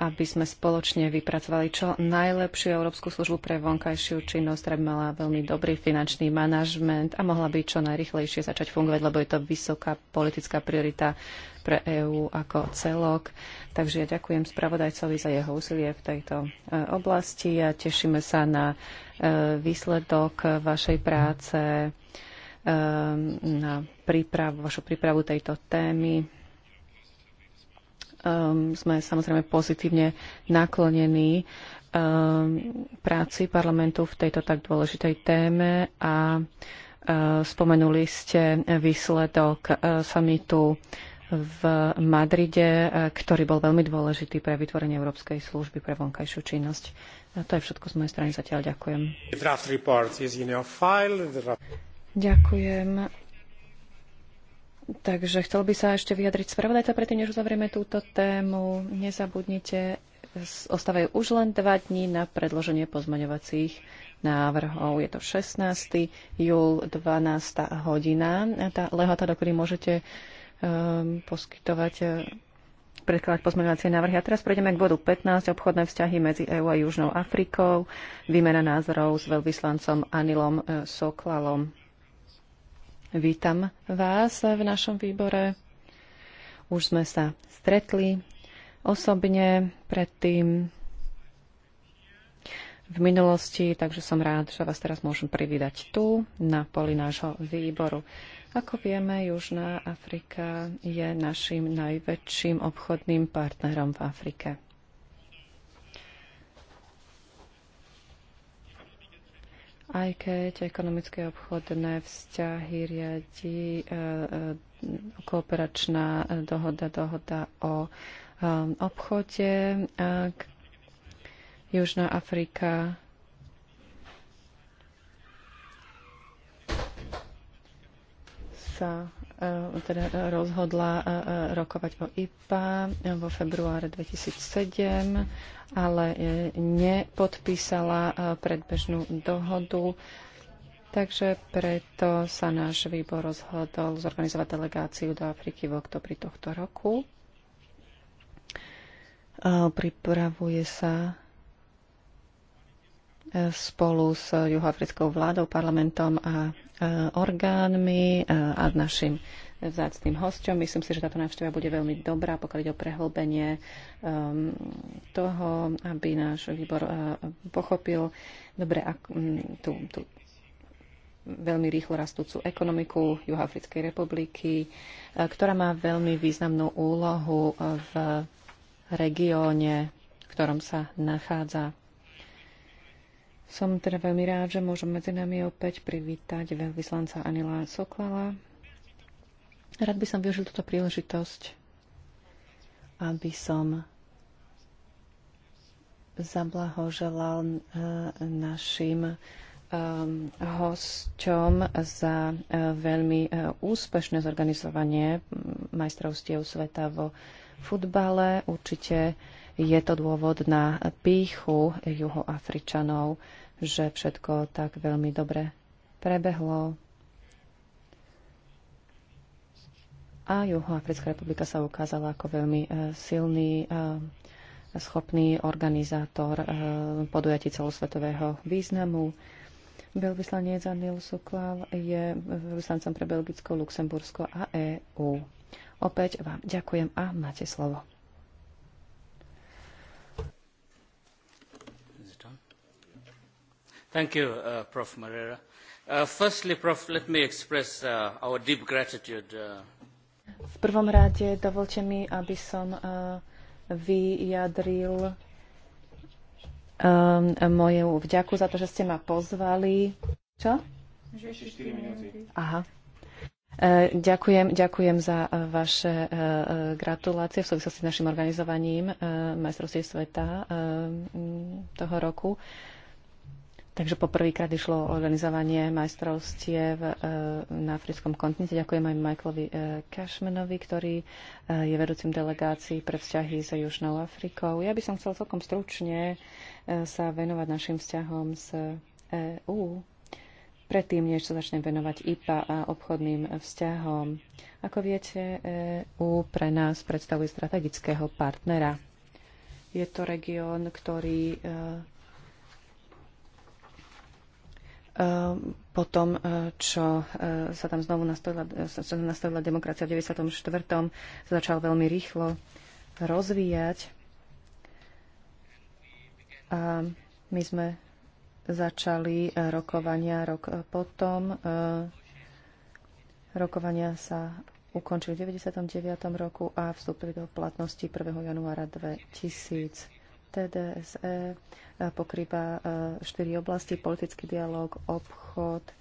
aby sme spoločne vypracovali čo najlepšiu Európsku službu pre vonkajšiu činnosť, ktorá by mala veľmi dobrý finančný manažment a mohla by čo najrychlejšie začať fungovať, lebo je to vysoká politická priorita pre EÚ ako celok. Takže ja ďakujem spravodajcovi za jeho úsilie v tejto oblasti a tešíme sa na výsledok vašej práce Ehm, na prípravu, vašu prípravu tejto témy. Um, sme samozrejme pozitívne naklonení um, práci parlamentu v tejto tak dôležitej téme a uh, spomenuli ste výsledok uh, e, samitu v Madride, uh, ktorý bol veľmi dôležitý pre vytvorenie Európskej služby pre vonkajšiu činnosť. A to je všetko z mojej strany zatiaľ. Ďakujem. Ďakujem. Takže chcel by sa ešte vyjadriť spravodajca predtým, než uzavrieme túto tému. Nezabudnite, ostávajú už len dva dní na predloženie pozmaňovacích návrhov. Je to 16. júl 12. hodina. Tá lehota, do ktorej môžete um, poskytovať e, predkladať pozmeňovacie návrhy. A teraz prejdeme k bodu 15, obchodné vzťahy medzi EÚ a Južnou Afrikou, výmena názorov s veľvyslancom Anilom e, Soklalom. Vítam vás v našom výbore. Už sme sa stretli osobne predtým v minulosti, takže som rád, že vás teraz môžem privídať tu na poli nášho výboru. Ako vieme, Južná Afrika je našim najväčším obchodným partnerom v Afrike. aj keď ekonomické obchodné vzťahy riadi eh, eh, kooperačná dohoda, dohoda o eh, obchode. Južná Afrika sa E, teda rozhodla e, e, rokovať o IPA vo februári 2007, ale nepodpísala predbežnú dohodu. Takže preto sa náš výbor rozhodol zorganizovať delegáciu do Afriky v oktobri tohto roku. Pripravuje sa spolu s juhoafrickou vládou, parlamentom a E, orgánmi e, a našim vzácným hosťom. Myslím si, že táto návšteva bude veľmi dobrá, pokiaľ ide o prehlbenie e, toho, aby náš výbor pochopil dobre tú, tú veľmi rýchlo rastúcu ekonomiku Juhafrickej republiky, ktorá má veľmi významnú úlohu v regióne, v ktorom sa nachádza. Som teda veľmi rád, že môžem medzi nami opäť privítať veľvyslanca Anila Soklala. Rád by som využil túto príležitosť, aby som zablahoželal e, našim e, hosťom za e, veľmi úspešné zorganizovanie majstrovstiev sveta vo futbale. Určite je to dôvod na píchu juhoafričanov. Afričanov že všetko tak veľmi dobre prebehlo. A Juhoafrická republika sa ukázala ako veľmi e, silný, e, schopný organizátor e, podujatí celosvetového významu. Veľvyslanec Anil Suklal je vyslancom pre Belgicko, Luxembursko a EÚ. Opäť vám ďakujem a máte slovo. Thank you, uh, Prof. Moreira. Uh, firstly, Prof, let me express uh, our deep gratitude. Uh... V prvom rade dovolte mi, aby som uh, vyjadril um, moju vďaku za to, že ste ma pozvali. Čo? Aha. Uh, ďakujem, ďakujem za uh, vaše uh, gratulácie v súvislosti s našim organizovaním majstrovstiev sveta toho roku. Takže poprvýkrát išlo o organizovanie majstrovstiev e, na africkom kontinente. Ďakujem aj Michaelovi e, Cashmanovi, ktorý e, je vedúcim delegácií pre vzťahy s Južnou Afrikou. Ja by som chcel celkom stručne sa venovať našim vzťahom s EÚ, predtým, než sa začnem venovať IPA a obchodným vzťahom. Ako viete, EÚ pre nás predstavuje strategického partnera. Je to región, ktorý Ehm, po tom, e, čo e, sa tam znovu nastavila, e, nastavila demokracia v 94. sa začal veľmi rýchlo rozvíjať. A my sme začali rokovania rok potom. Rokovania sa ukončili v 99. roku a vstúpili do platnosti 1. januára 2000. TDSE e, pokrýva e, štyri oblasti, politický dialog, obchod, e,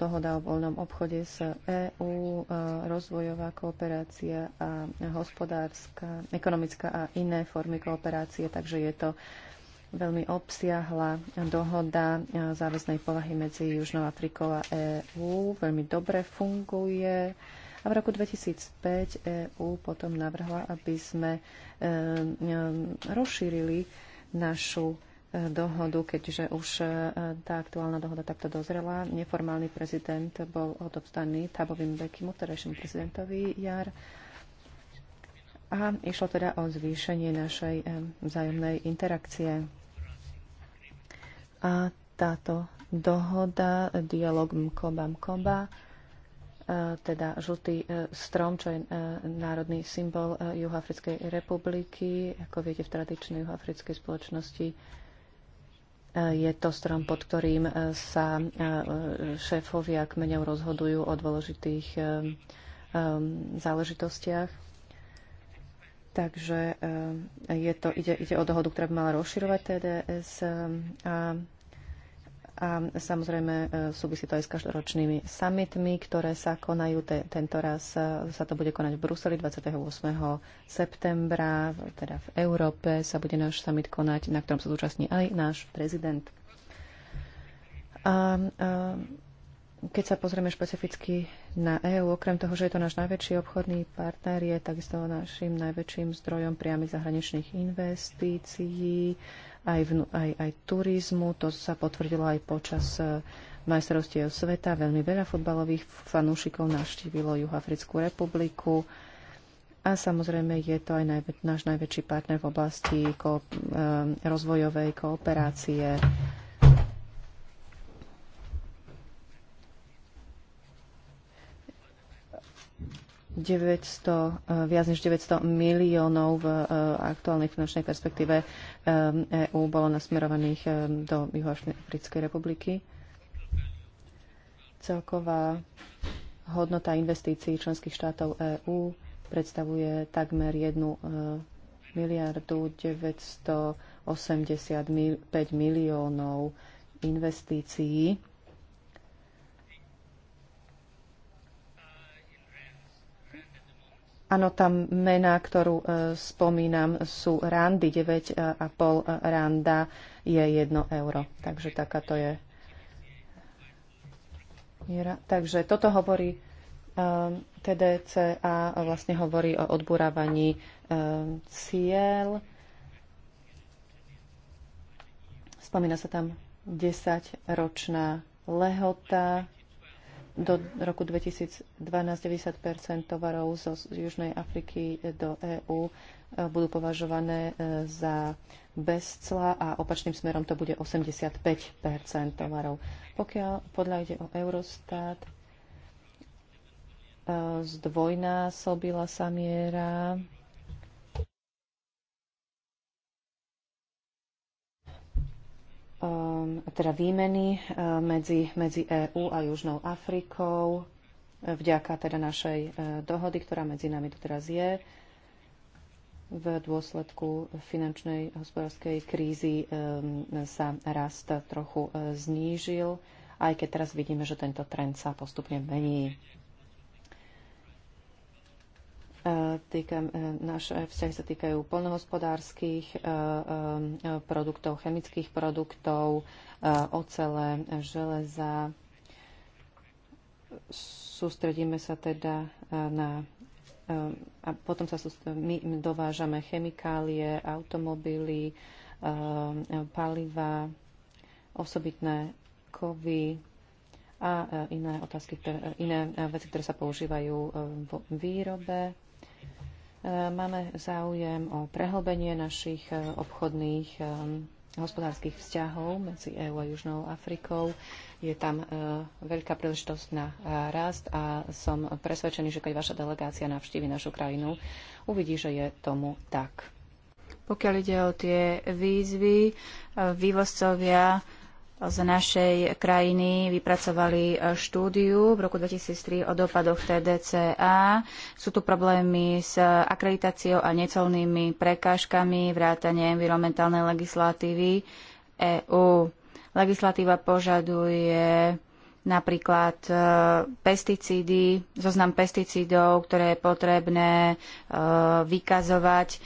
dohoda o voľnom obchode s EÚ, rozvojová kooperácia a hospodárska, ekonomická a iné formy kooperácie, takže je to veľmi obsiahla dohoda záväznej povahy medzi Južnou Afrikou a EÚ. Veľmi dobre funguje a v roku 2005 EÚ potom navrhla, aby sme e, e, rozšírili našu e, dohodu, keďže už tá aktuálna dohoda takto dozrela. Neformálny prezident bol odobstaný Tabovým Bekimu, terajšiemu prezidentovi jar. A išlo teda o zvýšenie našej vzájomnej interakcie. A táto dohoda, dialog Mkoba Mkoba, E, teda žltý e, strom, čo je e, národný symbol Juhoafrickej republiky. Ako viete, v tradičnej juhoafrickej spoločnosti je to strom, pod ktorým sa šéfovia kmeňov rozhodujú o dôležitých záležitostiach. Takže je to, ide, ide o dohodu, ktorá by mala rozširovať TDS a a samozrejme e, súvisí to aj s každoročnými summitmi, ktoré sa konajú. Te, tento raz e, sa to bude konať v Bruseli 28. septembra, teda v Európe sa bude náš summit konať, na ktorom sa zúčastní aj náš prezident. A, a keď sa pozrieme špecificky na EÚ, okrem toho, že je to náš najväčší obchodný partner, je takisto našim najväčším zdrojom priamych zahraničných investícií aj, vnú, aj, aj turizmu. To sa potvrdilo aj počas e, majstrovstiev sveta. Veľmi veľa futbalových fanúšikov navštívilo Juhafrickú republiku. A samozrejme je to aj najvä, náš najväčší partner v oblasti ko, e, rozvojovej kooperácie 900, eh, viac než 900 miliónov v eh, aktuálnej finančnej perspektíve eh, EÚ bolo nasmerovaných do Juhoafrickej republiky. Celková hodnota investícií členských štátov EÚ predstavuje takmer 1 miliardu 985 miliónov investícií Áno, tam mená, ktorú e, spomínam, sú randy. 9,5 e, e, randa je 1 euro. Takže to je miera. Takže toto hovorí TDC a vlastne hovorí o odburávaní cieľ. Spomína sa tam 10-ročná lehota do roku 2012 90 tovarov zo Južnej Afriky do EÚ e, budú považované e, za bez cla a opačným smerom to bude 85 tovarov. Pokiaľ podľa ide o Eurostat, e, zdvojnásobila sa miera Ehm, teda výmeny eh, medzi, medzi EÚ a Južnou Afrikou eh, vďaka teda našej eh, dohody, ktorá medzi nami doteraz je v dôsledku finančnej hospodárskej krízy ehm, sa rast trochu znížil, aj keď teraz vidíme, že tento trend sa postupne mení týka, e, naše vzťahy sa týkajú polnohospodárskych e, e, produktov, chemických produktov, ocele, železa. Sústredíme sa teda na a potom sa my dovážame chemikálie, automobily, paliva, osobitné kovy, a iné otázky, ktoré, iné veci, ktoré sa používajú v výrobe. E, máme záujem o prehlbenie našich e, obchodných e, hospodárskych vzťahov medzi EÚ a Južnou Afrikou. Je tam veľká príležitosť na rast a som presvedčený, že keď vaša delegácia navštívi našu krajinu, uvidí, že je tomu tak. Pokiaľ ide o tie výzvy, vývozcovia z našej krajiny vypracovali e, štúdiu v roku 2003 o dopadoch TDCA. Sú tu problémy s akreditáciou a necelnými prekážkami vrátane environmentálnej legislatívy EÚ. Legislatíva požaduje napríklad e, pesticídy, zoznam pesticídov, ktoré je potrebné e, vykazovať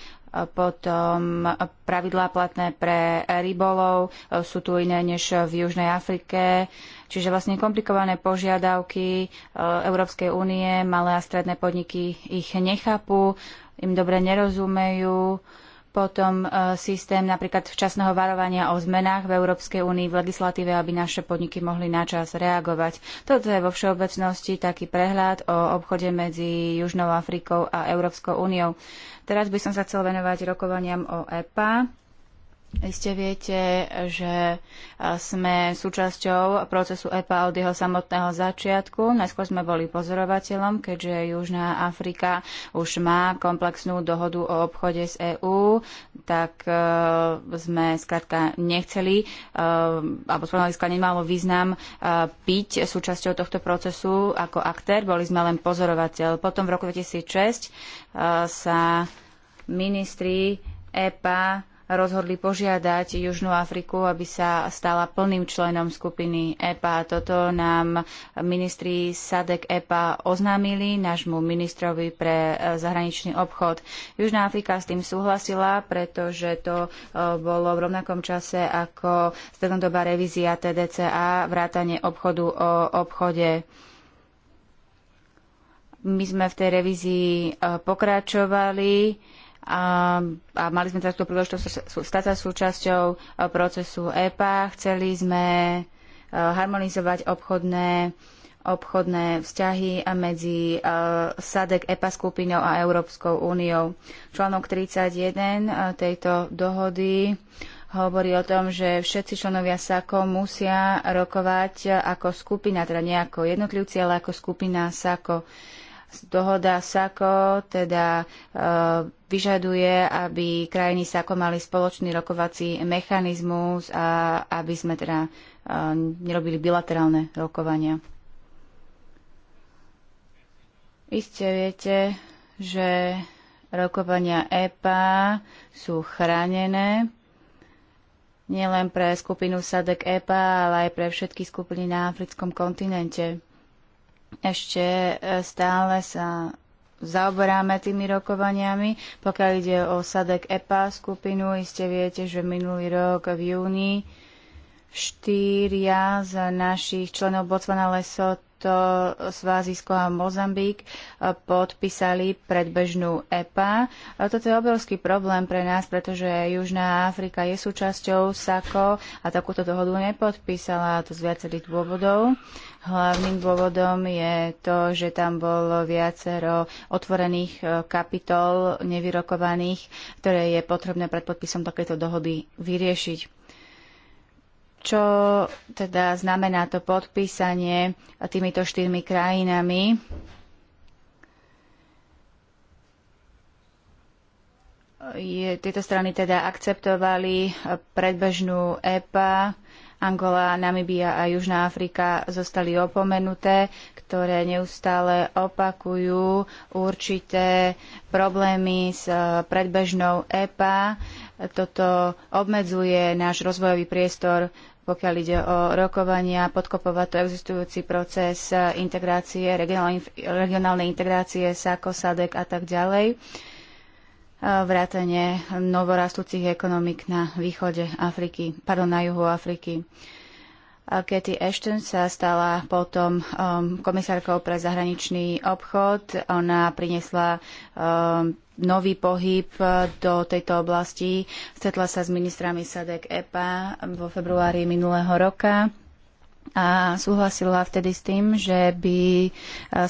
potom pravidlá platné pre rybolov e, sú tu iné než v Južnej Afrike. Čiže vlastne komplikované požiadavky e, Európskej únie, malé a stredné podniky ich nechápu, im dobre nerozumejú potom e, systém napríklad včasného varovania o zmenách v Európskej únii v legislatíve, aby naše podniky mohli načas reagovať. Toto je vo všeobecnosti taký prehľad o obchode medzi Južnou Afrikou a Európskou úniou. Teraz by som sa chcel venovať rokovaniam o EPA Iste viete, že sme súčasťou procesu EPA od jeho samotného začiatku. Najskôr sme boli pozorovateľom, keďže Južná Afrika už má komplexnú dohodu o obchode s EÚ, tak e, sme skrátka nechceli, e, alebo spomínali skladne nemalo význam e, byť súčasťou tohto procesu ako aktér. Boli sme len pozorovateľ. Potom v roku 2006 sa ministri EPA rozhodli požiadať Južnú Afriku, aby sa stala plným členom skupiny EPA. Toto nám ministri SADEK EPA oznámili nášmu ministrovi pre e, zahraničný obchod. Južná Afrika s tým súhlasila, pretože to e, bolo v rovnakom čase ako strednodobá revízia TDCA, vrátanie obchodu o obchode. My sme v tej revízii e, pokračovali a, a mali sme takto príležitosť stať sa súčasťou eh, procesu EPA. Chceli sme eh, harmonizovať obchodné obchodné vzťahy eh, medzi SADEK EPA skupinou a Európskou úniou. Článok 31 tejto dohody hovorí o tom, že všetci členovia SAKO musia rokovať ako skupina, teda nie ako jednotlivci, ale ako skupina SAKO. Dohoda SAKO teda vyžaduje, aby krajiny sa ako mali spoločný rokovací mechanizmus a aby sme teda e, nerobili bilaterálne rokovania. Iste viete, že rokovania EPA sú chránené nielen pre skupinu SADEK EPA, ale aj pre všetky skupiny na africkom kontinente. Ešte e, stále sa zaoberáme tými rokovaniami. Pokiaľ ide o SADEK EPA skupinu, iste viete, že minulý rok v júni štyria z našich členov Botswana Lesoto, Svázisko a Mozambik e, podpísali predbežnú EPA. A e, toto je obrovský problém pre nás, pretože Južná Afrika je súčasťou SAKO a takúto dohodu nepodpísala, a to z viacerých dôvodov. Hlavným dôvodom je to, že tam bolo viacero otvorených e, kapitol nevyrokovaných, ktoré je potrebné pred podpisom takéto dohody vyriešiť čo teda znamená to podpísanie týmito štyrmi krajinami. Je, tieto strany teda akceptovali predbežnú EPA Angola, Namibia a Južná Afrika zostali opomenuté, ktoré neustále opakujú určité problémy s e, predbežnou EPA. Toto obmedzuje náš rozvojový priestor pokiaľ ide o rokovania, podkopovať to existujúci proces e, integrácie, regionálnej, integrácie, SACO, SADEC a tak ďalej. Uh, vrátane novorastúcich ekonomik na východe Afriky, pardon, na juhu Afriky. Katy Ashton sa stala potom um, komisárkou pre zahraničný obchod. Ona priniesla um, nový pohyb uh, do tejto oblasti. Stretla sa s ministrami SADEK EPA vo februári minulého roka a súhlasila vtedy s tým, že by e,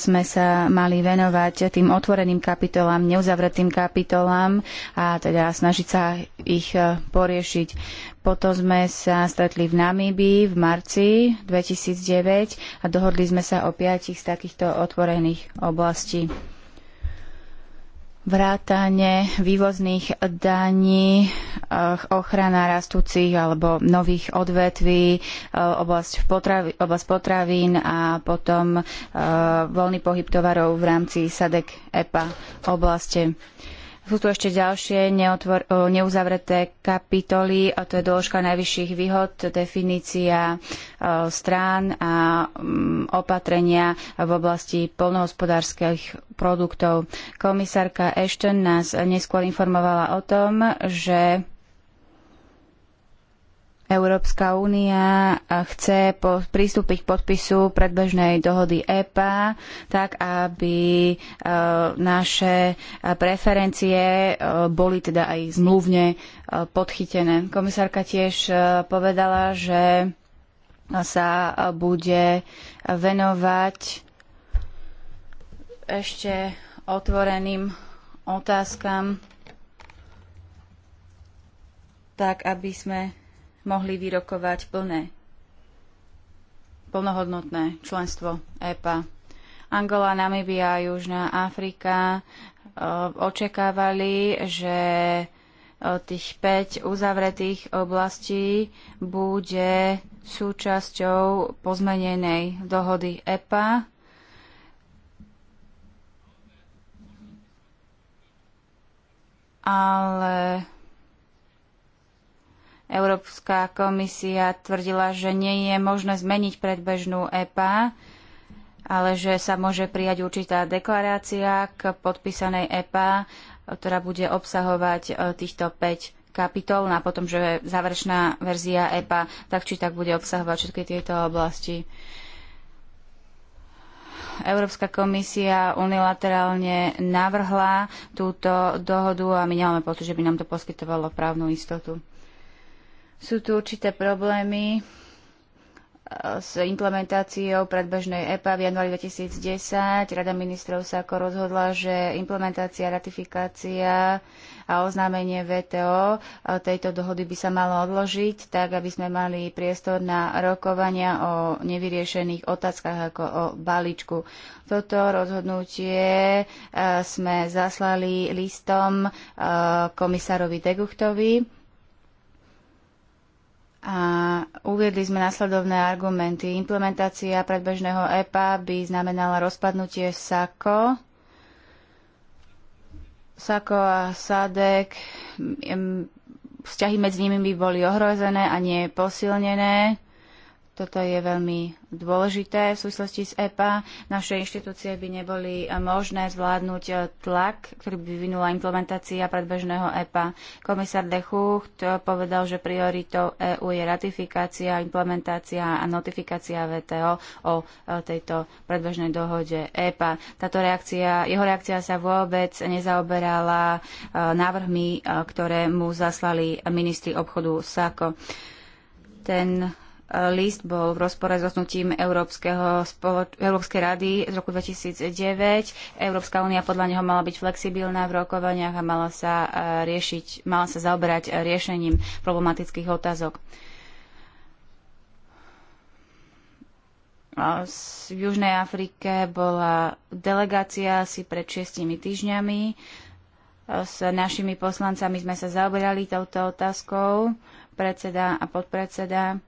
sme sa mali venovať tým otvoreným kapitolám, neuzavretým kapitolám a teda snažiť sa ich e, poriešiť. Potom sme sa stretli v Namíbii v marci 2009 a dohodli sme sa o piatich z takýchto otvorených oblastí vrátane vývozných daní, eh, ochrana rastúcich alebo nových odvetví, eh, oblasť, potravi, oblasť potravín a potom eh, voľný pohyb tovarov v rámci SADEC EPA oblasti. Sú tu ešte ďalšie neotvor, neuzavreté kapitoly, a to je dĺžka najvyšších výhod, definícia strán a mm, opatrenia v oblasti polnohospodárskych produktov. Komisárka Ashton nás neskôr informovala o tom, že Európska únia eh, chce po, pristúpiť k podpisu predbežnej dohody EPA, tak aby e, naše eh, preferencie e, boli teda aj zmluvne e, podchytené. Komisárka tiež povedala, že sa bude venovať ešte otvoreným otázkam, tak aby sme mohli vyrokovať plné, plnohodnotné členstvo EPA. Angola, Namibia, Južná Afrika e, očakávali, že e, tých 5 uzavretých oblastí bude súčasťou pozmenenej dohody EPA. Ale Európska komisia tvrdila, že nie je možné zmeniť predbežnú EPA, ale že sa môže prijať určitá deklarácia k podpísanej EPA, ktorá bude obsahovať e, týchto 5 kapitol a potom, že záverečná verzia EPA tak či tak bude obsahovať všetky tieto oblasti. Európska komisia unilaterálne navrhla túto dohodu a my nemáme pocit, že by nám to poskytovalo právnu istotu. Sú tu určité problémy e, s implementáciou predbežnej EPA v januári 2010. Rada ministrov sa ako rozhodla, že implementácia, ratifikácia a oznámenie VTO e, tejto dohody by sa malo odložiť, tak aby sme mali priestor na rokovania o nevyriešených otázkach ako o balíčku. Toto rozhodnutie e, sme zaslali listom komisárovi Deguchtovi a uviedli sme nasledovné argumenty. Implementácia predbežného EPA by znamenala rozpadnutie SAKO. SAKO a SADEK, e vzťahy medzi nimi by boli ohrozené a nie posilnené. Toto je veľmi dôležité v súvislosti s EPA. Naše inštitúcie by neboli eh, možné zvládnuť eh, tlak, ktorý by vyvinula implementácia predbežného EPA. Komisár De Hucht eh, povedal, že prioritou EÚ je ratifikácia, implementácia a notifikácia VTO o tejto predbežnej dohode EPA. Táto reakcia, jeho reakcia sa vôbec nezaoberala návrhmi, ktoré mu zaslali ministri obchodu SAKO ten list bol v rozpore s rozhodnutím Európskej rady z roku 2009. Európska únia podľa neho mala byť flexibilná v rokovaniach a mala sa, e, riešiť, mala sa zaoberať e, riešením problematických otázok. V Južnej Afrike bola delegácia asi pred šiestimi týždňami. S našimi poslancami sme sa zaoberali touto otázkou, predseda a podpredseda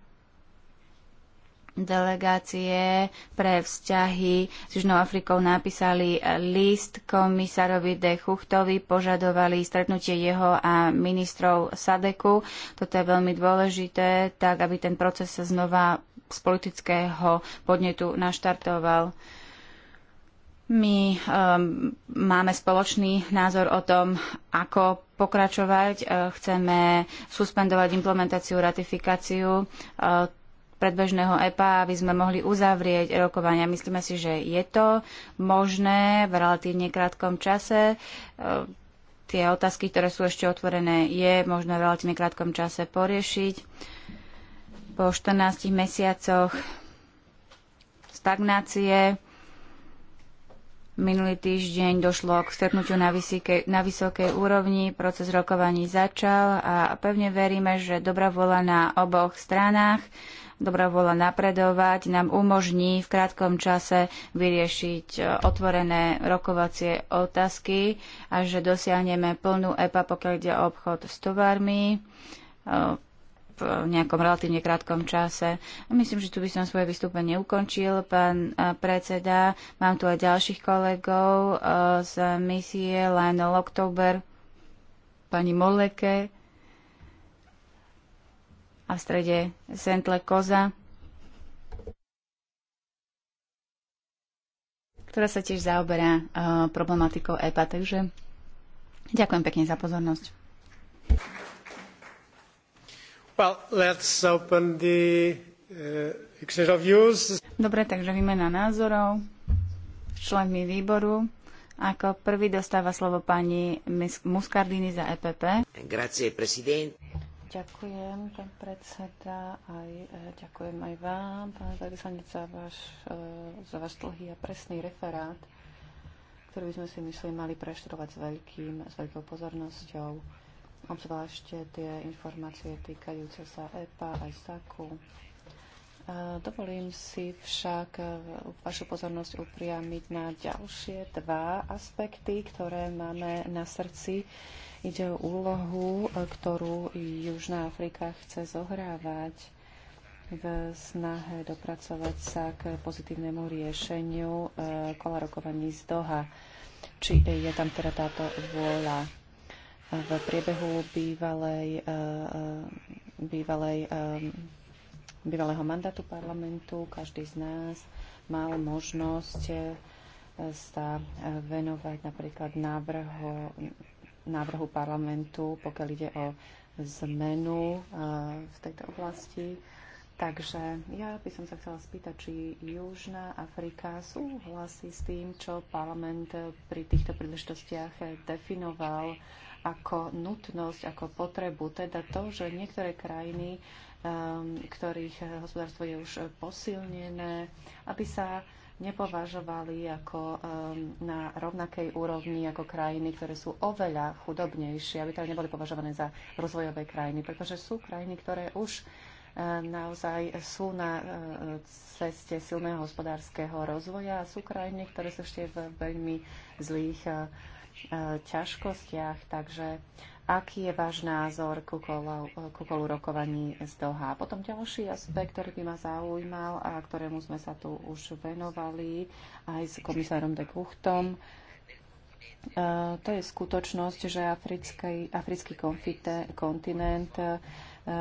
delegácie pre vzťahy s Južnou Afrikou napísali list komisárovi de Chuchtovi, požadovali stretnutie jeho a ministrov Sadeku. Toto je veľmi dôležité, tak aby ten proces sa znova z politického podnetu naštartoval. My um, máme spoločný názor o tom, ako pokračovať. Uh, chceme suspendovať implementáciu, ratifikáciu uh, predbežného EPA, aby sme mohli uzavrieť rokovania. Myslíme si, že je to možné v relatívne krátkom čase. E, tie otázky, ktoré sú ešte otvorené, je možné v relatívne krátkom čase poriešiť. Po 14 mesiacoch stagnácie Minulý týždeň došlo k stretnutiu na, vysike, na vysokej úrovni, proces rokovaní začal a pevne veríme, že dobrá vola na oboch stranách dobrá vola napredovať nám umožní v krátkom čase vyriešiť e, otvorené rokovacie otázky a že dosiahneme plnú EPA, pokiaľ ide o obchod s tovarmi e, v nejakom relatívne krátkom čase. Myslím, že tu by som svoje vystúpenie ukončil, pán e, predseda. Mám tu aj ďalších kolegov z misie Lionel October, pani Moleke a v strede Sentle Koza, ktorá sa tiež zaoberá uh, problematikou EPA. Takže ďakujem pekne za pozornosť. Well, let's open the uh, exchange of views. Dobre, takže výmena názorov s členmi výboru. Ako prvý dostáva slovo pani Muscardini za EPP. Grazie, Ďakujem, pán predseda, aj e, ďakujem aj vám, pán veľvyslanec, za váš, e, za váš dlhý a presný referát, ktorý by sme si myslím mali preštudovať s, veľkým, s veľkou pozornosťou, obzvlášte tie informácie týkajúce sa EPA aj SAKu. E, dovolím si však vašu pozornosť upriamiť na ďalšie dva aspekty, ktoré máme na srdci Ide o úlohu, e, ktorú Južná Afrika chce zohrávať v snahe dopracovať sa k pozitívnemu riešeniu e, kola rokovaní z Doha. Či je tam teda táto vôľa? V priebehu bývalej, e, bývalej, bývalého mandátu parlamentu každý z nás mal možnosť sa venovať napríklad návrhu návrhu parlamentu, pokiaľ ide o zmenu e, v tejto oblasti. Takže ja by som sa chcela spýtať, či Južná Afrika súhlasí s tým, čo parlament pri týchto príležitostiach definoval ako nutnosť, ako potrebu. Teda to, že niektoré krajiny, e, ktorých hospodárstvo je už posilnené, aby sa nepovažovali ako ehm, na rovnakej úrovni ako krajiny, ktoré sú oveľa chudobnejšie, aby teda neboli považované za rozvojové krajiny, pretože sú krajiny, ktoré už ehm, naozaj sú na e, ceste silného hospodárskeho rozvoja a sú krajiny, ktoré sú ešte v veľmi zlých e, e, ťažkostiach, takže Aký je váš názor ku kolu, ku kolu rokovaní z Doha? Potom ďalší aspekt, ktorý by ma zaujímal a ktorému sme sa tu už venovali aj s komisárom de Kuchtom, e, to je skutočnosť, že africký, africký konfite, kontinent, e, e,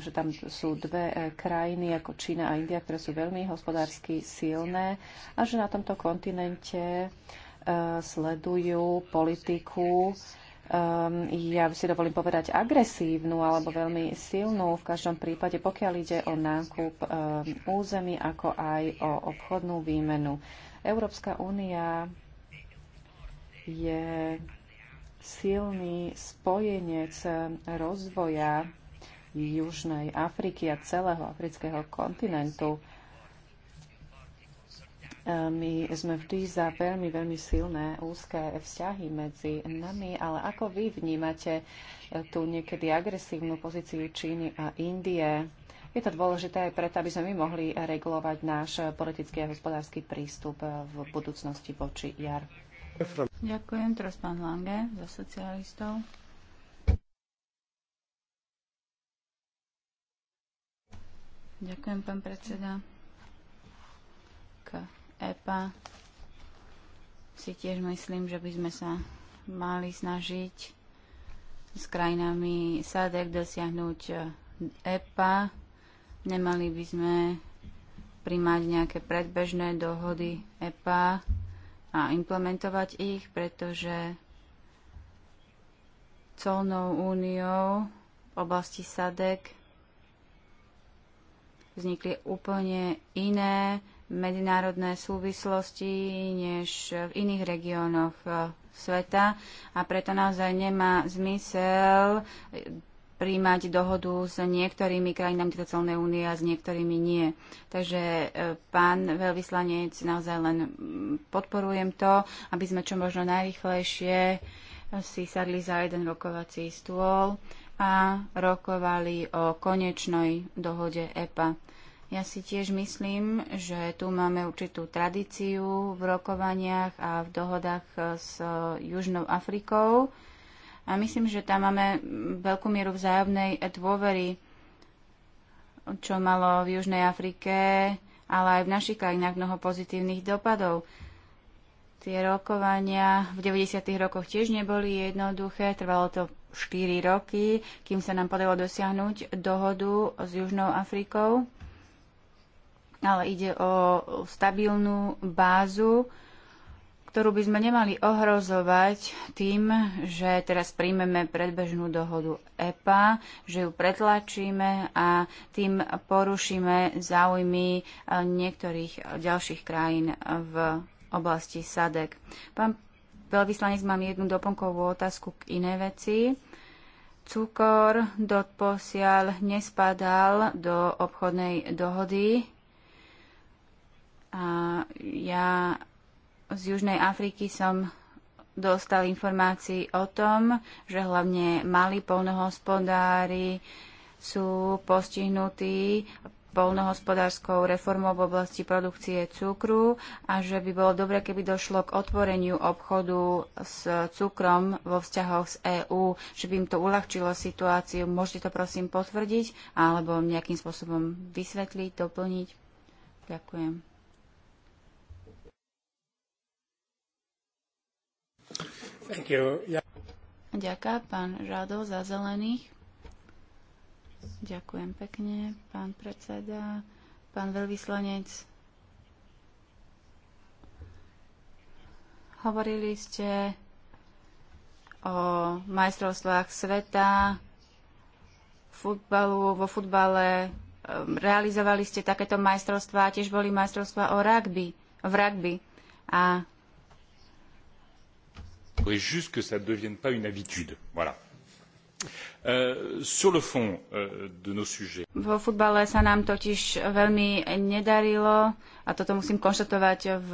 že tam sú dve krajiny ako Čína a India, ktoré sú veľmi hospodársky silné a že na tomto kontinente sledujú politiku Ehm, ja si dovolím povedať agresívnu alebo veľmi silnú. V každom prípade, pokiaľ ide o nákup ehm, území, ako aj o obchodnú výmenu. Európska únia je silný spojenec rozvoja Južnej Afriky a celého afrického kontinentu. E, my sme vždy za veľmi, veľmi silné úzke vzťahy medzi nami, ale ako vy vnímate e, tú niekedy agresívnu pozíciu Číny a Indie? Je to dôležité aj preto, aby sme my mohli regulovať náš politický a hospodársky prístup e, v budúcnosti voči jar. Ďakujem. Teraz pán Lange za socialistov. Ďakujem, pán predseda. K EPA si tiež myslím, že by sme sa mali snažiť s krajinami SADEK dosiahnuť e, EPA. Nemali by sme primať nejaké predbežné dohody EPA a implementovať ich, pretože colnou úniou v oblasti SADEK vznikli úplne iné medzinárodné súvislosti než v iných regiónoch e, sveta a preto naozaj nemá zmysel e, príjmať dohodu s niektorými krajinami tejto celnej únie a s niektorými nie. Takže e, pán veľvyslanec, naozaj len podporujem to, aby sme čo možno najrychlejšie si sadli za jeden rokovací stôl a rokovali o konečnej dohode EPA. Ja si tiež myslím, že tu máme určitú tradíciu v rokovaniach a v dohodách s e, Južnou Afrikou. A myslím, že tam máme veľkú mieru vzájomnej dôvery, čo malo v Južnej Afrike, ale aj v našich krajinách mnoho pozitívnych dopadov. Tie rokovania v 90. rokoch tiež neboli jednoduché, trvalo to 4 roky, kým sa nám podarilo dosiahnuť dohodu s Južnou Afrikou ale ide o stabilnú bázu, ktorú by sme nemali ohrozovať tým, že teraz príjmeme predbežnú dohodu EPA, že ju pretlačíme a tým porušíme záujmy e, niektorých ďalších krajín v oblasti SADEK. Pán veľvyslanec, mám jednu doplnkovú otázku k inej veci. Cukor doposiaľ nespadal do obchodnej dohody a ja z Južnej Afriky som dostal informácií o tom, že hlavne malí polnohospodári sú postihnutí polnohospodárskou reformou v oblasti produkcie cukru a že by bolo dobre, keby došlo k otvoreniu obchodu s cukrom vo vzťahoch s EÚ, že by im to uľahčilo situáciu. Môžete to prosím potvrdiť alebo nejakým spôsobom vysvetliť, doplniť? Ďakujem. Yeah. Ďaká, pán Rado, za zelených. Ďakujem pekne, pán predseda, pán veľvyslanec. Hovorili ste o majstrovstvách sveta, futbalu, vo futbale. Ehm, realizovali ste takéto majstrovstvá, tiež boli majstrovstvá o rugby, v rugby. A je voudrais juste que cela ne devienne pas une habitude. Voilà. Euh, sur le fond euh, de nos sujets. Vo futbale sa nám totiž veľmi nedarilo a toto musím konštatovať v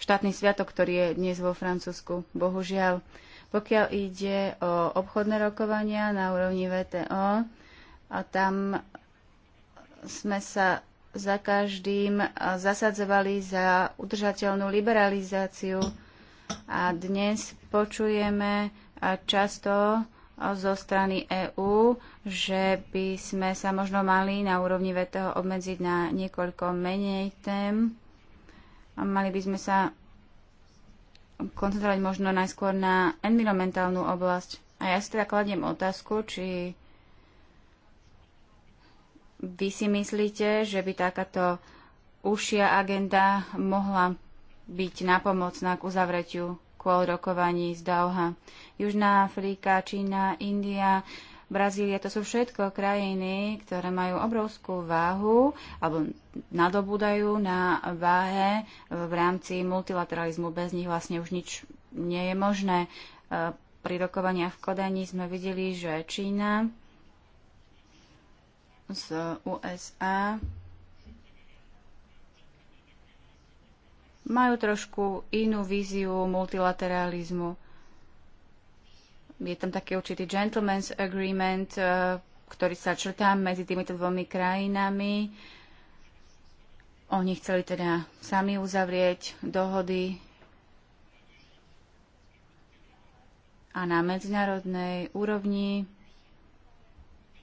štátny sviatok, ktorý je dnes vo Francúzsku, bohužiaľ. Pokiaľ ide o obchodné rokovania na úrovni VTO, a tam sme sa za každým zasadzovali za udržateľnú liberalizáciu mm a dnes počujeme často zo strany EÚ, že by sme sa možno mali na úrovni VTO obmedziť na niekoľko menej tém. a Mali by sme sa koncentrovať možno najskôr na environmentálnu oblasť. A ja si teda kladiem otázku, či vy si myslíte, že by takáto užšia agenda mohla byť napomocná k uzavretiu kôl rokovaní z Dauha. Južná Afrika, Čína, India, Brazília, to sú všetko krajiny, ktoré majú obrovskú váhu alebo nadobúdajú na váhe v rámci multilateralizmu. Bez nich vlastne už nič nie je možné. E, pri rokovaniach v Kodani sme videli, že Čína z USA majú trošku inú víziu multilateralizmu. Je tam taký určitý gentleman's agreement, eh, ktorý sa črtá medzi týmito dvomi krajinami. Oni chceli teda sami uzavrieť dohody a na medzinárodnej úrovni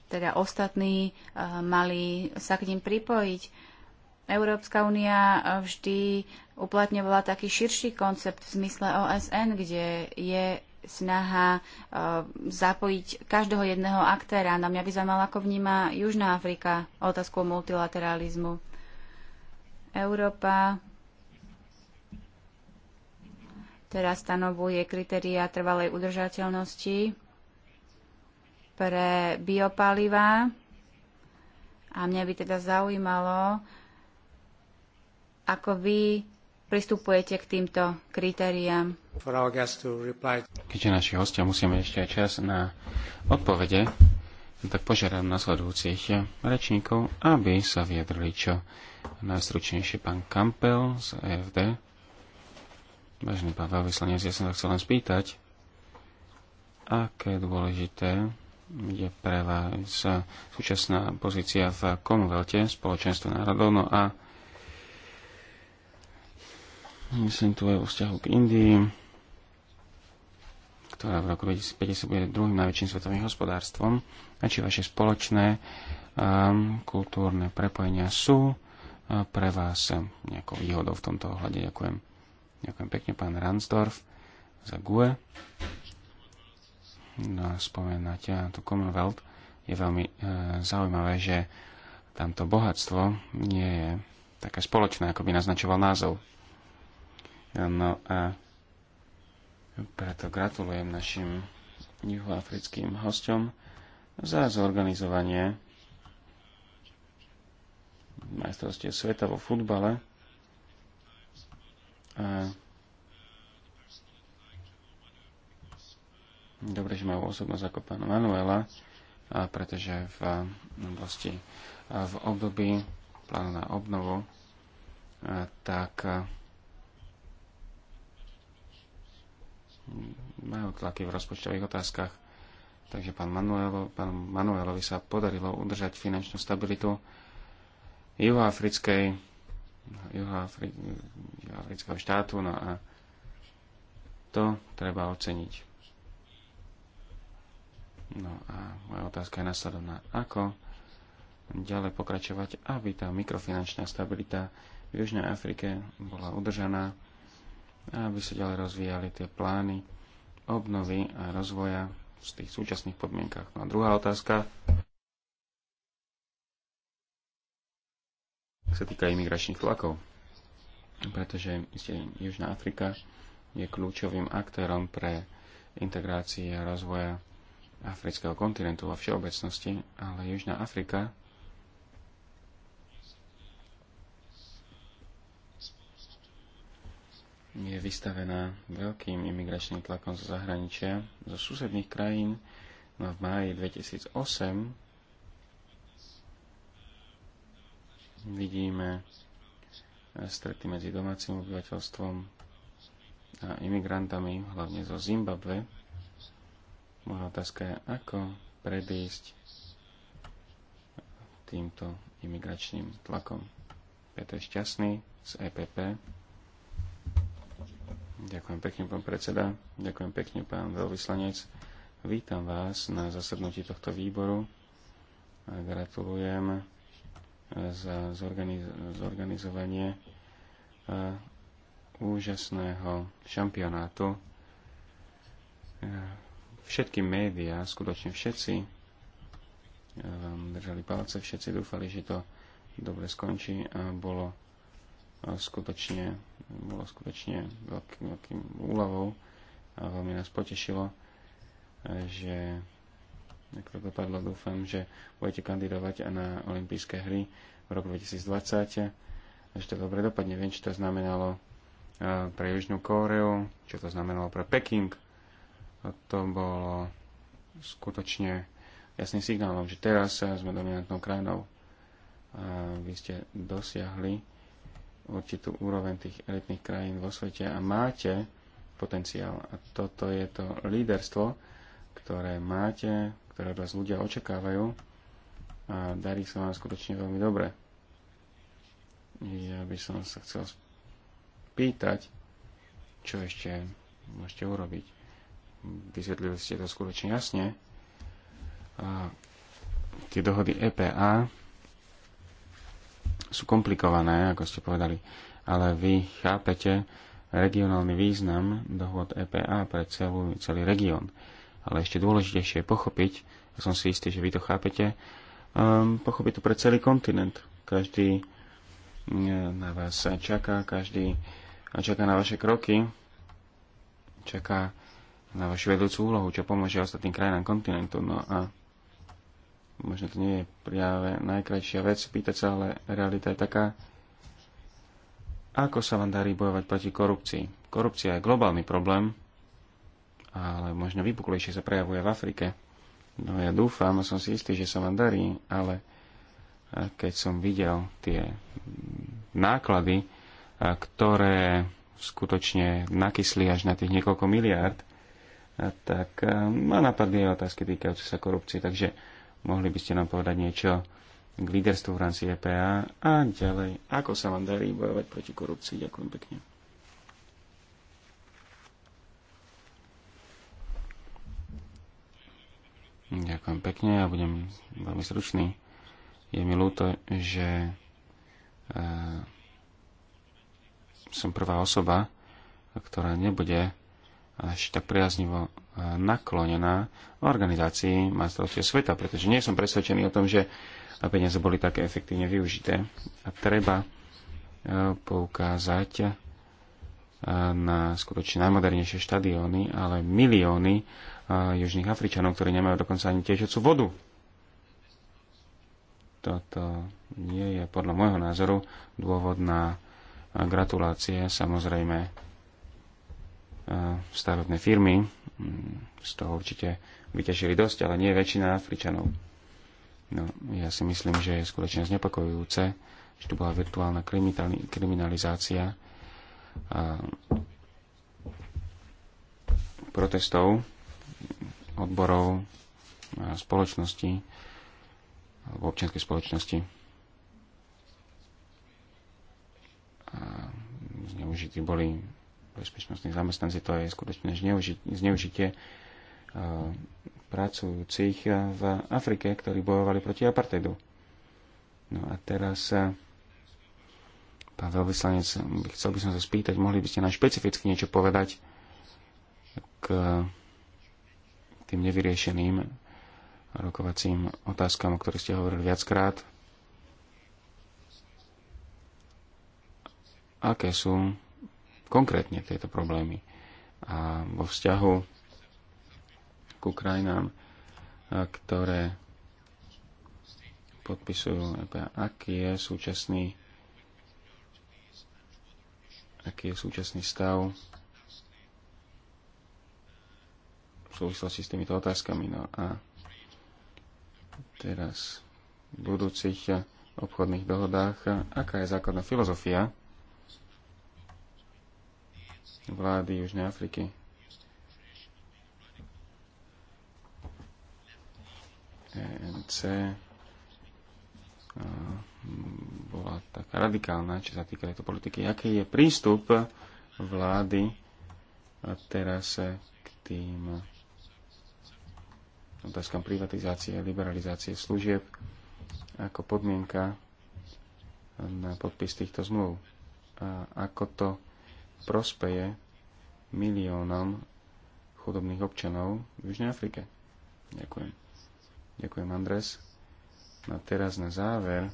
teda ostatní eh, mali sa k ním pripojiť. Európska únia vždy uplatňovala taký širší koncept v zmysle OSN, kde je snaha eh, zapojiť každého jedného aktéra. Na mňa by zaujímalo, ako vníma Južná Afrika otázku multilateralizmu. Európa teraz stanovuje kritéria trvalej udržateľnosti pre biopalivá. A mňa by teda zaujímalo, ako vy pristupujete k týmto kritériám? Keďže naši hostia musíme ešte aj čas na odpovede, tak požiadam nasledujúcich rečníkov, aby sa vyjadrili čo najstručnejšie pán Kampel z EFD. Vážený pán veľvyslanec, ja som sa chcel len spýtať, aké dôležité je pre vás súčasná pozícia v Commonwealthe, spoločenstvo národov, no a Myslím tu aj o vzťahu k Indii, ktorá v roku 2050 bude druhým najväčším svetovým hospodárstvom. A či vaše spoločné um, kultúrne prepojenia sú uh, pre vás nejakou výhodou v tomto ohľade. Ďakujem. Ďakujem pekne, pán Ransdorf, za GUE. No, spomenáte tu Commonwealth. Je veľmi e, zaujímavé, že tamto bohatstvo nie je také spoločné, ako by naznačoval názov. No a preto gratulujem našim juhoafrickým hostom za zorganizovanie majstrovstie sveta vo futbale. A dobre, že majú osobnosť ako pán Manuela, a pretože v oblasti, v období plánu na obnovu, tak majú tlaky v rozpočtových otázkach. Takže pán, Manuelo, pán Manuelovi sa podarilo udržať finančnú stabilitu juhoafrickej, juhoafrického štátu, no a to treba oceniť. No a moja otázka je nasledovná. Ako ďalej pokračovať, aby tá mikrofinančná stabilita v Južnej Afrike bola udržaná aby sa ďalej rozvíjali tie plány obnovy a rozvoja v tých súčasných podmienkách. No a druhá otázka sa týka imigračných tlakov, pretože isté, Južná Afrika je kľúčovým aktérom pre integrácii a rozvoja afrického kontinentu vo všeobecnosti, ale Južná Afrika je vystavená veľkým imigračným tlakom zo zahraničia, zo susedných krajín. No v máji 2008 vidíme strety medzi domácim obyvateľstvom a imigrantami, hlavne zo Zimbabve. Moja otázka je, ako predísť týmto imigračným tlakom. Peter Šťastný z EPP. Ďakujem pekne, pán predseda. Ďakujem pekne, pán veľvyslanec. Vítam vás na zasadnutí tohto výboru. A gratulujem e, za zorganiz- zorganizovanie e, úžasného šampionátu. E, všetky médiá, skutočne všetci, vám držali palce, všetci dúfali, že to dobre skončí a bolo skutočne, bolo skutočne veľkým, veľkým úľavou a veľmi nás potešilo, že ako to dopadlo, dúfam, že budete kandidovať aj na olympijské hry v roku 2020 a že to dobre dopadne. Viem, čo to znamenalo e, pre Južnú Kóreu, čo to znamenalo pre Peking. A to bolo skutočne jasným signálom, že teraz sme dominantnou krajinou. A vy ste dosiahli určitú úroveň tých elitných krajín vo svete a máte potenciál. A toto je to líderstvo, ktoré máte, ktoré vás ľudia očakávajú a darí sa vám skutočne veľmi dobre. Ja by som sa chcel spýtať, čo ešte môžete urobiť. Vysvetlili ste to skutočne jasne. A tie dohody EPA sú komplikované, ako ste povedali, ale vy chápete regionálny význam dohod EPA pre celú, celý región. Ale ešte dôležitejšie je pochopiť, a som si istý, že vy to chápete, um, pochopiť to pre celý kontinent. Každý eh, na vás čaká, každý eh, čaká na vaše kroky, čaká na vašu vedúcu úlohu, čo pomôže ostatným krajinám kontinentu. No a možno to nie je práve najkrajšia vec pýtať sa, ale realita je taká, ako sa vám darí bojovať proti korupcii. Korupcia je globálny problém, ale možno vypuklejšie sa prejavuje v Afrike. No ja dúfam a som si istý, že sa vám darí, ale eh, keď som videl tie náklady, eh, ktoré skutočne nakysli až na tých niekoľko miliárd, eh, tak ma napadli otázky týkajúce sa korupcie. Takže Mohli by ste nám povedať niečo k líderstvu v rámci EPA a ďalej, ako sa vám darí bojovať proti korupcii. Ďakujem pekne. Ďakujem pekne, ja budem veľmi stručný. Je mi ľúto, že eh, som prvá osoba, ktorá nebude až tak priaznivo e, naklonená organizácii majstrovstiev sveta, pretože nie som presvedčený o tom, že peniaze boli také efektívne využité. A treba e, poukázať e, na skutočne najmodernejšie štadióny, ale milióny južných Afričanov, ktorí nemajú dokonca ani tiežocu vodu. Toto nie je podľa môjho názoru dôvod na gratulácie. Samozrejme, Eh, stavebné firmy mm, z toho určite vyťažili dosť, ale nie väčšina Afričanov. No, ja si myslím, že je skutočne znepokojujúce, že tu bola virtuálna kriminalizácia eh, protestov odborov a eh, spoločnosti alebo občianskej spoločnosti. Zneužití boli bezpečnostní zamestnanci, to je skutočne zneužitie e, pracujúcich v Afrike, ktorí bojovali proti apartheidu. No a teraz, e, pán veľvyslanec, chcel by som sa spýtať, mohli by ste nám špecificky niečo povedať k tým nevyriešeným rokovacím otázkam, o ktorých ste hovorili viackrát. Aké sú konkrétne tieto problémy. A vo vzťahu k Ukrajinám, ktoré podpisujú e aký je súčasný aký je súčasný stav v súvislosti s týmito otázkami. No a teraz v budúcich obchodných dohodách, aká je základná filozofia vlády Južnej Afriky. ENC bola taká radikálna, čo sa týka tejto politiky. Aký je prístup vlády teraz k tým otázkam privatizácie a liberalizácie služieb ako podmienka na podpis týchto zmluv? A ako to prospeje miliónom chudobných občanov v Južnej Afrike. Ďakujem. Ďakujem, Andres. No a teraz na záver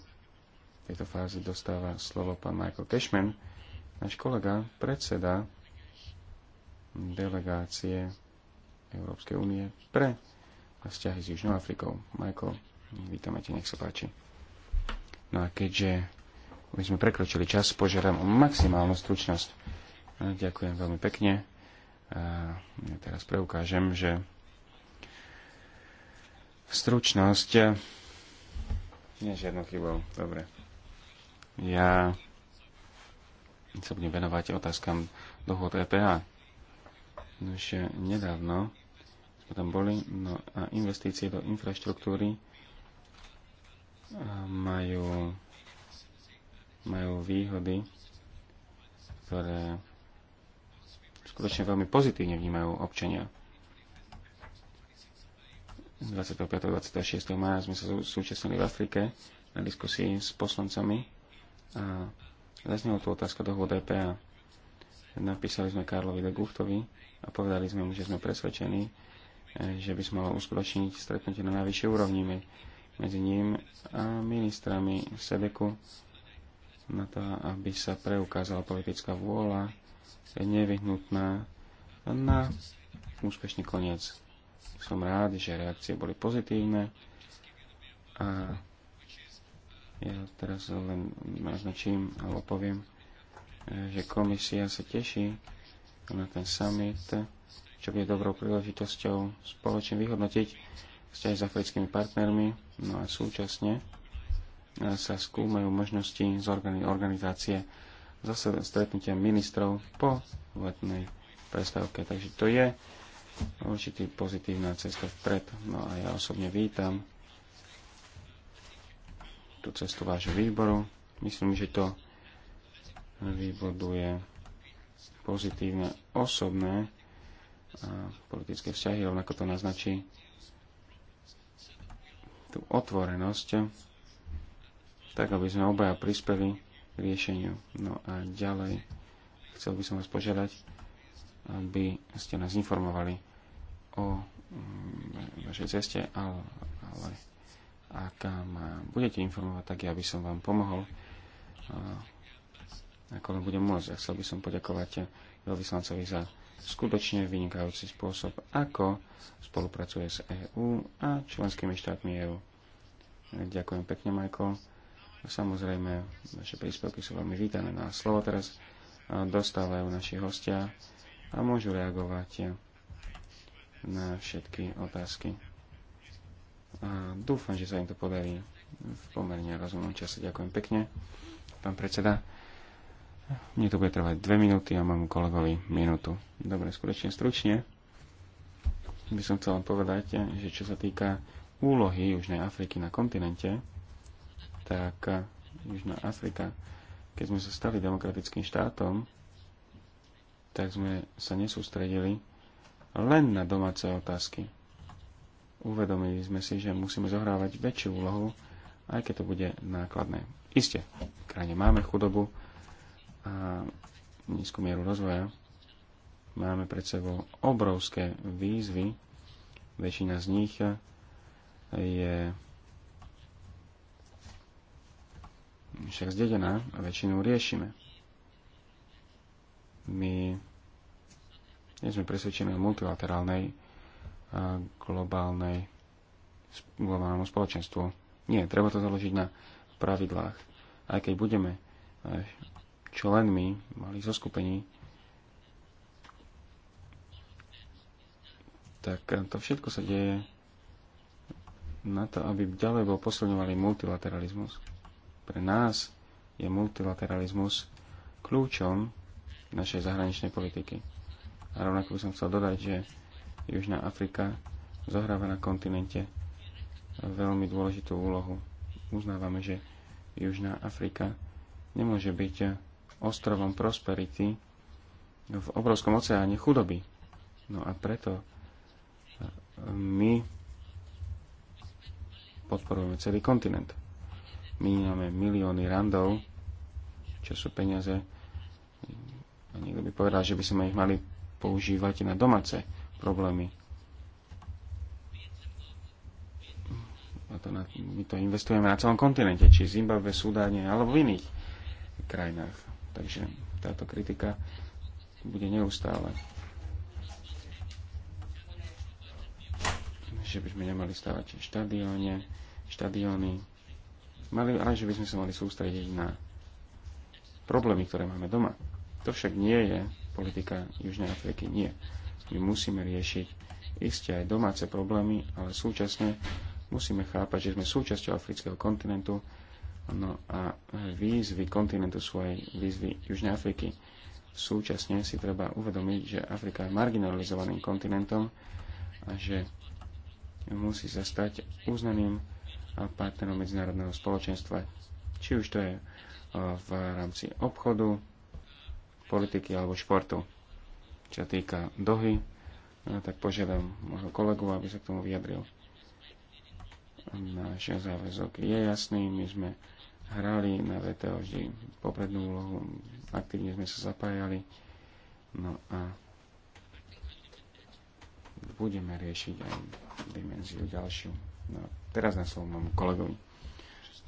tejto fázy dostáva slovo pán Michael Cashman, náš kolega, predseda delegácie Európskej únie pre vzťahy s Južnou Afrikou. Michael, vítame ťa, nech sa páči. No a keďže my sme prekročili čas, požiadam o maximálnu stručnosť. Ďakujem veľmi pekne. Ja teraz preukážem, že stručnosť nie žiadnou chybou. Dobre. Ja sa budem venovať otázkam dohod EPA. No ešte nedávno sme tam boli, no a investície do infraštruktúry majú, majú výhody, ktoré skutočne veľmi pozitívne vnímajú občania. 25. a 26. maja sme sa súčasnili v Afrike na diskusii s poslancami a zaznela tu otázka dohôd e a Napísali sme Karlovi de Guchtovi a povedali sme mu, že sme presvedčení, e, že by sme mali uskutočniť stretnutie na najvyššej úrovni medzi ním a ministrami Sedeku na to, aby sa preukázala politická vôľa je nevyhnutná na úspešný koniec. Som rád, že reakcie boli pozitívne a ja teraz len naznačím alebo poviem, že komisia sa teší na ten summit, čo bude dobrou príležitosťou spoločne vyhodnotiť vzťahy s africkými partnermi, no a súčasne sa skúmajú možnosti z organizácie zase stretnutia ministrov po letnej prestávke. Takže to je určitý pozitívna cesta vpred. No a ja osobne vítam tú cestu vášho výboru. Myslím, že to vyboduje pozitívne osobné a politické vzťahy, rovnako to naznačí tú otvorenosť, tak aby sme obaja prispeli riešeniu. No a ďalej chcel by som vás požiadať, aby ste nás informovali o mm, vašej ceste, ale, ale ak ma budete informovať, tak ja by som vám pomohol, ako len budem môcť. Ja chcel by som poďakovať veľvyslancovi za skutočne vynikajúci spôsob, ako spolupracuje s EÚ a členskými štátmi EÚ. Ďakujem pekne, Michael. Samozrejme, naše príspevky sú veľmi vítané. Na no slovo teraz dostávajú naši hostia a môžu reagovať na všetky otázky. A dúfam, že sa im to podarí v pomerne rozumnom čase. Ďakujem pekne, pán predseda. Mne to bude trvať dve minúty a mám kolegovi minútu. Dobre, skutočne stručne by som chcel povedať, že čo sa týka úlohy Južnej Afriky na kontinente, tak eh, Južná Afrika, keď sme sa stali demokratickým štátom, tak sme sa nesústredili len na domáce otázky. Uvedomili sme si, že musíme zohrávať väčšiu úlohu, aj keď to bude nákladné. Isté, v krajine máme chudobu a nízku mieru rozvoja. Máme pred sebou obrovské výzvy. Väčšina z nich je však zdedená a väčšinou riešime. My nie sme presvedčení o multilaterálnej a globálnej globálnemu spoločenstvu. Nie, treba to založiť na pravidlách. Aj keď budeme e, členmi malých zoskupení, tak to všetko sa deje na to, aby ďalej bol posilňovaný multilateralizmus. Pre nás je multilateralizmus kľúčom našej zahraničnej politiky. A rovnako by som chcel dodať, že Južná Afrika zohráva na kontinente veľmi dôležitú úlohu. Uznávame, že Južná Afrika nemôže byť ostrovom prosperity v obrovskom oceáne chudoby. No a preto my podporujeme celý kontinent míňame milióny randov, čo sú peniaze. A niekto by povedal, že by sme ich mali používať na domáce problémy. A to na, my to investujeme na celom kontinente, či Zimbabve, Súdáne, alebo v iných krajinách. Takže táto kritika bude neustále. Že by sme nemali stavať štadióne, štadióny, mali, ale že by sme sa mali sústrediť na problémy, ktoré máme doma. To však nie je politika Južnej Afriky, nie. My musíme riešiť isté aj domáce problémy, ale súčasne musíme chápať, že sme súčasťou afrického kontinentu no a výzvy kontinentu sú aj výzvy Južnej Afriky. Súčasne si treba uvedomiť, že Afrika je marginalizovaným kontinentom a že musí sa stať uznaným partnerov medzinárodného spoločenstva. Či už to je e, v rámci obchodu, politiky alebo športu. Čo sa týka dohy, e, tak požiadam môjho kolegu, aby sa k tomu vyjadril. Náš záväzok je jasný, my sme hrali na VTO vždy poprednú úlohu, aktívne sme sa zapájali, no a budeme riešiť aj dimenziu ďalšiu. No, Teraz na slovo mám kolegovi.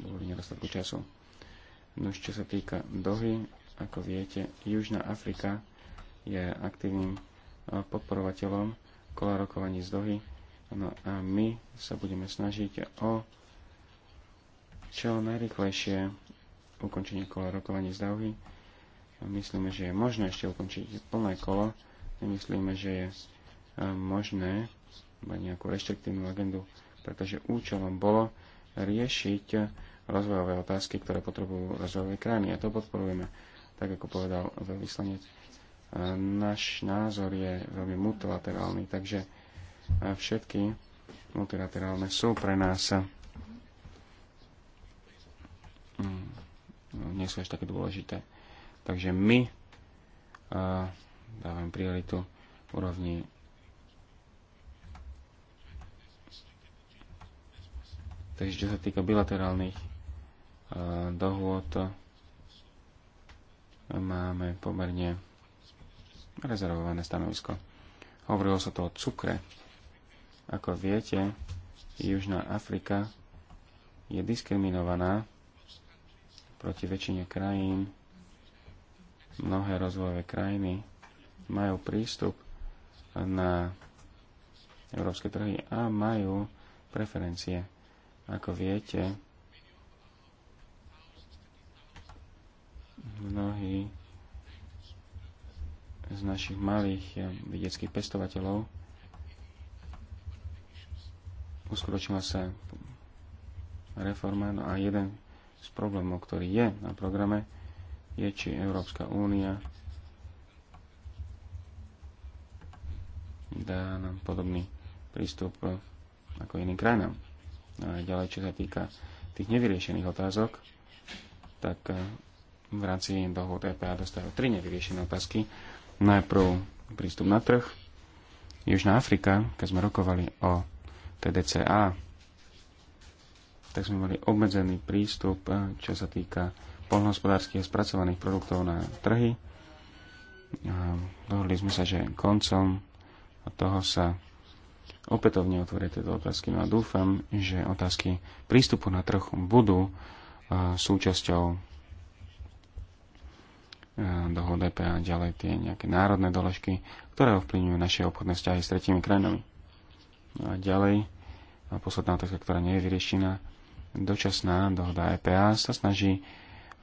Dovolí nedostatku času. No čo sa týka dohy, ako viete, Južná Afrika je aktívnym eh, podporovateľom kola rokovaní z dohy. No a my sa budeme snažiť o čo najrychlejšie ukončenie kola rokovaní z dohy. Myslíme, že je možné ešte ukončiť plné kolo. Myslíme, že je eh, možné mať nejakú reštriktívnu agendu pretože účelom bolo riešiť rozvojové otázky, ktoré potrebujú rozvojové krajiny. A to podporujeme, tak ako povedal veľvyslanec. E, náš názor je veľmi multilaterálny, takže e, všetky multilaterálne sú pre nás e, mm, nie sú až také dôležité. Takže my dávame prioritu úrovni Takže čo sa týka bilaterálnych e, dohôd, máme pomerne rezervované stanovisko. Hovorilo sa to o cukre. Ako viete, Južná Afrika je diskriminovaná proti väčšine krajín. Mnohé rozvojové krajiny majú prístup na európske trhy a majú preferencie. Ako viete, mnohí z našich malých eh, vedeckých pestovateľov uskutočnila sa reforma no a jeden z problémov, ktorý je na programe, je či Európska únia dá nám podobný prístup eh, ako iným krajinám ďalej, čo sa týka tých nevyriešených otázok, tak eh, v rámci dohod EPA dostávajú tri nevyriešené otázky. Najprv prístup na trh. Južná Afrika, keď sme rokovali o TDCA, tak sme mali obmedzený prístup, eh, čo sa týka polnohospodárských a spracovaných produktov na trhy. Dohodli sme sa, že koncom toho sa opätovne otvoria tieto otázky. No a dúfam, že otázky prístupu na trh budú e, súčasťou e, dohod DPA e a ďalej tie nejaké národné doložky, ktoré ovplyvňujú naše obchodné vzťahy s tretími krajinami. No a ďalej, a posledná otázka, ktorá nie je vyriešená, dočasná dohoda EPA sa snaží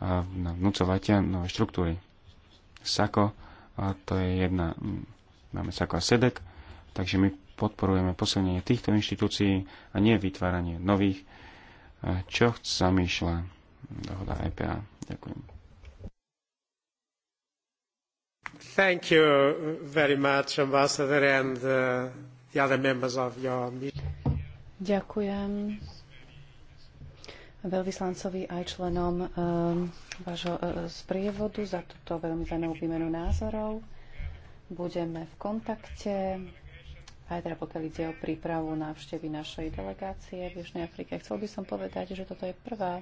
vnúcovať nové štruktúry. SAKO, a to je jedna, máme SAKO a SEDEC. takže my podporujeme posilnenie týchto inštitúcií a nie vytváranie nových, eh, čo zamýšľa dohoda EPA. Ďakujem. Thank you very much, Ambassador, and uh, the other members of your meeting. Ďakujem veľvyslancovi aj členom um, vášho uh, sprievodu za túto veľmi zaujímavú výmenu názorov. Budeme v kontakte. Pajdra, teda pokiaľ ide o prípravu návštevy našej delegácie v Južnej Afrike. Chcel by som povedať, že toto je prvá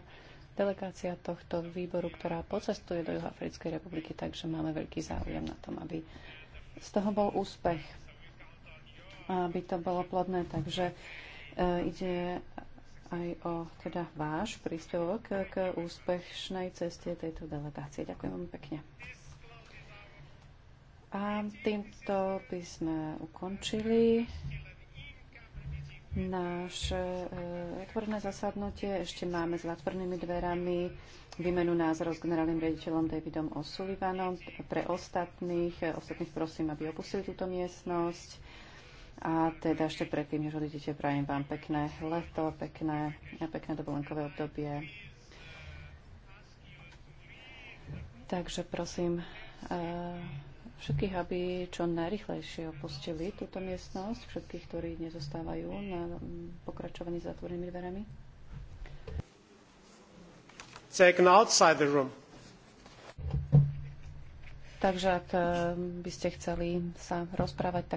delegácia tohto výboru, ktorá pocestuje do Juhoafrickej republiky, takže máme veľký záujem na tom, aby z toho bol úspech, aby to bolo plodné. Takže e, ide aj o teda váš príspevok k úspešnej ceste tejto delegácie. Ďakujem veľmi pekne. A týmto by sme ukončili naše e, otvorené zasadnutie. Ešte máme s zatvorenými dverami výmenu názorov s generálnym riaditeľom Davidom O'Sullivanom. Pre ostatných, e, ostatných prosím, aby opustili túto miestnosť. A teda ešte predtým, než odídete, prajem vám pekné leto, pekné, pekné dovolenkové obdobie. Takže prosím, uh, všetkých, aby čo najrychlejšie opustili túto miestnosť, všetkých, ktorí nezostávajú na pokračovaní s zatvorenými dverami. Taken outside the room. Takže ak ehm, by ste chceli sa rozprávať, tak